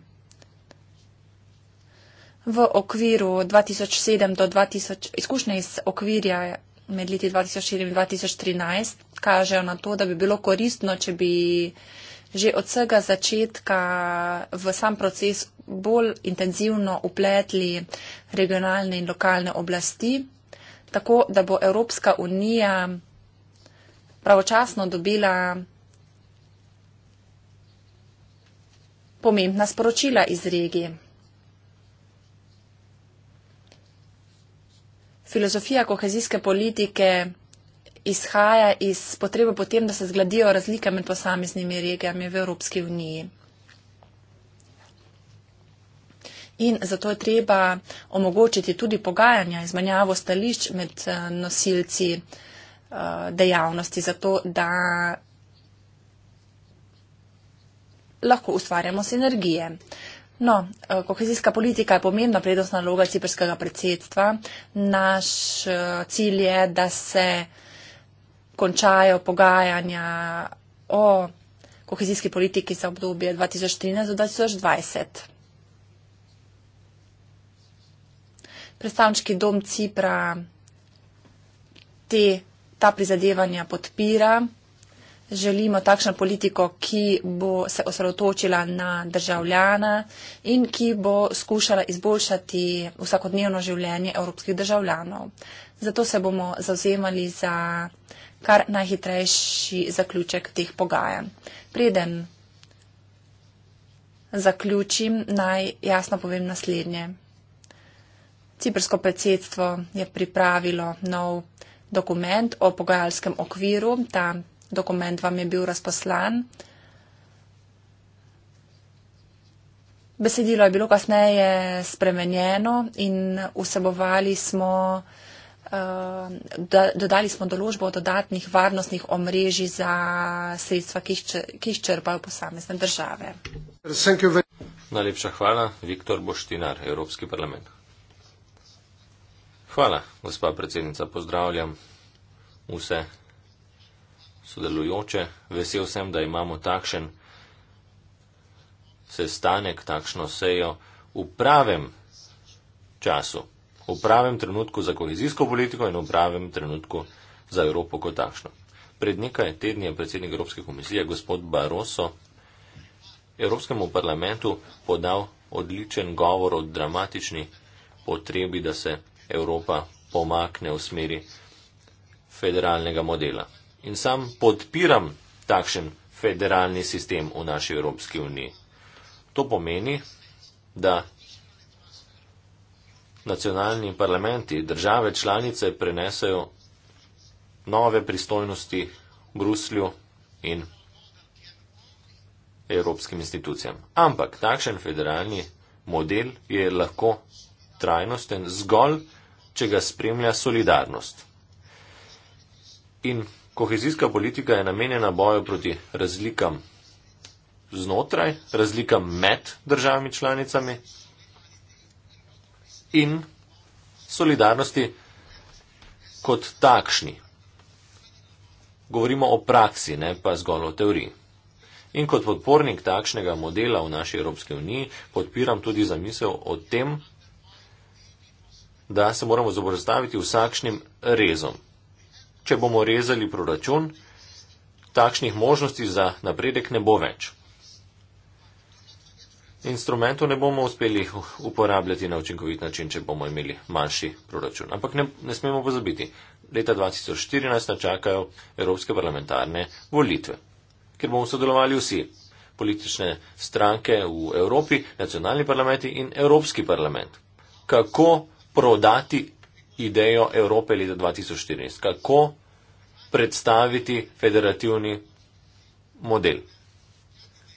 v okviru 2007 do 2000, izkušnje iz okvirja med leti 2007 in 2013 kažejo na to, da bi bilo koristno, če bi že od vsega začetka v sam proces bolj intenzivno upletli regionalne in lokalne oblasti, tako da bo Evropska unija pravočasno dobila pomembna sporočila iz regije. filozofija kohezijske politike izhaja iz potrebe potem, da se zgladijo razlike med posameznimi regijami v Evropski uniji. In zato je treba omogočiti tudi pogajanja, izmanjavo stališč med eh, nosilci eh, dejavnosti, zato da lahko ustvarjamo sinergije. No, eh, kohezijska politika je pomembna prednostna naloga ciperskega predsedstva. Naš eh, cilj je, da se končajo pogajanja o kohezijski politiki za obdobje 2013 do 2020. Predstavnički dom Cipra te, ta prizadevanja podpira želimo takšno politiko, ki bo se osredotočila na državljana in ki bo skušala izboljšati vsakodnevno življenje evropskih državljanov. Zato se bomo zauzemali za kar najhitrejši zaključek teh pogajanj. Preden zaključim, naj jasno povem naslednje. Ciprsko predsedstvo je pripravilo nov dokument o pogajalskem okviru. Ta dokument vam je bil razposlan. Besedilo je bilo kasneje spremenjeno in vsebovali smo, eh, dodali smo določbo o dodatnih varnostnih omrežji za sredstva, ki jih črpajo posamezne države. Najlepša hvala, Viktor Boštinar, Evropski parlament. Hvala, gospa predsednica, pozdravljam vse sodelujoče, vesel sem, da imamo takšen sestanek, takšno sejo v pravem času, v pravem trenutku za kohezijsko politiko in v pravem trenutku za Evropo kot takšno. Pred nekaj tedni je predsednik Evropske komisije, gospod Barroso, Evropskemu parlamentu podal odličen govor o dramatični potrebi, da se Evropa pomakne v smeri federalnega modela in sam podpiram takšen federalni sistem v naši Evropski uniji. To pomeni, da nacionalni parlamenti države članice prenesejo nove pristojnosti Bruslju in evropskim institucijam. Ampak takšen federalni model je lahko trajnosten zgolj, če ga spremlja solidarnost. In Kohezijska politika je namenjena boju proti razlikam znotraj, razlikam med državami članicami in solidarnosti kot takšni. Govorimo o praksi, ne pa zgolj o teoriji. In kot podpornik takšnega modela v naši Evropski uniji podpiram tudi zamisel o tem, da se moramo zobrazstaviti vsakšnim rezom če bomo rezali proračun, takšnih možnosti za napredek ne bo več. Instrumentov ne bomo uspeli uporabljati na učinkovit način, če bomo imeli manjši proračun. Ampak ne, ne smemo pozabiti, leta 2014 nas čakajo evropske parlamentarne volitve, kjer bomo sodelovali vsi politične stranke v Evropi, nacionalni parlamenti in Evropski parlament. Kako prodati idejo Evrope leta 2014, kako predstaviti federativni model.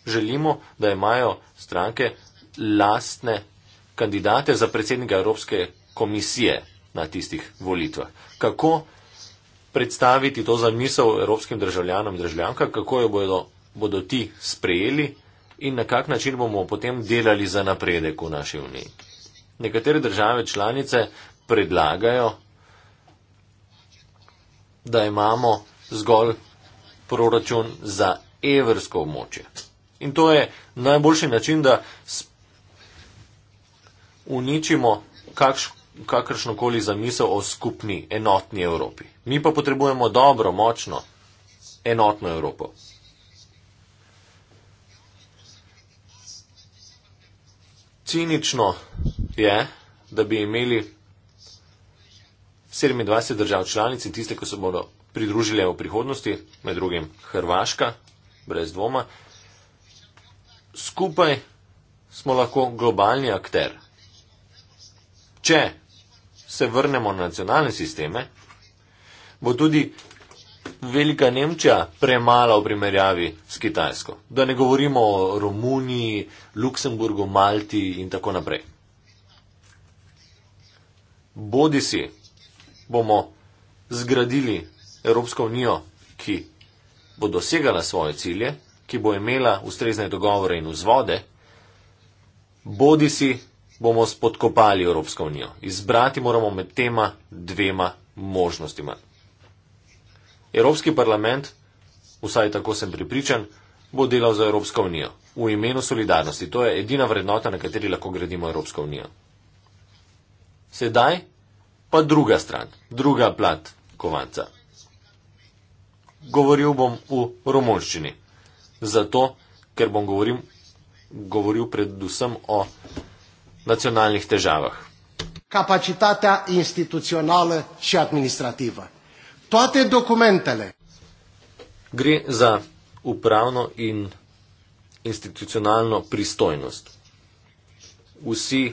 Želimo, da imajo stranke lastne kandidate za predsednika Evropske komisije na tistih volitvah. Kako predstaviti to zamisel evropskim državljanom in državljankam, kako jo bodo, bodo ti sprejeli in na kak način bomo potem delali za napredek v naši uniji. Nekatere države članice predlagajo, da imamo zgolj proračun za evrsko območje. In to je najboljši način, da uničimo kakš, kakršnokoli zamisel o skupni enotni Evropi. Mi pa potrebujemo dobro, močno, enotno Evropo. Cinično je, da bi imeli 27 držav članic in tiste, ki se bodo pridružile v prihodnosti, med drugim Hrvaška, brez dvoma, skupaj smo lahko globalni akter. Če se vrnemo na nacionalne sisteme, bo tudi Velika Nemčija premala v primerjavi s Kitajsko. Da ne govorimo o Romuniji, Luksemburgu, Malti in tako naprej. Bodi si bomo zgradili Evropsko unijo, ki bo dosegala svoje cilje, ki bo imela ustrezne dogovore in vzvode, bodi si bomo spodkopali Evropsko unijo. Izbrati moramo med tema dvema možnostima. Evropski parlament, vsaj tako sem pripričan, bo delal za Evropsko unijo v imenu solidarnosti. To je edina vrednota, na kateri lahko gradimo Evropsko unijo. Sedaj pa druga stran, druga plat kovanca. Govoril bom v romunščini, zato ker bom govorim, govoril predvsem o nacionalnih težavah. Kapacitata institucionale še administrativa. Toate dokumentele. Gre za upravno in institucionalno pristojnost. Vsi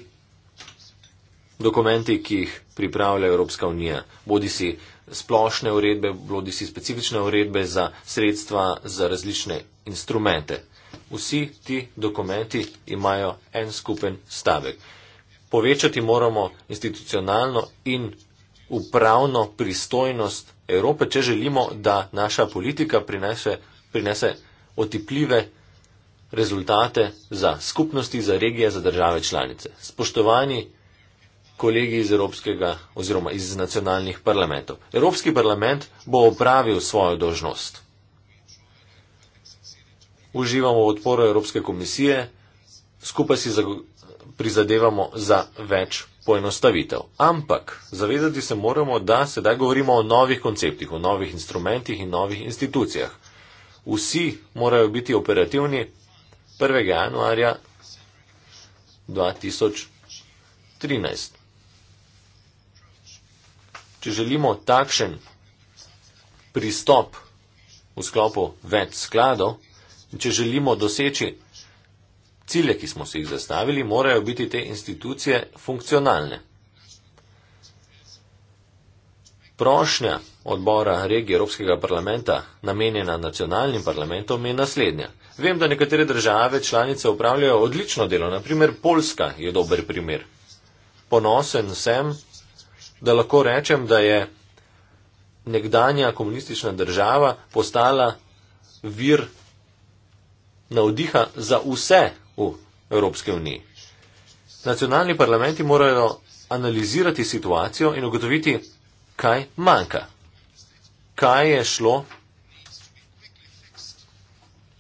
dokumenti, ki jih pripravlja Evropska unija, bodi si splošne uredbe, bodi si specifične uredbe za sredstva, za različne instrumente. Vsi ti dokumenti imajo en skupen stavek. Povečati moramo institucionalno in upravno pristojnost Evrope, če želimo, da naša politika prinese, prinese otipljive rezultate za skupnosti, za regije, za države članice. Spoštovani kolegi iz Evropskega oziroma iz nacionalnih parlamentov. Evropski parlament bo opravil svojo dožnost. Uživamo v odporu Evropske komisije, skupaj si prizadevamo za več poenostavitev. Ampak zavedati se moramo, da sedaj govorimo o novih konceptih, o novih instrumentih in novih institucijah. Vsi morajo biti operativni 1. januarja 2013. Če želimo takšen pristop v sklopu več skladov, če želimo doseči cilje, ki smo si jih zastavili, morajo biti te institucije funkcionalne. Prošnja odbora regije Evropskega parlamenta, namenjena nacionalnim parlamentom, je naslednja. Vem, da nekatere države članice upravljajo odlično delo, naprimer Poljska je dober primer. Ponosen sem, da lahko rečem, da je nekdanja komunistična država postala vir navdiha za vse v Evropske unije. Nacionalni parlamenti morajo analizirati situacijo in ugotoviti, kaj manjka, kaj je šlo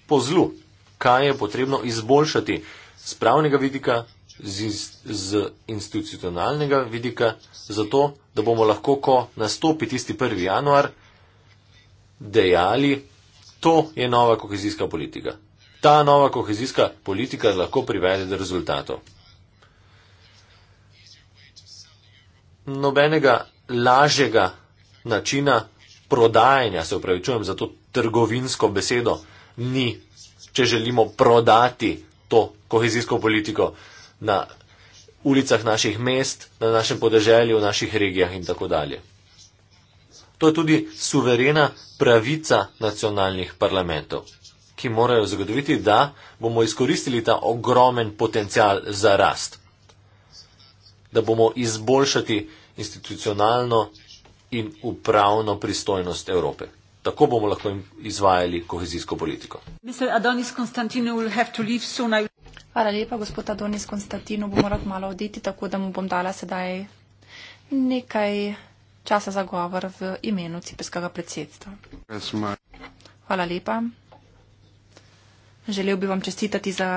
po zlu, kaj je potrebno izboljšati z pravnega vidika, z, z institucionalnega vidika, zato da bomo lahko, ko nastopi tisti 1. januar, dejali, to je nova kohezijska politika. Ta nova kohezijska politika lahko privede do rezultatov. Nobenega lažjega načina prodajanja, se upravičujem za to trgovinsko besedo, ni, če želimo prodati to kohezijsko politiko na ulicah naših mest, na našem podeželju, v naših regijah in tako dalje. To je tudi suverena pravica nacionalnih parlamentov, ki morajo zagotoviti, da bomo izkoristili ta ogromen potencial za rast, da bomo izboljšati institucionalno in upravno pristojnost Evrope. Tako bomo lahko izvajali kohezijsko politiko. Hvala lepa, gospod Adonis Konstantinu, bo moral malo oditi, tako da mu bom dala sedaj nekaj časa za govor v imenu ciperskega predsedstva. Hvala lepa. Želel bi vam čestitati za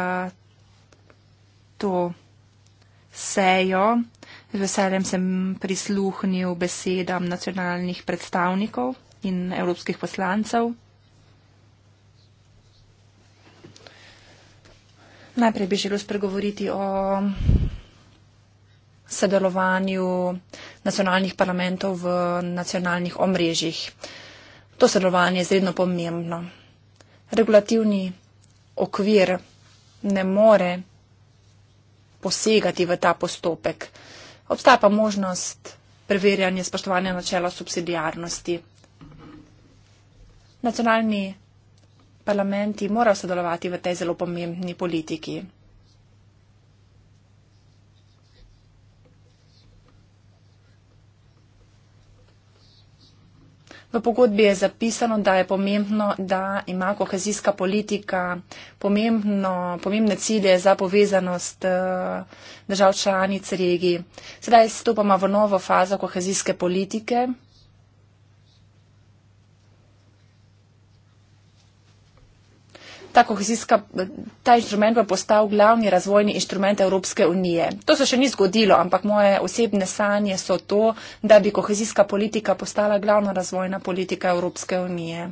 to sejo. Z veseljem sem prisluhnil besedam nacionalnih predstavnikov in evropskih poslancev. Najprej bi želel spregovoriti o sodelovanju nacionalnih parlamentov v nacionalnih omrežjih. To sodelovanje je izredno pomembno. Regulativni okvir ne more posegati v ta postopek. Obstaja pa možnost preverjanja spoštovanja načela subsidijarnosti nacionalni parlamenti morajo sodelovati v tej zelo pomembni politiki. V pogodbi je zapisano, da je pomembno, da ima kohezijska politika pomembno, pomembne cilje za povezanost eh, držav članic regiji. Sedaj stopamo v novo fazo kohezijske politike. ta kohezijska, ta instrument bo postal glavni razvojni instrument Evropske unije. To se še ni zgodilo, ampak moje osebne sanje so to, da bi kohezijska politika postala glavna razvojna politika Evropske unije.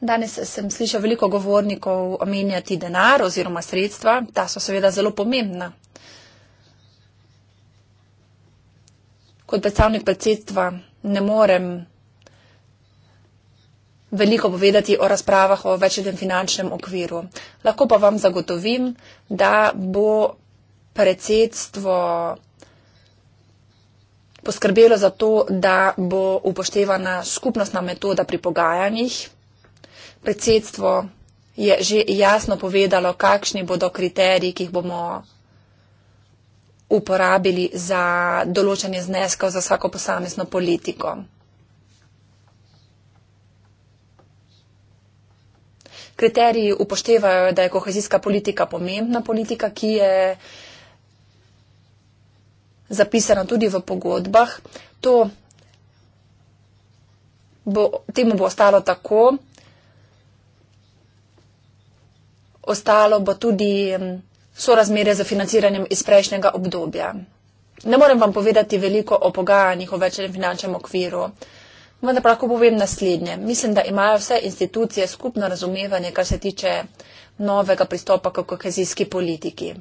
Danes sem slišal veliko govornikov omenjati denar oziroma sredstva. Ta so seveda zelo pomembna, kot predstavnik predsedstva ne morem veliko povedati o razpravah o večjem finančnem okviru. Lahko pa vam zagotovim, da bo predsedstvo poskrbelo za to, da bo upoštevana skupnostna metoda pri pogajanjih. Predsedstvo je že jasno povedalo, kakšni bodo kriteriji, ki jih bomo uporabili za določanje zneskov za vsako posamezno politiko. Kriteriji upoštevajo, da je kohezijska politika pomembna politika, ki je zapisana tudi v pogodbah. To bo, temu bo ostalo tako. Ostalo bo tudi. Mm, so razmere za financiranjem iz prejšnjega obdobja. Ne morem vam povedati veliko o pogajanjih o večjem finančnem okviru, vendar lahko povem naslednje. Mislim, da imajo vse institucije skupno razumevanje, kar se tiče novega pristopa k kohezijski politiki,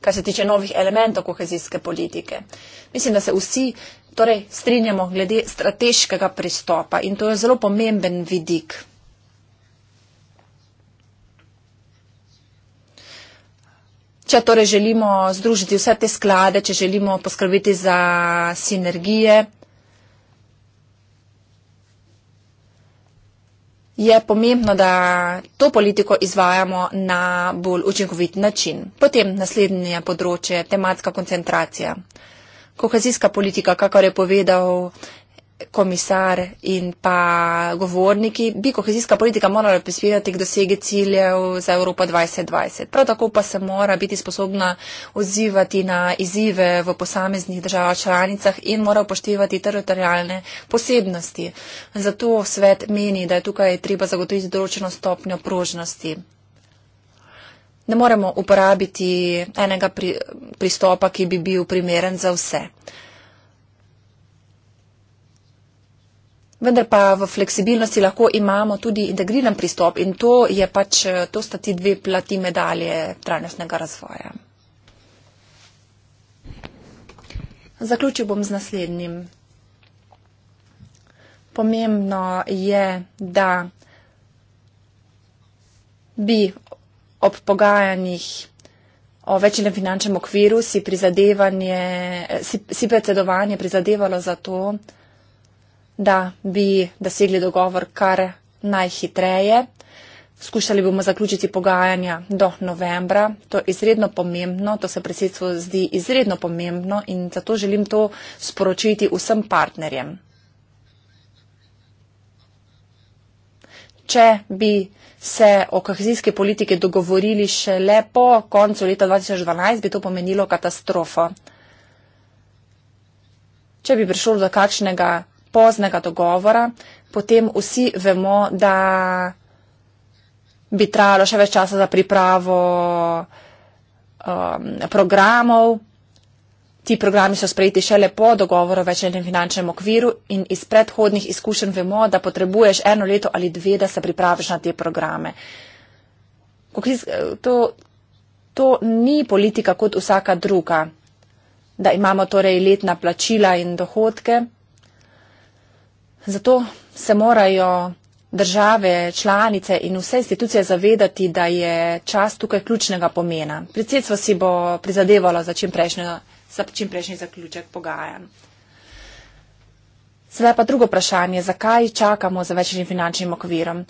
kar se tiče novih elementov kohezijske politike. Mislim, da se vsi torej, strinjamo glede strateškega pristopa in to je zelo pomemben vidik. Če torej želimo združiti vse te sklade, če želimo poskrbeti za sinergije, je pomembno, da to politiko izvajamo na bolj učinkovit način. Potem naslednje področje, tematska koncentracija. Kohezijska politika, kakor je povedal komisar in pa govorniki bi kohezijska politika morala prispevati k dosegi ciljev za Evropo 2020. Prav tako pa se mora biti sposobna odzivati na izzive v posameznih državah članicah in mora upoštevati teritorijalne posebnosti. Zato svet meni, da je tukaj treba zagotoviti določeno stopnjo prožnosti. Ne moremo uporabiti enega pri, pristopa, ki bi bil primeren za vse. Vendar pa v fleksibilnosti lahko imamo tudi integriran pristop in to, pač, eh, to sta ti dve plati medalje trajnostnega razvoja. Zaključil bom z naslednjim. Pomembno je, da bi ob pogajanjih o večjem finančnem okviru eh, si predsedovanje prizadevalo za to, da bi dosegli dogovor kar najhitreje. Skušali bomo zaključiti pogajanja do novembra. To je izredno pomembno, to se predsedstvo zdi izredno pomembno in zato želim to sporočiti vsem partnerjem. Če bi se o kohezijski politiki dogovorili šele po koncu leta 2012, bi to pomenilo katastrofo. Če bi prišlo do kakšnega poznega dogovora, potem vsi vemo, da bi trajalo še več časa za pripravo um, programov. Ti programi so sprejeti šele po dogovoru o večletnem finančnem okviru in iz predhodnih izkušenj vemo, da potrebuješ eno leto ali dve, da se pripraviš na te programe. To, to ni politika kot vsaka druga, da imamo torej letna plačila in dohodke. Zato se morajo države, članice in vse institucije zavedati, da je čas tukaj ključnega pomena. Predsedstvo si bo prizadevalo za čimprejšnji čim zaključek pogajanj. Sedaj pa drugo vprašanje, zakaj čakamo za večjim finančnim okvirom.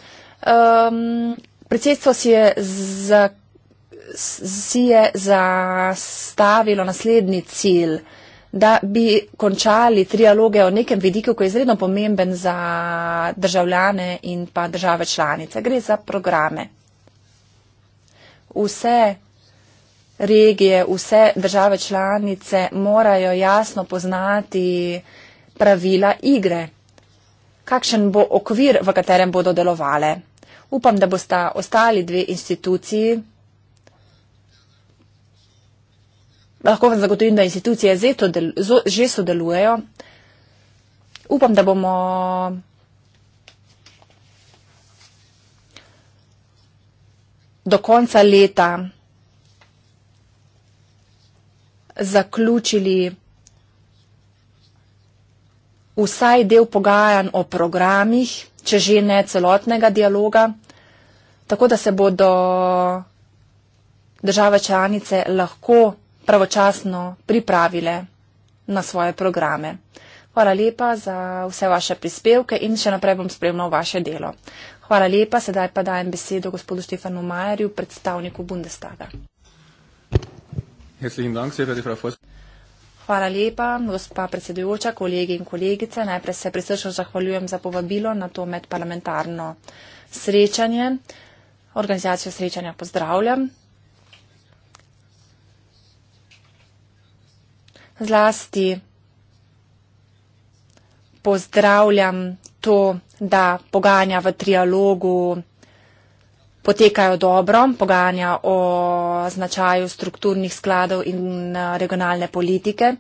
Um, predsedstvo si je, za, si je zastavilo naslednji cilj da bi končali trialoge o nekem vidiku, ki je izredno pomemben za državljane in pa države članice. Gre za programe. Vse regije, vse države članice morajo jasno poznati pravila igre, kakšen bo okvir, v katerem bodo delovale. Upam, da bosta ostali dve instituciji Lahko vam zagotovim, da institucije del, zo, že sodelujejo. Upam, da bomo. Do konca leta zaključili vsaj del pogajanj o programih, če že ne celotnega dialoga, tako da se bodo države članice lahko pravočasno pripravile na svoje programe. Hvala lepa za vse vaše prispevke in še naprej bom spremljal vaše delo. Hvala lepa, sedaj pa dajem besedo gospodu Stefanu Majerju, predstavniku Bundestaga. Hvala lepa, gospa predsedujoča, kolegi in kolegice. Najprej se prisrčno zahvaljujem za povabilo na to medparlamentarno srečanje. Organizacijo srečanja pozdravljam. zlasti pozdravljam to, da pogajanja v trialogu potekajo dobro, pogajanja o značaju strukturnih skladov in eh, regionalne politike.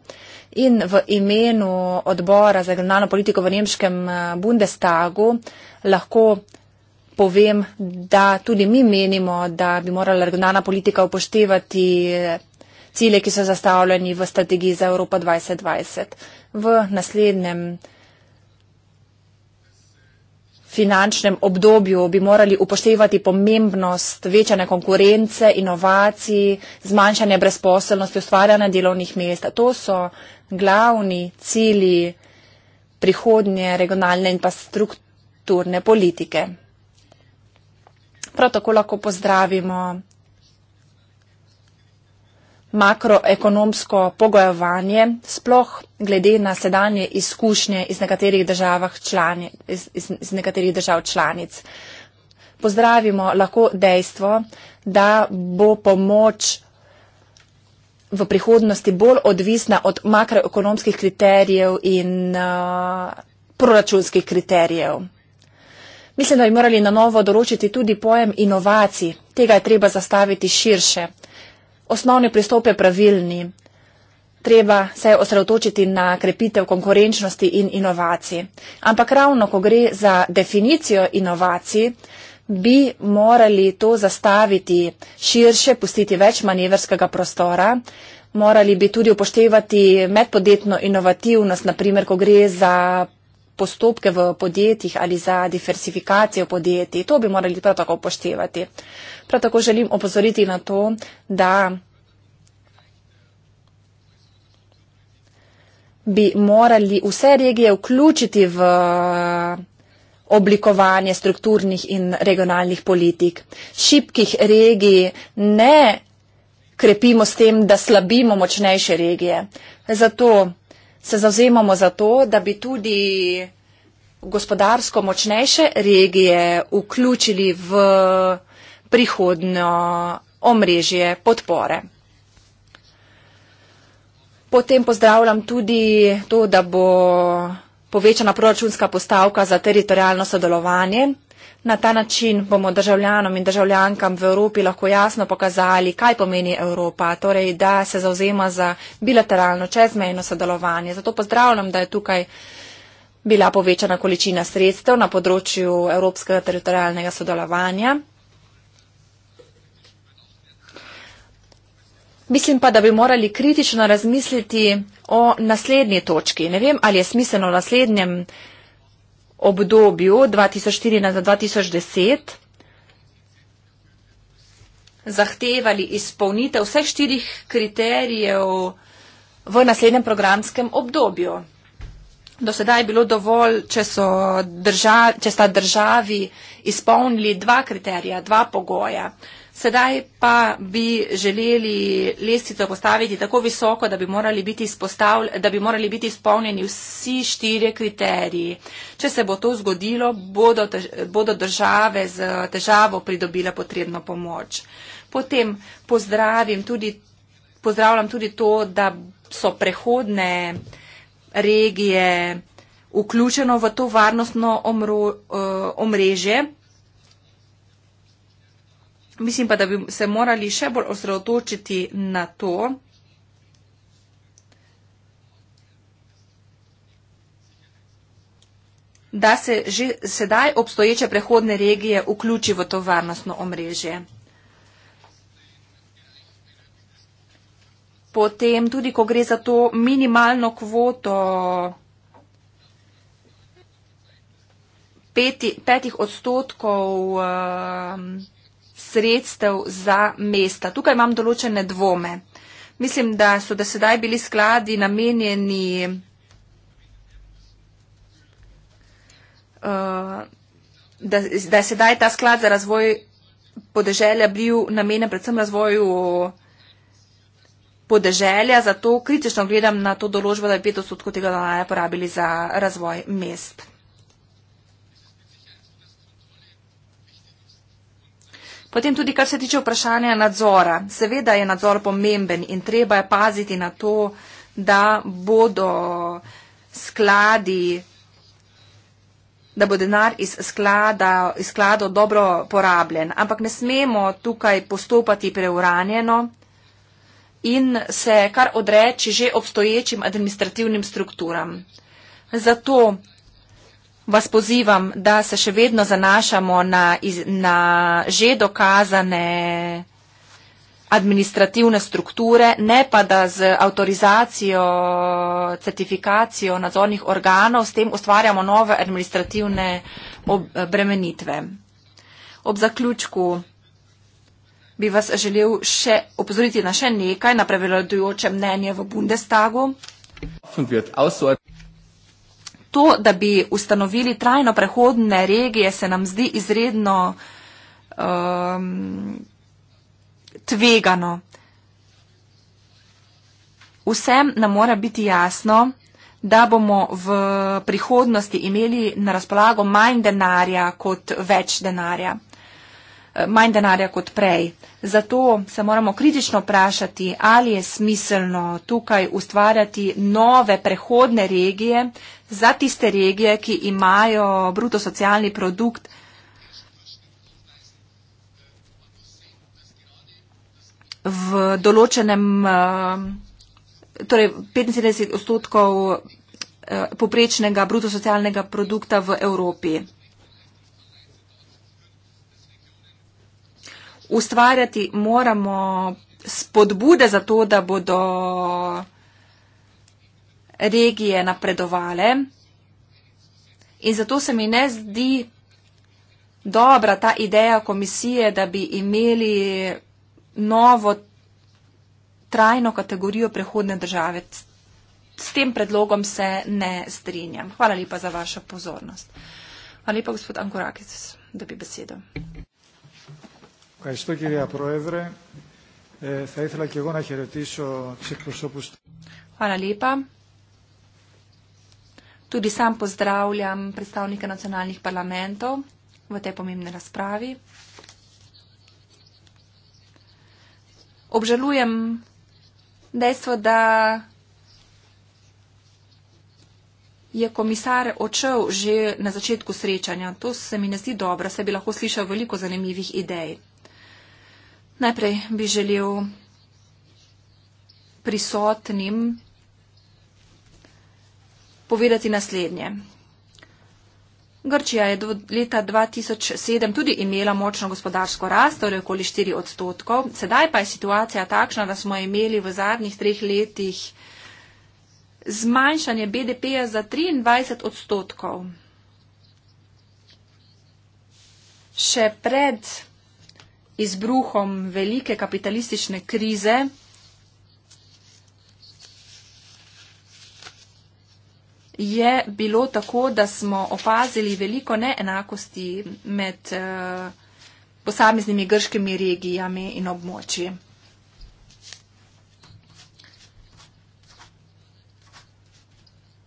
In v imenu odbora za regionalno politiko v Nemškem eh, Bundestagu lahko povem, da tudi mi menimo, da bi morala regionalna politika upoštevati eh, cilje, ki so zastavljeni v strategiji za Evropa 2020. V naslednjem finančnem obdobju bi morali upoštevati pomembnost večanja konkurence, inovacij, zmanjšanja brezposelnosti, ustvarjanja delovnih mest. To so glavni cilji prihodnje regionalne in pa strukturne politike. Prav tako lahko pozdravimo makroekonomsko pogojevanje, sploh glede na sedanje izkušnje iz nekaterih, člani, iz, iz, iz nekaterih držav članic. Pozdravimo lahko dejstvo, da bo pomoč v prihodnosti bolj odvisna od makroekonomskih kriterijev in uh, proračunskih kriterijev. Mislim, da bi morali na novo določiti tudi pojem inovacij. Tega je treba zastaviti širše. Uh, osnovni pristop je pravilni. Treba se osredotočiti na krepitev konkurenčnosti in inovacij. Ampak ravno, ko gre za definicijo inovacij, bi morali to zastaviti širše, pustiti več manevrskega prostora, morali bi tudi upoštevati medpodjetno inovativnost, naprimer, ko gre za postopke v podjetjih ali za diversifikacijo podjetij. To bi morali prav tako upoštevati. Prav tako želim opozoriti na to, da bi morali vse regije vključiti v oblikovanje strukturnih in regionalnih politik. Šipkih regij ne krepimo s tem, da slabimo močnejše regije. Zato se zavzemamo za to, da bi tudi gospodarsko močnejše regije vključili v prihodno omrežje podpore. Potem pozdravljam tudi to, da bo povečana proračunska postavka za teritorijalno sodelovanje. Na ta način bomo državljanom in državljankam v Evropi lahko jasno pokazali, kaj pomeni Evropa, torej da se zauzema za bilateralno čezmejno sodelovanje. Zato pozdravljam, da je tukaj bila povečana količina sredstev na področju evropskega teritorijalnega sodelovanja. Mislim pa, da bi morali kritično razmisliti o naslednji točki. Ne vem, ali je smiselno v naslednjem obdobju 2014-2010 zahtevali izpolnitev vseh štirih kriterijev v naslednjem programskem obdobju. Do sedaj je bilo dovolj, če, držav, če sta državi izpolnili dva kriterija, dva pogoja. Sedaj pa bi želeli lestico postaviti tako visoko, da bi morali biti, da bi morali biti izpolnjeni vsi štiri kriteriji. Če se bo to zgodilo, bodo, bodo države z težavo pridobile potrebno pomoč. Potem pozdravim tudi, pozdravljam tudi to, da so prehodne regije vključeno v to varnostno eh, omrežje. Omro, mislim pa, da bi se morali še bolj osredotočiti na to, da se že sedaj obstoječe prehodne regije vključi v to varnostno omrežje. Potem tudi, ko gre za to minimalno kvoto peti, petih odstotkov uh, sredstev za mesta. Tukaj imam določene dvome. Mislim, da so da sedaj bili skladi namenjeni eh, Da, da je sedaj ta sklad za razvoj podeželja bil namenjen predvsem razvoju podeželja, zato kritično gledam na to določbo, da je 5 odstotkov tega denarja porabili za razvoj mest. Potem tudi, kar se tiče vprašanja nadzora. Seveda je nadzor pomemben in treba je paziti na to, da bodo skladi, da bo denar iz, sklada, iz sklado dobro porabljen. Ampak ne smemo tukaj postopati preuranjeno in se kar odreči že obstoječim administrativnim strukturam. Zato vas pozivam, da se še vedno zanašamo na, iz, na že dokazane administrativne strukture, ne pa da z avtorizacijo, certifikacijo nadzornih organov s tem ustvarjamo nove administrativne obremenitve. Ob zaključku bi vas želel še opozoriti na še nekaj, na prevelodujoče mnenje v Bundestagu to, da bi ustanovili trajno prehodne regije, se nam zdi izredno um, tvegano. Vsem nam mora biti jasno, da bomo v prihodnosti imeli na razpolago manj denarja kot več denarja manj denarja kot prej. Zato se moramo kritično vprašati, ali je smiselno tukaj ustvarjati nove prehodne regije za tiste regije, ki imajo bruto socialni produkt. v določenem, eh, torej 75 odstotkov eh, poprečnega bruto socialnega produkta v Evropi. ustvarjati, moramo spodbude za to, da bodo regije napredovale. In zato se mi ne zdi dobra ta ideja komisije, da bi imeli novo trajno kategorijo prehodne države. S tem predlogom se ne strinjam. Hvala lepa za vašo pozornost. Hvala lepa, gospod Ankorakic, da bi besedo. Ευχαριστώ κυρία Πρόεδρε. Ε, θα ήθελα και εγώ να χαιρετήσω τις εκπροσώπους του. Παραλείπα. Tudi sam pozdravljam predstavnike nacionalnih parlamentov v tej pomembni razpravi. Obžalujem dejstvo, da je komisar odšel že na začetku srečanja. To se mi ne zdi dobro, saj bi lahko slišal veliko zanimivih idej. Najprej bi želel prisotnim povedati naslednje. Grčija je do leta 2007 tudi imela močno gospodarsko rast, torej okoli 4 odstotkov. Sedaj pa je situacija takšna, da smo imeli v zadnjih treh letih zmanjšanje BDP-ja za 23 odstotkov. Še pred izbruhom velike kapitalistične krize je bilo tako, da smo opazili veliko neenakosti med eh, posameznimi grškimi regijami in območji.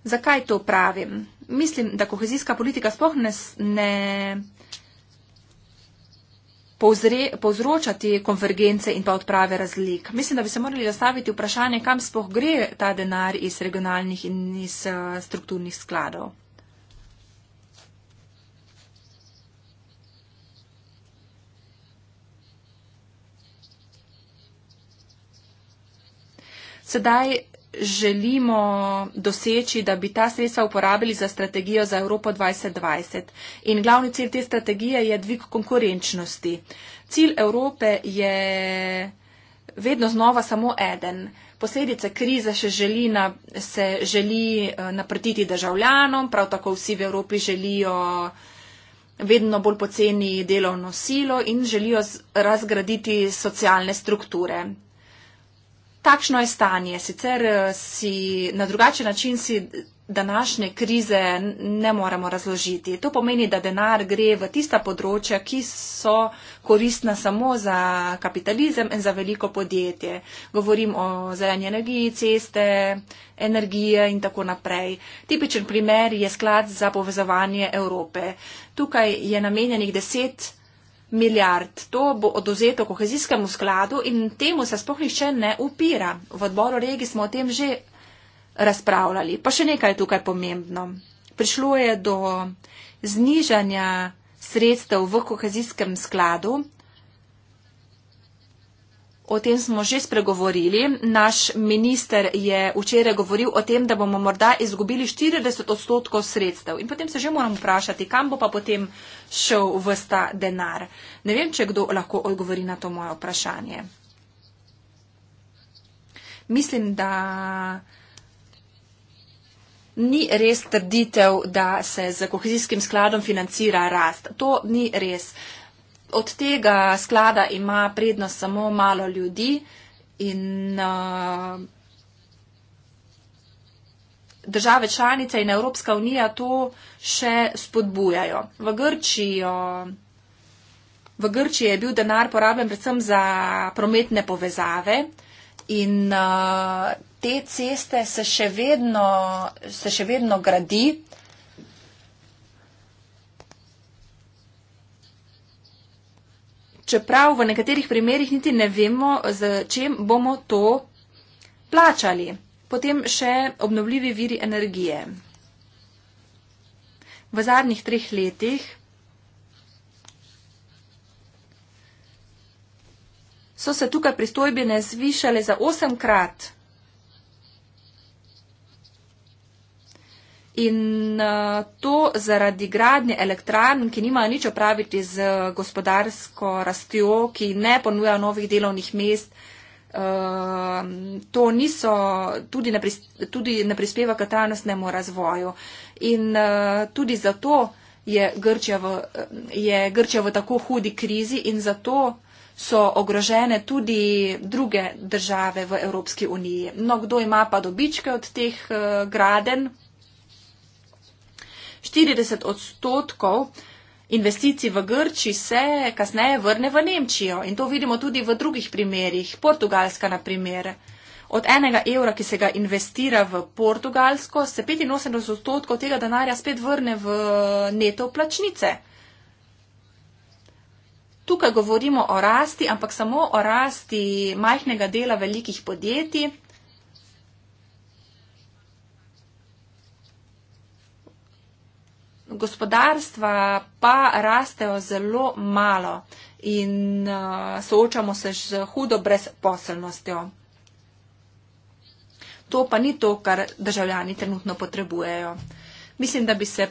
Zakaj to pravim? Mislim, da kohezijska politika spohne ne. ne povzročati konvergence in pa odprave razlik. Mislim, da bi se morali zastaviti vprašanje, kam spoh gre ta denar iz regionalnih in iz eh, strukturnih skladov. Sedaj želimo doseči, da bi ta sredstva uporabili za strategijo za Evropo 2020. In glavni cilj te strategije je dvig konkurenčnosti. Cilj Evrope je vedno znova samo eden. Posledice krize se želi, na, se želi eh, naprtiti državljanom, prav tako vsi v Evropi želijo vedno bolj poceni delovno silo in želijo razgraditi socialne strukture takšno je stanje. Sicer eh, si na drugačen način si današnje krize ne moramo razložiti. To pomeni, da denar gre v tista področja, ki so koristna samo za kapitalizem in za veliko podjetje. Govorim o zelenji energiji, ceste, energije in tako naprej. Tipičen primer je sklad za povezovanje Evrope. Tukaj je namenjenih 10 milijard. To bo oduzeto kohezijskemu skladu in temu se sploh nišče ne upira. V odboru regi smo o tem že razpravljali. Pa še nekaj je tukaj pomembno. Prišlo je do znižanja sredstev v kohezijskem skladu O tem smo že spregovorili. Naš minister je včeraj govoril o tem, da bomo morda izgubili 40 odstotkov sredstev. In potem se že moramo vprašati, kam bo pa potem šel vsta denar. Ne vem, če kdo lahko odgovori na to moje vprašanje. Mislim, da ni res trditev, da se z kohezijskim skladom financira rast. To ni res od tega sklada ima prednost samo malo ljudi in uh, države članice in Evropska unija to še spodbujajo. V Grčijo. V Grčiji je bil denar porabljen predvsem za prometne povezave in uh, te ceste se še vedno, se še vedno gradi. čeprav v nekaterih primerjih niti ne vemo, z čem bomo to plačali. Potem še obnovljivi viri energije. V zadnjih treh letih so se tukaj pristojbine zvišale za osemkrat. In uh, to zaradi gradnje elektran, ki nima nič opraviti z gospodarsko rastjo, ki ne ponuja novih delovnih mest, uh, to niso, tudi, ne, tudi ne prispeva k trajnostnemu razvoju. In uh, tudi zato je Grčija, v, je Grčija v tako hudi krizi in zato so ogrožene tudi druge države v Evropski uniji. No, kdo ima pa dobičke od teh graden? 40 odstotkov investicij v Grči se kasneje vrne v Nemčijo. In to vidimo tudi v drugih primerjih. Portugalska, na primer. Od enega evra, ki se ga investira v Portugalsko, se 85 odstotkov tega denarja spet vrne v neto plačnice. Tukaj govorimo o rasti, ampak samo o rasti majhnega dela velikih podjetij. gospodarstva pa rastejo zelo malo in uh, soočamo se z hudo brezposelnostjo. To pa ni to, kar državljani trenutno potrebujejo. Mislim, da bi, se,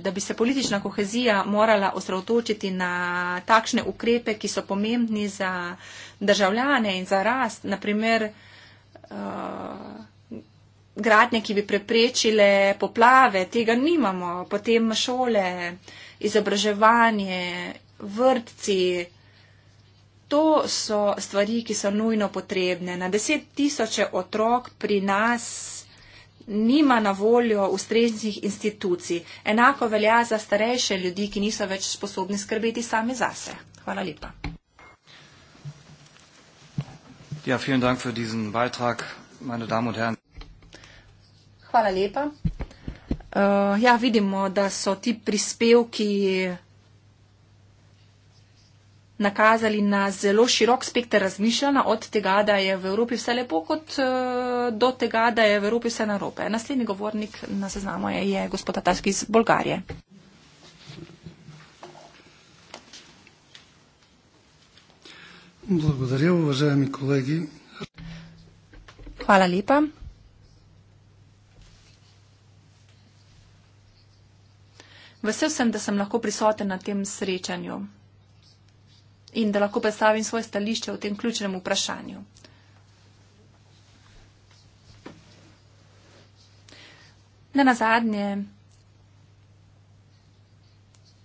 da bi se politična kohezija morala osredotočiti na takšne ukrepe, ki so pomembni za državljane in za rast. Naprimer, uh, gradnje, ki bi preprečile poplave, tega nimamo. Potem šole, izobraževanje, vrtci. To so stvari, ki so nujno potrebne. Na deset tisoče otrok pri nas nima na voljo ustreznih institucij. Enako velja za starejše ljudi, ki niso več sposobni skrbeti sami zase. Hvala lepa. Ja, vielen Dank für diesen Beitrag, meine Damen und Herren. Hvala lepa. Uh, ja, vidimo, da so ti prispevki nakazali na zelo širok spekter razmišljanja, od tega, da je v Evropi vse lepo, kot uh, do tega, da je v Evropi vse narobe. Naslednji govornik na seznamu je, je gospod Tatarski iz Bolgarije. Благодаря, уважаеми колеги. Хвала липа. Vesel sem, da sem lahko prisoten na tem srečanju in da lahko predstavim svoje stališče o tem ključnem vprašanju. Na nazadnje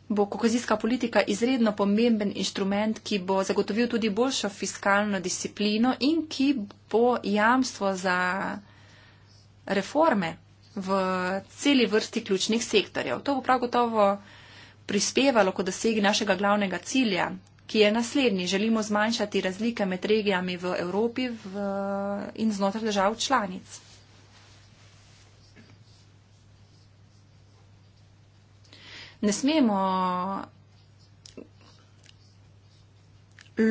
bo kohezijska politika izredno pomemben inštrument, ki bo zagotovil tudi boljšo fiskalno disciplino in ki bo jamstvo za reforme v celi vrsti ključnih sektorjev. To bo prav gotovo prispevalo k dosegi našega glavnega cilja, ki je naslednji. Želimo zmanjšati razlike med regijami v Evropi v, in znotraj držav članic. Ne smemo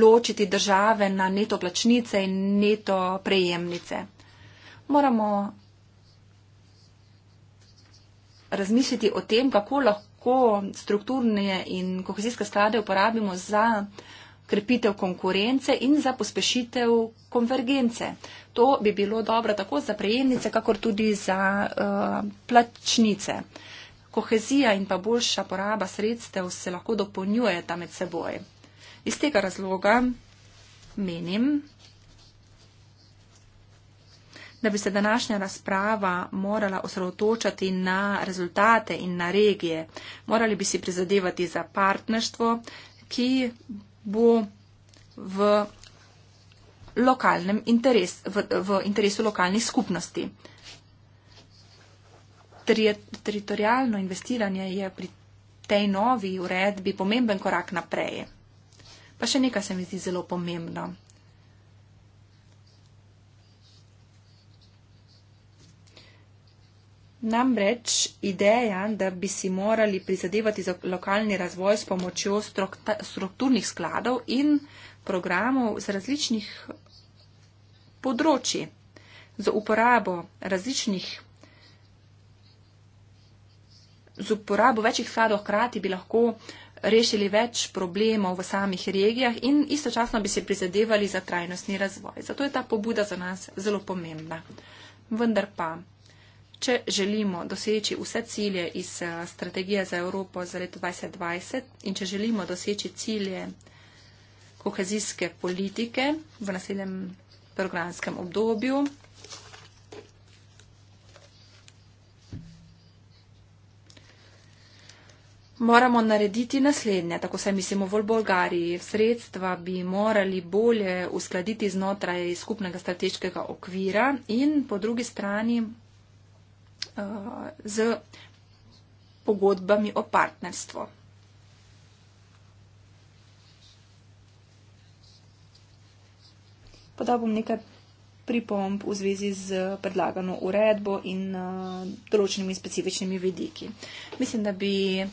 ločiti države na neto plačnice in neto prejemnice. Moramo razmisliti o tem, kako lahko strukturne in kohezijske sklade uporabimo za krepitev konkurence in za pospešitev konvergence. To bi bilo dobro tako za prejemnice, kakor tudi za uh, plačnice. Kohezija in pa boljša poraba sredstev se lahko dopolnjujeta med seboj. Iz tega razloga menim, da bi se današnja razprava morala osredotočati na rezultate in na regije. Morali bi si prizadevati za partnerstvo, ki bo v, interes, v, v interesu lokalnih skupnosti. Teritorijalno investiranje je pri tej novi uredbi pomemben korak naprej. Pa še nekaj se mi zdi zelo pomembno. Namreč ideja, da bi si morali prizadevati za lokalni razvoj s pomočjo strukturnih skladov in programov z različnih področji, z uporabo različnih. Z uporabo večjih skladov hkrati bi lahko rešili več problemov v samih regijah in istočasno bi se prizadevali za trajnostni razvoj. Zato je ta pobuda za nas zelo pomembna. Vendar pa. Če želimo doseči vse cilje iz eh, strategije za Evropo za leto 2020 in če želimo doseči cilje kohezijske politike v naslednjem programskem obdobju, moramo narediti naslednje, tako se mislimo v Bolgariji. Sredstva bi morali bolje uskladiti znotraj skupnega strateškega okvira in po drugi strani Eh, z pogodbami o partnerstvu. Podal bom nekaj pripomb v zvezi z predlagano uredbo in eh, določenimi specifičnimi vidiki. Mislim, da bi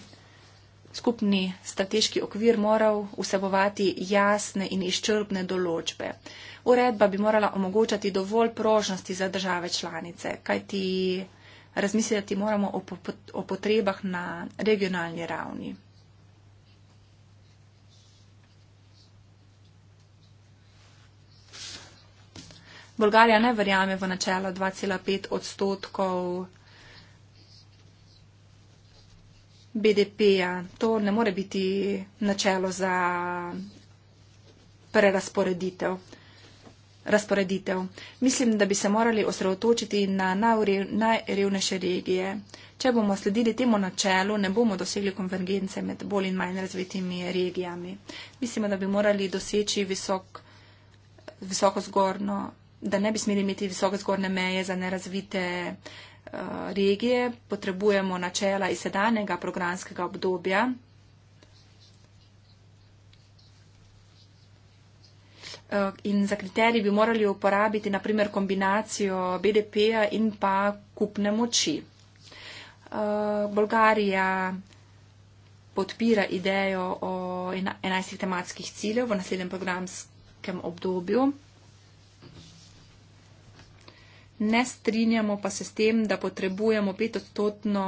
skupni strateški okvir moral vsebovati jasne in izčrpne določbe. Uredba bi morala omogočati dovolj prožnosti za države članice, kajti razmisliti moramo o, o potrebah na regionalni ravni. Bolgarija ne verjame v načelo 2,5 odstotkov BDP-ja. To ne more biti načelo za prerasporeditev razporeditev. Mislim, da bi se morali osredotočiti na najrevnejše regije. Če bomo sledili temu načelu, ne bomo dosegli konvergence med bolj in manj razvitimi regijami. Mislim, da bi morali doseči visok, visoko zgorno, da ne bi smeli imeti visoko zgorne meje za nerazvite uh, regije. Potrebujemo načela iz sedanjega programskega obdobja, Eh, in za kriterij bi morali uporabiti naprimer kombinacijo BDP-ja in pa kupne moči. Eh, Bolgarija podpira idejo o 11 tematskih ciljev v naslednjem programskem obdobju. Ne strinjamo pa se s tem, da potrebujemo petodstotno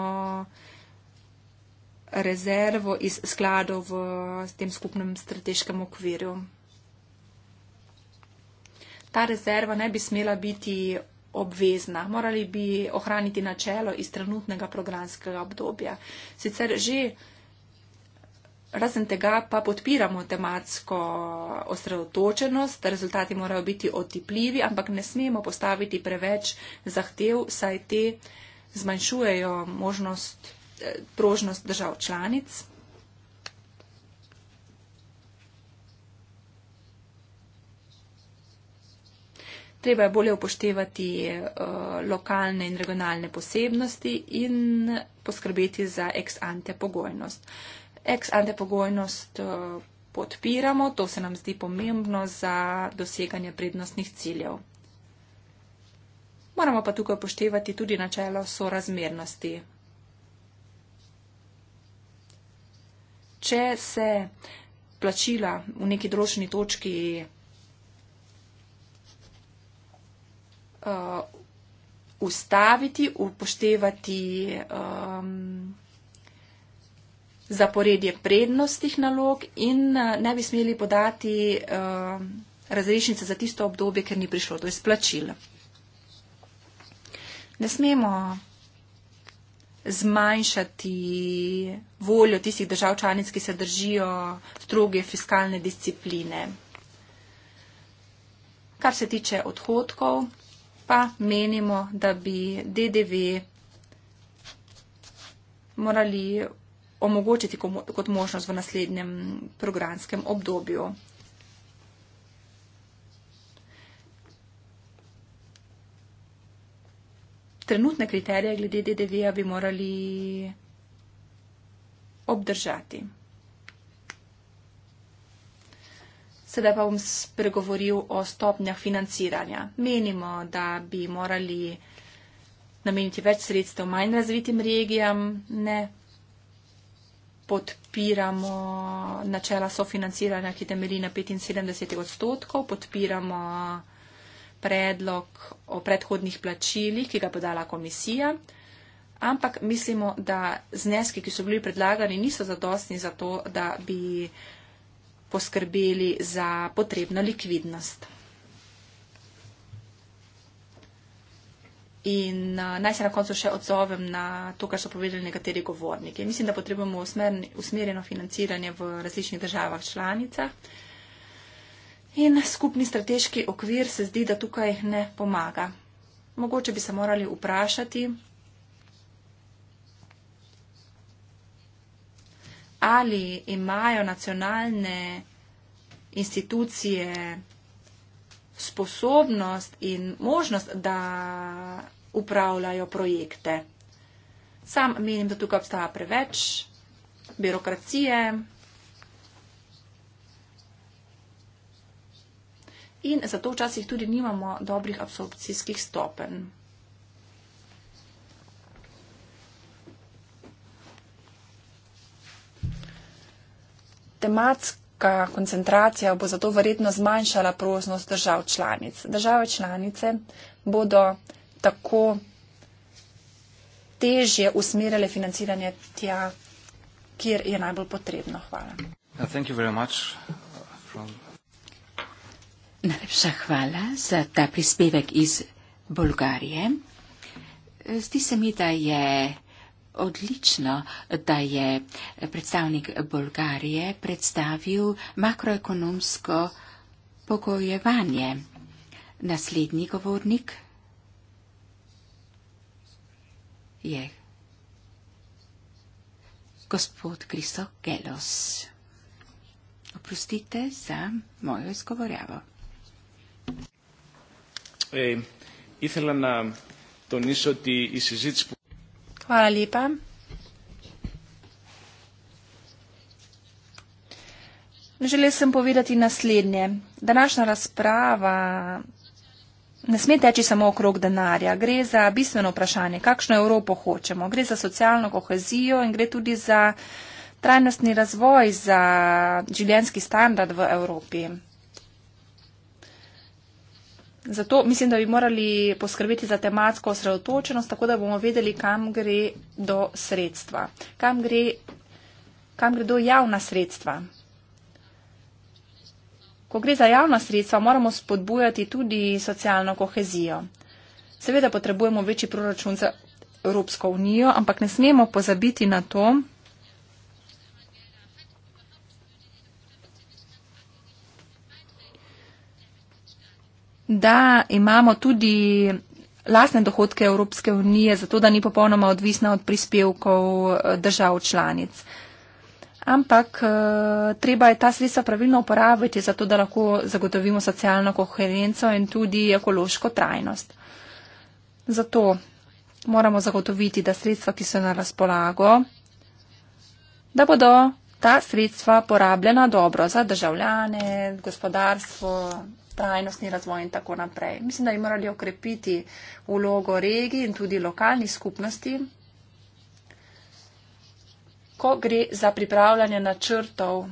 rezervo iz skladov v tem skupnem strateškem okvirju ta rezerva ne bi smela biti obvezna. Morali bi ohraniti načelo iz trenutnega programskega obdobja. Sicer že razen tega pa podpiramo tematsko osredotočenost, rezultati morajo biti otipljivi, ampak ne smemo postaviti preveč zahtev, saj te zmanjšujejo možnost, eh, prožnost držav članic. treba je bolje upoštevati uh, lokalne in regionalne posebnosti in poskrbeti za ex ante pogojnost. Ex ante pogojnost uh, podpiramo, to se nam zdi pomembno za doseganje prednostnih ciljev. Moramo pa tukaj upoštevati tudi načelo sorazmernosti. Če se plačila v neki drošni točki uh, ustaviti, upoštevati um, zaporedje prednostih nalog in uh, ne bi smeli podati uh, razrešnice za tisto obdobje, ker ni prišlo do izplačila. Ne smemo zmanjšati voljo tistih držav članic, ki se držijo stroge fiskalne discipline. Kar se tiče odhodkov, pa menimo, da bi DDV morali omogočiti kot možnost v naslednjem programskem obdobju. Trenutne kriterije glede DDV-ja bi morali obdržati. Sedaj pa bom spregovoril o stopnjah financiranja. Menimo, da bi morali nameniti več sredstev manj razvitim regijam, ne podpiramo načela sofinanciranja, ki temelji na 75 odstotkov, podpiramo predlog o predhodnih plačilih, ki ga podala komisija, ampak mislimo, da zneski, ki so bili predlagani, niso zadostni za to, da bi uh, poskrbeli za potrebno likvidnost. In naj se na koncu še odzovem na to, kar so povedali nekateri govorniki. Mislim, da potrebujemo usmerjeno financiranje v različnih državah članicah. In skupni strateški okvir se zdi, da tukaj ne pomaga. Mogoče bi se morali vprašati, ali imajo nacionalne institucije sposobnost in možnost, da upravljajo projekte. Sam menim, da tukaj obstaja preveč birokracije in zato včasih tudi nimamo dobrih absorpcijskih stopenj. tematska koncentracija bo zato verjetno zmanjšala prožnost držav članic. Države članice bodo tako težje usmerjale financiranje tja, kjer je najbolj potrebno. Hvala. Uh, uh, Najlepša hvala za ta prispevek iz Bolgarije. Zdi se mi, da je odlično, da je predstavnik Bolgarije predstavil makroekonomsko pogojevanje. Naslednji govornik je gospod Kriso Gelos. Oprostite za mojo izgovorjavo. Ej, na to nišati iz izid... Hvala lepa. Želel sem povedati naslednje. Današnja razprava ne sme teči samo okrog denarja. Gre za bistveno vprašanje, kakšno Evropo hočemo. Gre za socialno kohezijo in gre tudi za trajnostni razvoj, za življenski standard v Evropi. Zato mislim, da bi morali poskrbeti za tematsko osredotočenost, tako da bomo vedeli, kam gre do sredstva. Kam gre, kam gre do javna sredstva. Ko gre za javna sredstva, moramo spodbujati tudi socialno kohezijo. Seveda potrebujemo večji proračun za Evropsko unijo, ampak ne smemo pozabiti na to, da imamo tudi lastne dohodke Evropske unije, zato da ni popolnoma odvisna od prispevkov eh, držav članic. Ampak eh, treba je ta sredstva pravilno uporabiti, zato da lahko zagotovimo socialno koherenco in tudi ekološko trajnost. Zato moramo zagotoviti, da sredstva, ki so na razpolago, da bodo ta sredstva porabljena dobro za državljane, gospodarstvo trajnostni razvoj in tako naprej. Mislim, da bi morali okrepiti vlogo regij in tudi lokalnih skupnosti, ko gre za pripravljanje načrtov,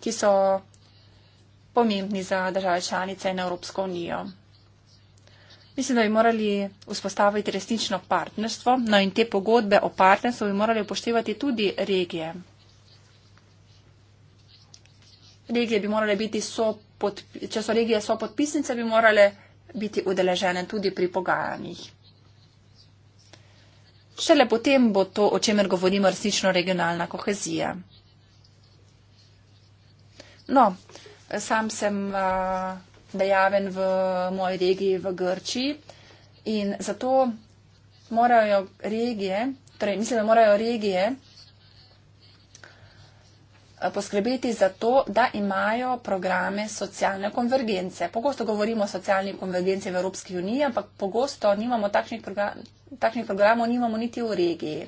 ki so pomembni za države članice in Evropsko unijo. Mislim, da bi morali vzpostaviti resnično partnerstvo no in te pogodbe o partnerstvu bi morali upoštevati tudi regije. Regije bi morale biti so če so regije so podpisnice, bi morale biti udeležene tudi pri pogajanjih. Šele potem bo to, o čemer govorimo, resnično regionalna kohezija. No, sam sem a, dejaven v moji regiji v Grčiji in zato morajo regije, torej mislim, da morajo regije, Eh, poskrbeti za to, da imajo programe socialne konvergence. Pogosto govorimo o socialni konvergenci v Evropski uniji, ampak pogosto nimamo takšnih, progra takšnih programov, nimamo niti v regiji.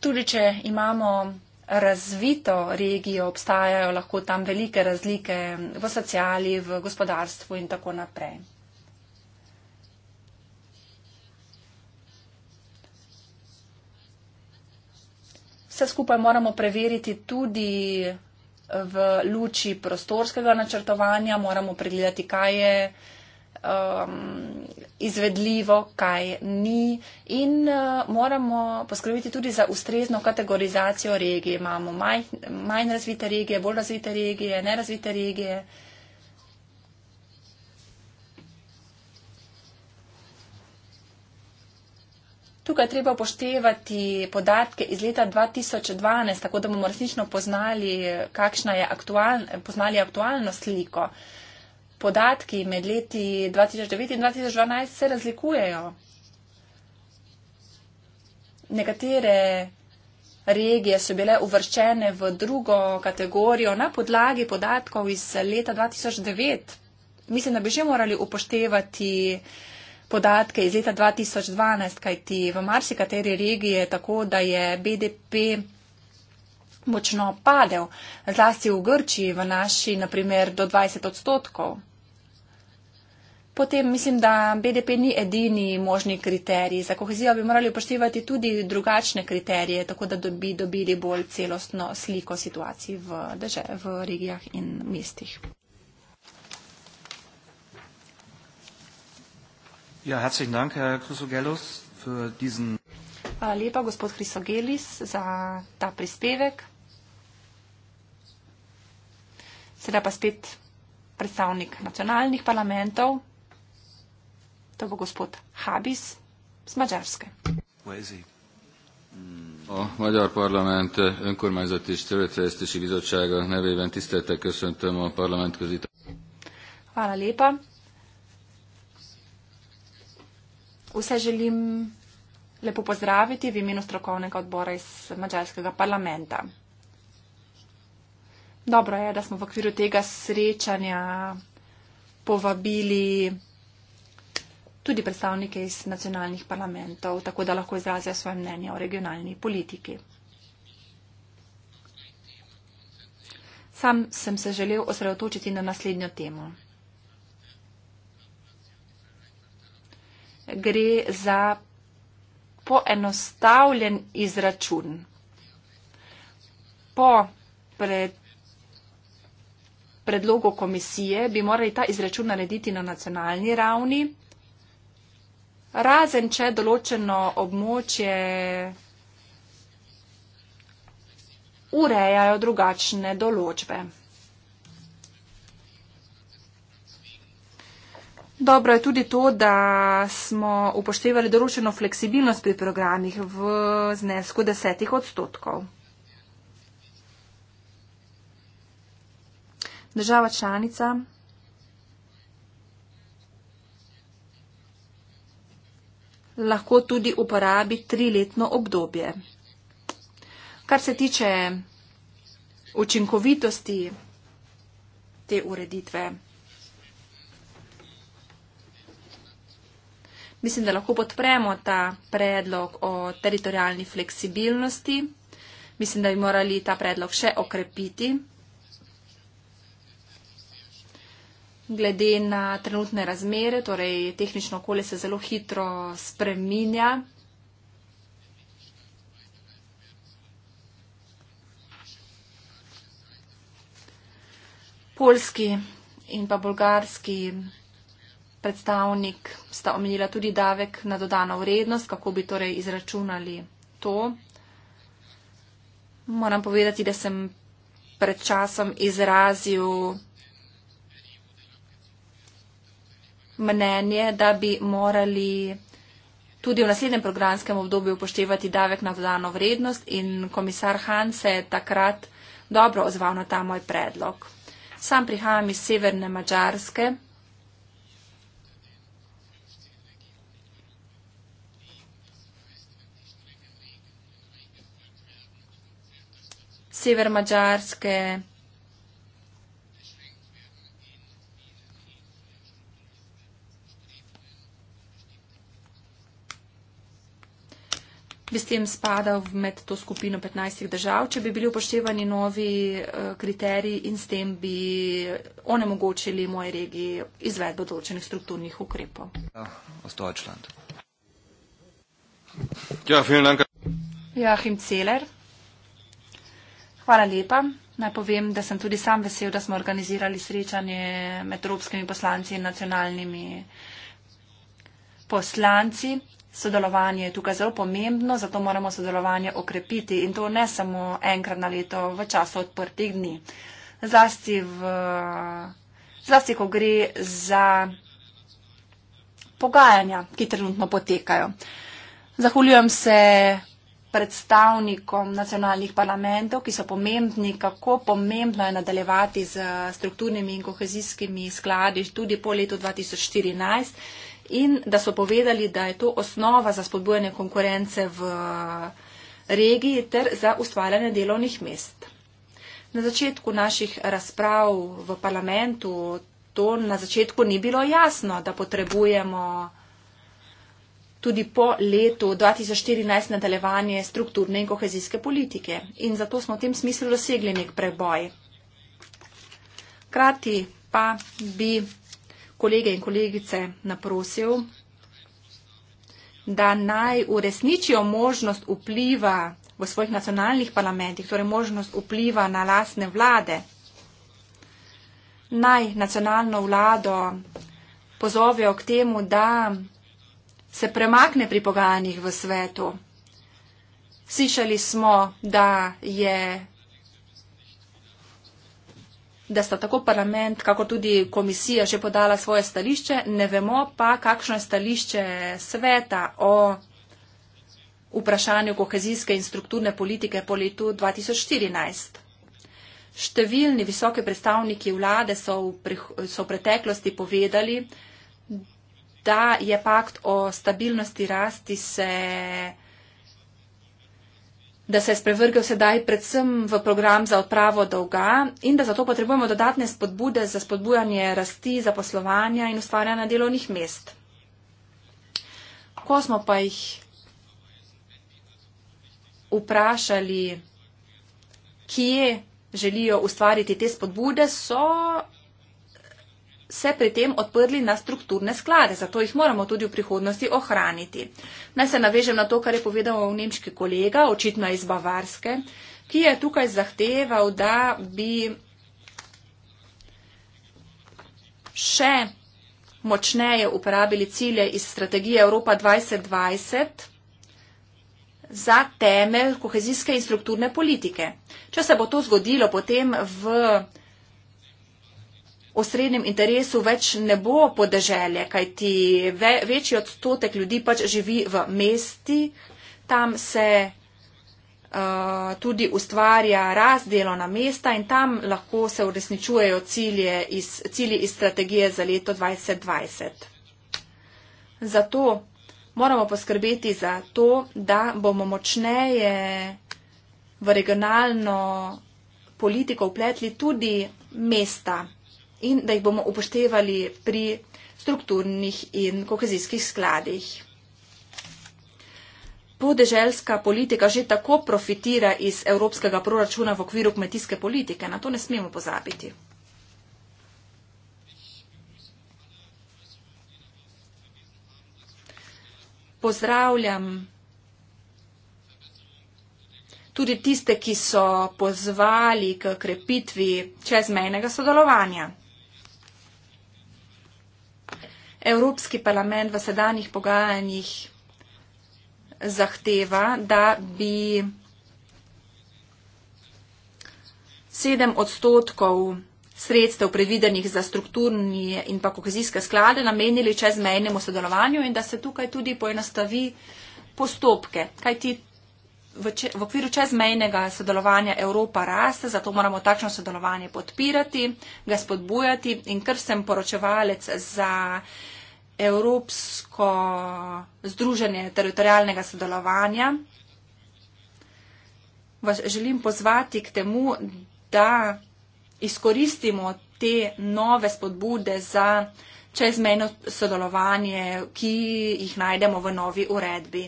Tudi, če imamo razvito regijo, obstajajo lahko tam velike razlike v sociali, v gospodarstvu in tako naprej. Vse skupaj moramo preveriti tudi v luči prostorskega načrtovanja, moramo pregledati, kaj je um, izvedljivo, kaj ni in uh, moramo poskrbeti tudi za ustrezno kategorizacijo regije. Imamo manj, manj razvite regije, bolj razvite regije, nerazvite regije. Uh, Tukaj treba upoštevati podatke iz leta 2012, tako da bomo resnično poznali, kakšna je aktualna, poznali aktualno sliko. Podatki med leti 2009 in 2012 se razlikujejo. Nekatere regije so bile uvrščene v drugo kategorijo na podlagi podatkov iz leta 2009. Mislim, da bi že morali upoštevati podatke iz leta 2012, kajti v marsikateri regiji je tako, da je BDP močno padel, zlasti v Grčiji, v naši, naprimer, do 20 odstotkov. Potem mislim, da BDP ni edini možni kriterij. Za kohezijo bi morali upoštevati tudi drugačne kriterije, tako da bi dobili bolj celostno sliko situacij v, v regijah in mestih. Ja, herzlichen Dank, Herr Chrysogelos, für diesen. Hvala lepa, gospod Chrysogelis, za ta prispevek. Sedaj pa spet predstavnik nacionalnih parlamentov. To bo gospod Habis z Mađarske. A magyar parlament önkormányzati és területfejlesztési bizottsága nevében tiszteltel köszöntöm a parlament közé. Hvala lépa. vse želim lepo pozdraviti v imenu strokovnega odbora iz mađarskega parlamenta. Dobro je, da smo v okviru tega srečanja povabili tudi predstavnike iz nacionalnih parlamentov, tako da lahko izrazijo svoje mnenje o regionalni politiki. Sam sem se želel osredotočiti na naslednjo temo. gre za poenostavljen izračun. Po pred, predlogu komisije bi morali ta izračun narediti na nacionalni ravni, razen če določeno območje urejajo drugačne določbe. Dobro je tudi to, da smo upoštevali določeno fleksibilnost pri programih v znesku desetih odstotkov. Država članica. lahko tudi uporabi triletno obdobje. Kar se tiče učinkovitosti te ureditve. mislim, da lahko podpremo ta predlog o teritorijalni fleksibilnosti. Mislim, da bi morali ta predlog še okrepiti. Glede na trenutne razmere, torej tehnično okolje se zelo hitro spreminja. Poljski in pa bolgarski predstavnik sta omenila tudi davek na dodano vrednost, kako bi torej izračunali to. Moram povedati, da sem pred časom izrazil mnenje, da bi morali tudi v naslednjem programskem obdobju upoštevati davek na dodano vrednost in komisar Han se je takrat dobro ozval na ta moj predlog. Sam prihajam iz severne Mačarske. sever Mačarske. Bi s tem spadal med to skupino 15 držav, če bi bili upoštevani novi eh, kriteriji in s tem bi onemogočili moji regiji izvedbo določenih strukturnih ukrepov. Ja, ja, Jahim Celer. Hvala lepa. Naj povem, da sem tudi sam vesel, da smo organizirali srečanje med evropskimi poslanci in nacionalnimi poslanci. Sodelovanje je tukaj zelo pomembno, zato moramo sodelovanje okrepiti in to ne samo enkrat na leto v času odprtih dni. Zlasti, v, zlasti ko gre za pogajanja, ki trenutno potekajo. Zahvaljujem se predstavnikom nacionalnih parlamentov, ki so pomembni, kako pomembno je nadaljevati z strukturnimi in kohezijskimi skladi tudi po letu 2014 in da so povedali, da je to osnova za spodbujanje konkurence v regiji ter za ustvarjanje delovnih mest. Na začetku naših razprav v parlamentu to na začetku ni bilo jasno, da potrebujemo tudi po letu 2014 nadaljevanje strukturne in kohezijske politike. In zato smo v tem smislu dosegli nek preboj. Krati pa bi kolege in kolegice naprosil, da naj uresničijo možnost vpliva v svojih nacionalnih parlamentih, torej možnost vpliva na lasne vlade. Naj nacionalno vlado pozovejo k temu, da se premakne pri pogajanjih v svetu. Slišali smo, da, je, da sta tako parlament, kako tudi komisija že podala svoje stališče, ne vemo pa, kakšno je stališče sveta o vprašanju kohezijske in strukturne politike po letu 2014. Številni visoke predstavniki vlade so v, so v preteklosti povedali, da je pakt o stabilnosti rasti se, da se je sprevrgel sedaj predvsem v program za odpravo dolga in da zato potrebujemo dodatne spodbude za spodbujanje rasti, zaposlovanja in ustvarjanja delovnih mest. Ko smo pa jih vprašali, kje želijo ustvariti te spodbude, so se pri tem odprli na strukturne sklade, zato jih moramo tudi v prihodnosti ohraniti. Naj se navežem na to, kar je povedal v nemški kolega, očitno iz Bavarske, ki je tukaj zahteval, da bi še močneje uporabili cilje iz strategije Evropa 2020 za temelj kohezijske in strukturne politike. Če se bo to zgodilo potem v osrednjem interesu več ne bo podeželje, kajti ve, večji odstotek ljudi pač živi v mesti, tam se uh, tudi ustvarja razdelona mesta in tam lahko se uresničujejo cilje iz, cilji iz strategije za leto 2020. Zato moramo poskrbeti za to, da bomo močneje v regionalno politiko vpletli tudi mesta in da jih bomo upoštevali pri strukturnih in kohezijskih skladih. Podeželska politika že tako profitira iz evropskega proračuna v okviru kmetijske politike, na to ne smemo pozabiti. Pozdravljam tudi tiste, ki so pozvali k krepitvi čezmejnega sodelovanja. Evropski parlament v sedanjih pogajanjih zahteva, da bi 7 odstotkov sredstev predvidenih za strukturni in pa kohezijske sklade namenili čezmejnemu sodelovanju in da se tukaj tudi poenostavi postopke. Kaj ti v, če, v okviru čezmejnega sodelovanja Evropa raste, zato moramo takšno sodelovanje podpirati, ga spodbujati in ker sem poročevalec za Evropsko združenje teritorijalnega sodelovanja, vas želim pozvati k temu, da izkoristimo te nove spodbude za čezmejno sodelovanje, ki jih najdemo v novi uredbi.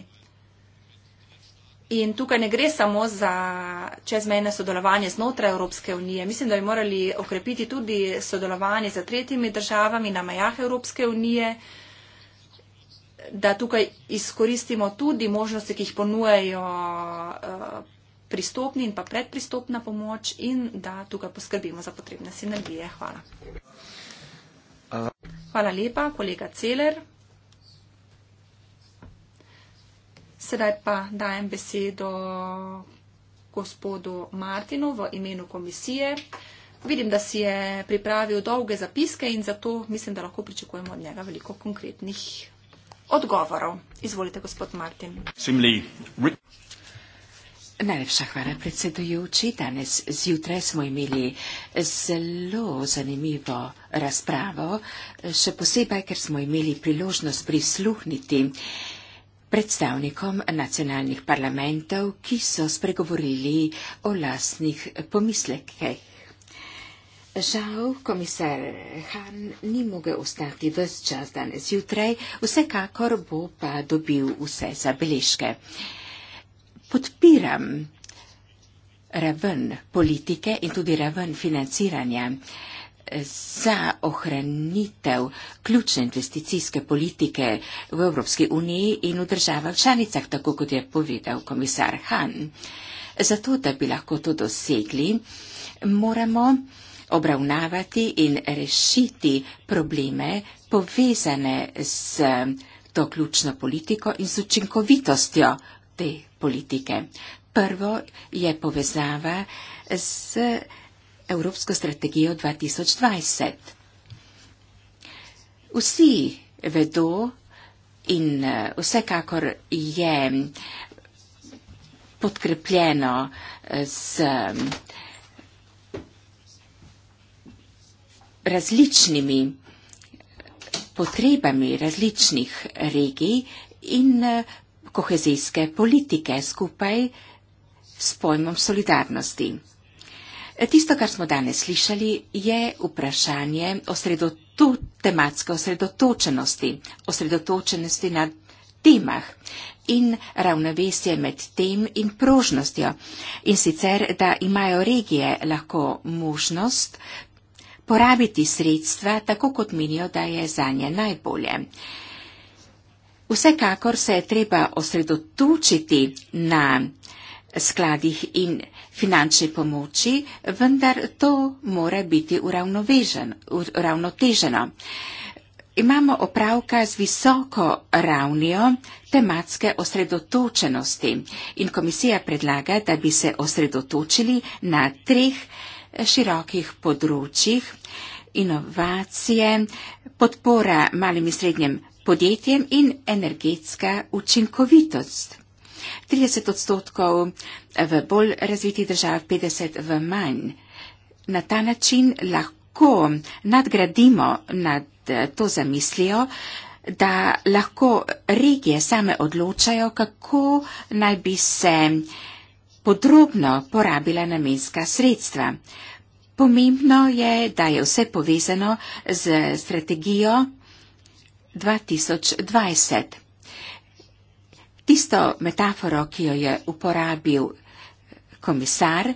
In tukaj ne gre samo za čezmejne sodelovanje znotraj Evropske unije. Mislim, da bi morali okrepiti tudi sodelovanje z tretjimi državami na majah Evropske unije, da tukaj izkoristimo tudi možnosti, ki jih ponujajo eh, pristopni in pa predpristopna pomoč in da tukaj poskrbimo za potrebne sinergije. Hvala. Hvala lepa, kolega Celer. Sedaj pa dajem besedo gospodu Martinu v imenu komisije. Vidim, da si je pripravil dolge zapiske in zato mislim, da lahko pričakujemo od njega veliko konkretnih odgovorov. Izvolite, gospod Martin. Najlepša hvala, predsedujoči. Danes zjutraj smo imeli zelo zanimivo razpravo, še posebej, ker smo imeli priložnost prisluhniti eh, predstavnikom nacionalnih parlamentov, ki so spregovorili o lasnih pomislekeh. Žal, komisar Han ni mogel ostati vse čas danes jutraj, vsekakor bo pa dobil vse zabeležke. Podpiram raven politike in tudi raven financiranja. Uh, za ohranitev ključne investicijske politike v Evropski uniji in v državah članicah, tako kot je povedal komisar Han. Zato, da bi lahko to dosegli, moramo obravnavati in rešiti probleme povezane z to ključno politiko in z učinkovitostjo te politike. Prvo je povezava z Evropsko strategijo 2020. Vsi vedo in eh, vsekakor je podkrepljeno eh, z različnimi potrebami različnih regij in eh, kohezijske politike skupaj s pojmom solidarnosti. Tisto, kar smo danes slišali, je vprašanje osredoto, tematske osredotočenosti, osredotočenosti na temah in ravnovesje med tem in prožnostjo. In sicer, da imajo regije lahko možnost porabiti sredstva, tako kot menijo, da je za nje najbolje. Vsekakor se je treba osredotočiti na skladih in finančni pomoči, vendar to mora biti uravnoteženo. Imamo opravka z visoko ravnjo tematske osredotočenosti in komisija predlaga, da bi se osredotočili na treh širokih področjih inovacije, podpora malim in srednjim podjetjem in energetska učinkovitost. 30 odstotkov v bolj razvitih državah, 50 v manj. Na ta način lahko nadgradimo nad to zamislijo, da lahko regije same odločajo, kako naj bi se podrobno porabila namenska sredstva. Pomembno je, da je vse povezano z strategijo 2020 tisto metaforo, ki jo je uporabil komisar,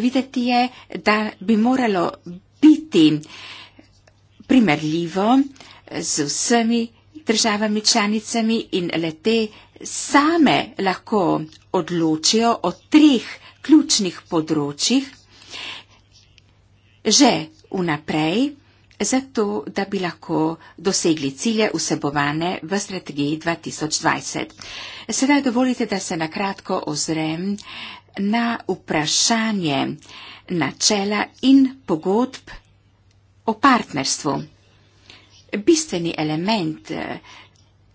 videti je, da bi moralo biti primerljivo z vsemi državami članicami in lete same lahko odločijo o treh ključnih področjih že vnaprej zato da bi lahko dosegli cilje vsebovane v strategiji 2020. Sedaj dovolite, da se na kratko ozrem na vprašanje načela in pogodb o partnerstvu. Bistveni element eh,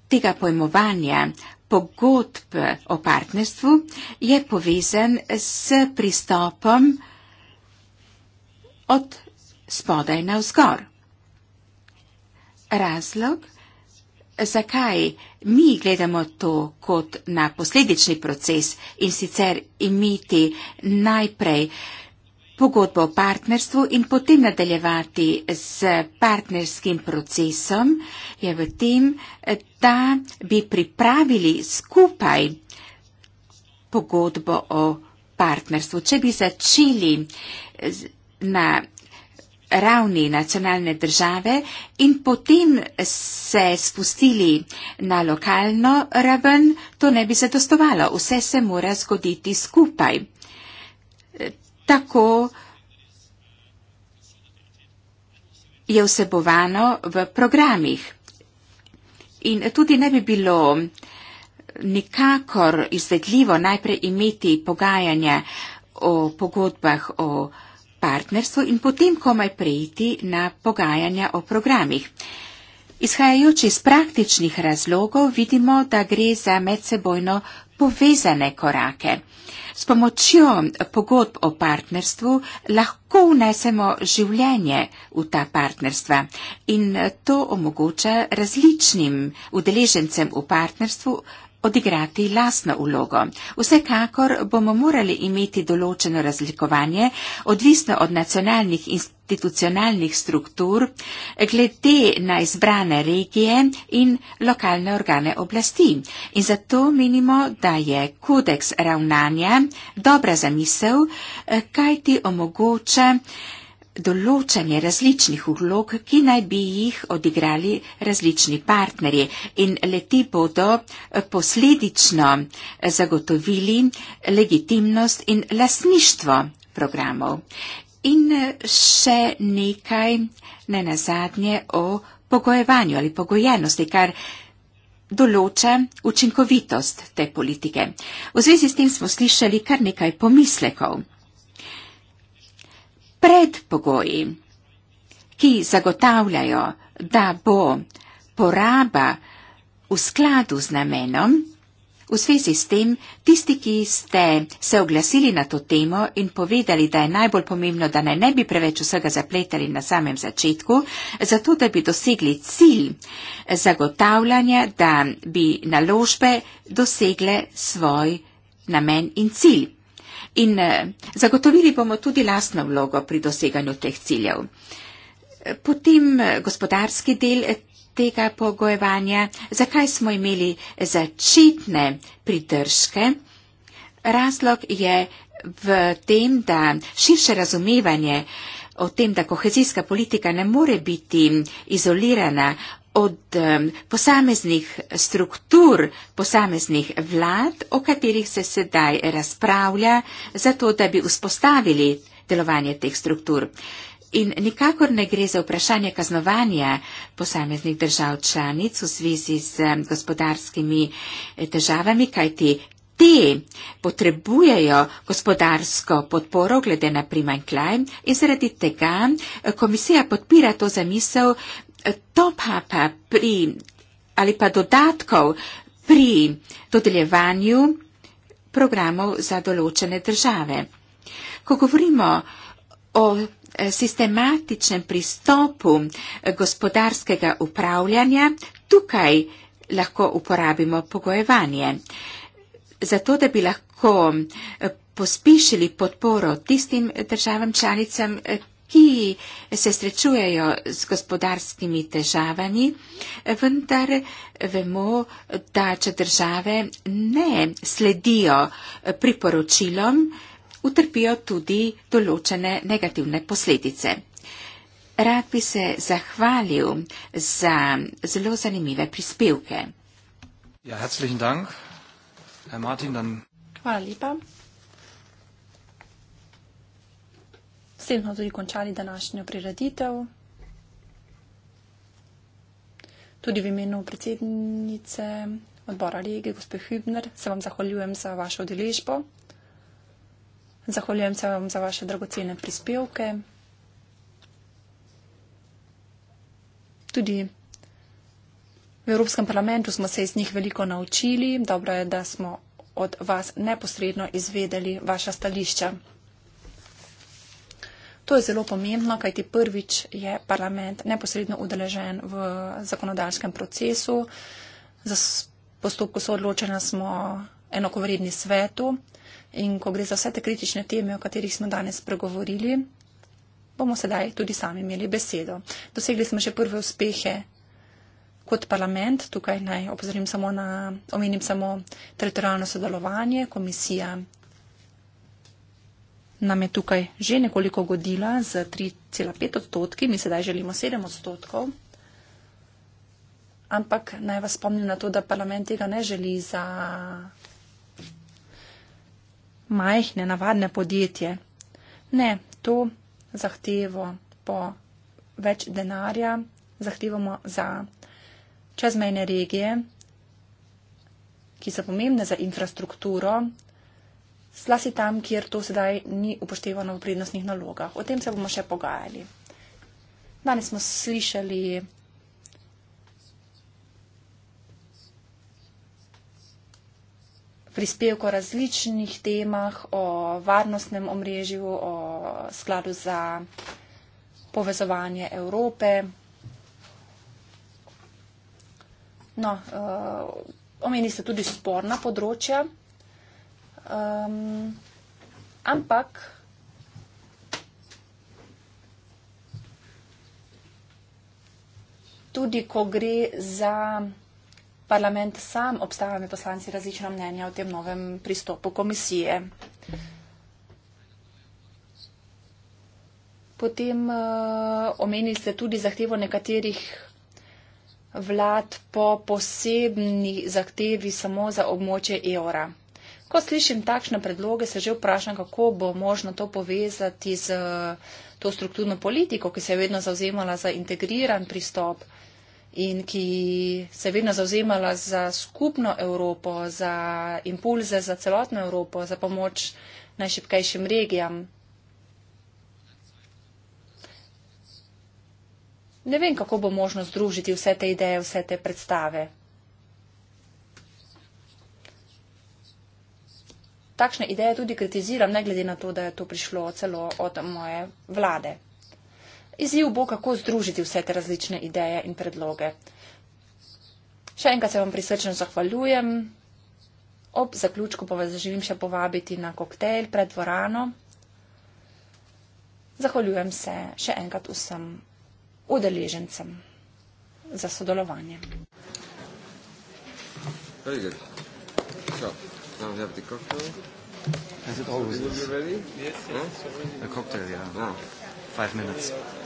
tega pojmovanja pogodb eh, o partnerstvu je povezan s pristopom od spodaj na vzgor razlog, zakaj mi gledamo to kot na posledični proces in sicer imeti najprej pogodbo o partnerstvu in potem nadaljevati z partnerskim procesom, je v tem, da bi pripravili skupaj pogodbo o partnerstvu. Če bi začeli na ravni nacionalne države in potem se spustili na lokalno raven, to ne bi zadostovalo. Vse se mora zgoditi skupaj. Tako je vsebovano v programih. In tudi ne bi bilo nikakor izvedljivo najprej imeti pogajanja o pogodbah o partnerstvo in potem komaj preiti na pogajanja o programih. Izhajajoč iz praktičnih razlogov vidimo, da gre za medsebojno povezane korake. S pomočjo pogodb o partnerstvu lahko vnesemo življenje v ta partnerstva in to omogoča različnim udeležencem v partnerstvu odigrati lasno vlogo. Vsekakor bomo morali imeti določeno razlikovanje, odvisno od nacionalnih institucionalnih struktur, glede na izbrane regije in lokalne organe oblasti. In zato menimo, da je kodeks ravnanja dobra zamisel, kaj ti omogoča, določanje različnih vlog, ki naj bi jih odigrali različni partnerji in leti bodo eh, posledično eh, zagotovili legitimnost in lasništvo programov. In eh, še nekaj, ne nazadnje, o pogojevanju ali pogojenosti, kar določa učinkovitost te politike. V zvezi s tem smo slišali kar nekaj pomislekov predpogoji, ki zagotavljajo, da bo poraba v skladu z namenom, v svezi s tem, tisti, ki ste se oglasili na to temo in povedali, da je najbolj pomembno, da naj ne bi preveč vsega zapletali na samem začetku, zato da bi dosegli cilj zagotavljanja, da bi naložbe dosegle svoj namen in cilj in eh, zagotovili bomo tudi lastno vlogo pri doseganju teh ciljev. Eh, potem eh, gospodarski del tega pogojevanja, zakaj smo imeli začetne pridržke. Razlog je v tem, da širše razumevanje o tem, da kohezijska politika ne more biti izolirana od posameznih struktur, posameznih vlad, o katerih se sedaj razpravlja, zato da bi vzpostavili delovanje teh struktur. In nikakor ne gre za vprašanje kaznovanja posameznih držav članic v zvezi z gospodarskimi eh, težavami, kajti te potrebujejo gospodarsko podporo glede na primanjkljaj in zaradi tega eh, komisija podpira to zamisel, To pa, pa pri ali pa dodatkov pri dodeljevanju programov za določene države. Ko govorimo o eh, sistematičnem pristopu eh, gospodarskega upravljanja, tukaj lahko uporabimo pogojevanje. Zato, da bi lahko eh, pospešili podporo tistim državam članicam, ki se srečujejo z gospodarskimi težavami, vendar vemo, da če države ne sledijo priporočilom, utrpijo tudi določene negativne posledice. Rad bi se zahvalil za zelo zanimive prispevke. Ja, herzlichen dank, Herr Martin, dann. Hvala lepa, tem smo tudi končali današnjo prireditev. Tudi v imenu predsednice odbora regije, gospod Hübner, se vam zahvaljujem za vašo deležbo. Zahvaljujem se vam za vaše dragocene prispevke. Tudi v Evropskem parlamentu smo se iz njih veliko naučili. Dobro je, da smo od vas neposredno izvedeli vaša stališča. To je zelo pomembno, kajti prvič je parlament neposredno udeležen v zakonodajskem procesu. Za postopku so odločena smo enakovredni svetu in ko gre za vse te kritične teme, o katerih smo danes pregovorili, bomo sedaj tudi sami imeli besedo. Dosegli smo že prve uspehe kot parlament. Tukaj naj opozorim samo na, omenim samo teritorijalno sodelovanje, komisija nam je tukaj že nekoliko godila z 3,5 odstotki, mi sedaj želimo 7 odstotkov. Ampak naj vas spomnim na to, da parlament tega ne želi za majhne, navadne podjetje. Ne, to zahtevo po več denarja zahtevamo za čezmejne regije, ki so pomembne za infrastrukturo, slasi tam, kjer to sedaj ni upoštevano v prednostnih nalogah. O tem se bomo še pogajali. Danes smo slišali prispevko o različnih temah, o varnostnem omrežju, o skladu za povezovanje Evrope. No, uh, eh, omeni se tudi sporna področja. Um, ampak. Tudi, ko gre za parlament sam, obstajajo med poslanci različna mnenja o tem novem pristopu komisije. Potem uh, omenili ste tudi zahtevo nekaterih vlad po posebni zahtevi samo za območje evra. Ko slišim takšne predloge, se že vprašam, kako bo možno to povezati z to strukturno politiko, ki se je vedno zauzemala za integriran pristop in ki se je vedno zauzemala za skupno Evropo, za impulze za celotno Evropo, za pomoč najšipkejšim regijam. Ne vem, kako bo možno združiti vse te ideje, vse te predstave. takšne ideje tudi kritiziram, ne glede na to, da je to prišlo celo od moje vlade. Izjiv bo, kako združiti vse te različne ideje in predloge. Še enkrat se vam prisrčno zahvaljujem. Ob zaključku pa vas želim še povabiti na koktejl pred dvorano. Zahvaljujem se še enkrat vsem udeležencem za sodelovanje. Very good. Ciao. Now we have the cocktail. As it always is. Are you ready? Yes. Huh? A cocktail, yeah. Wow. Five minutes. Yeah.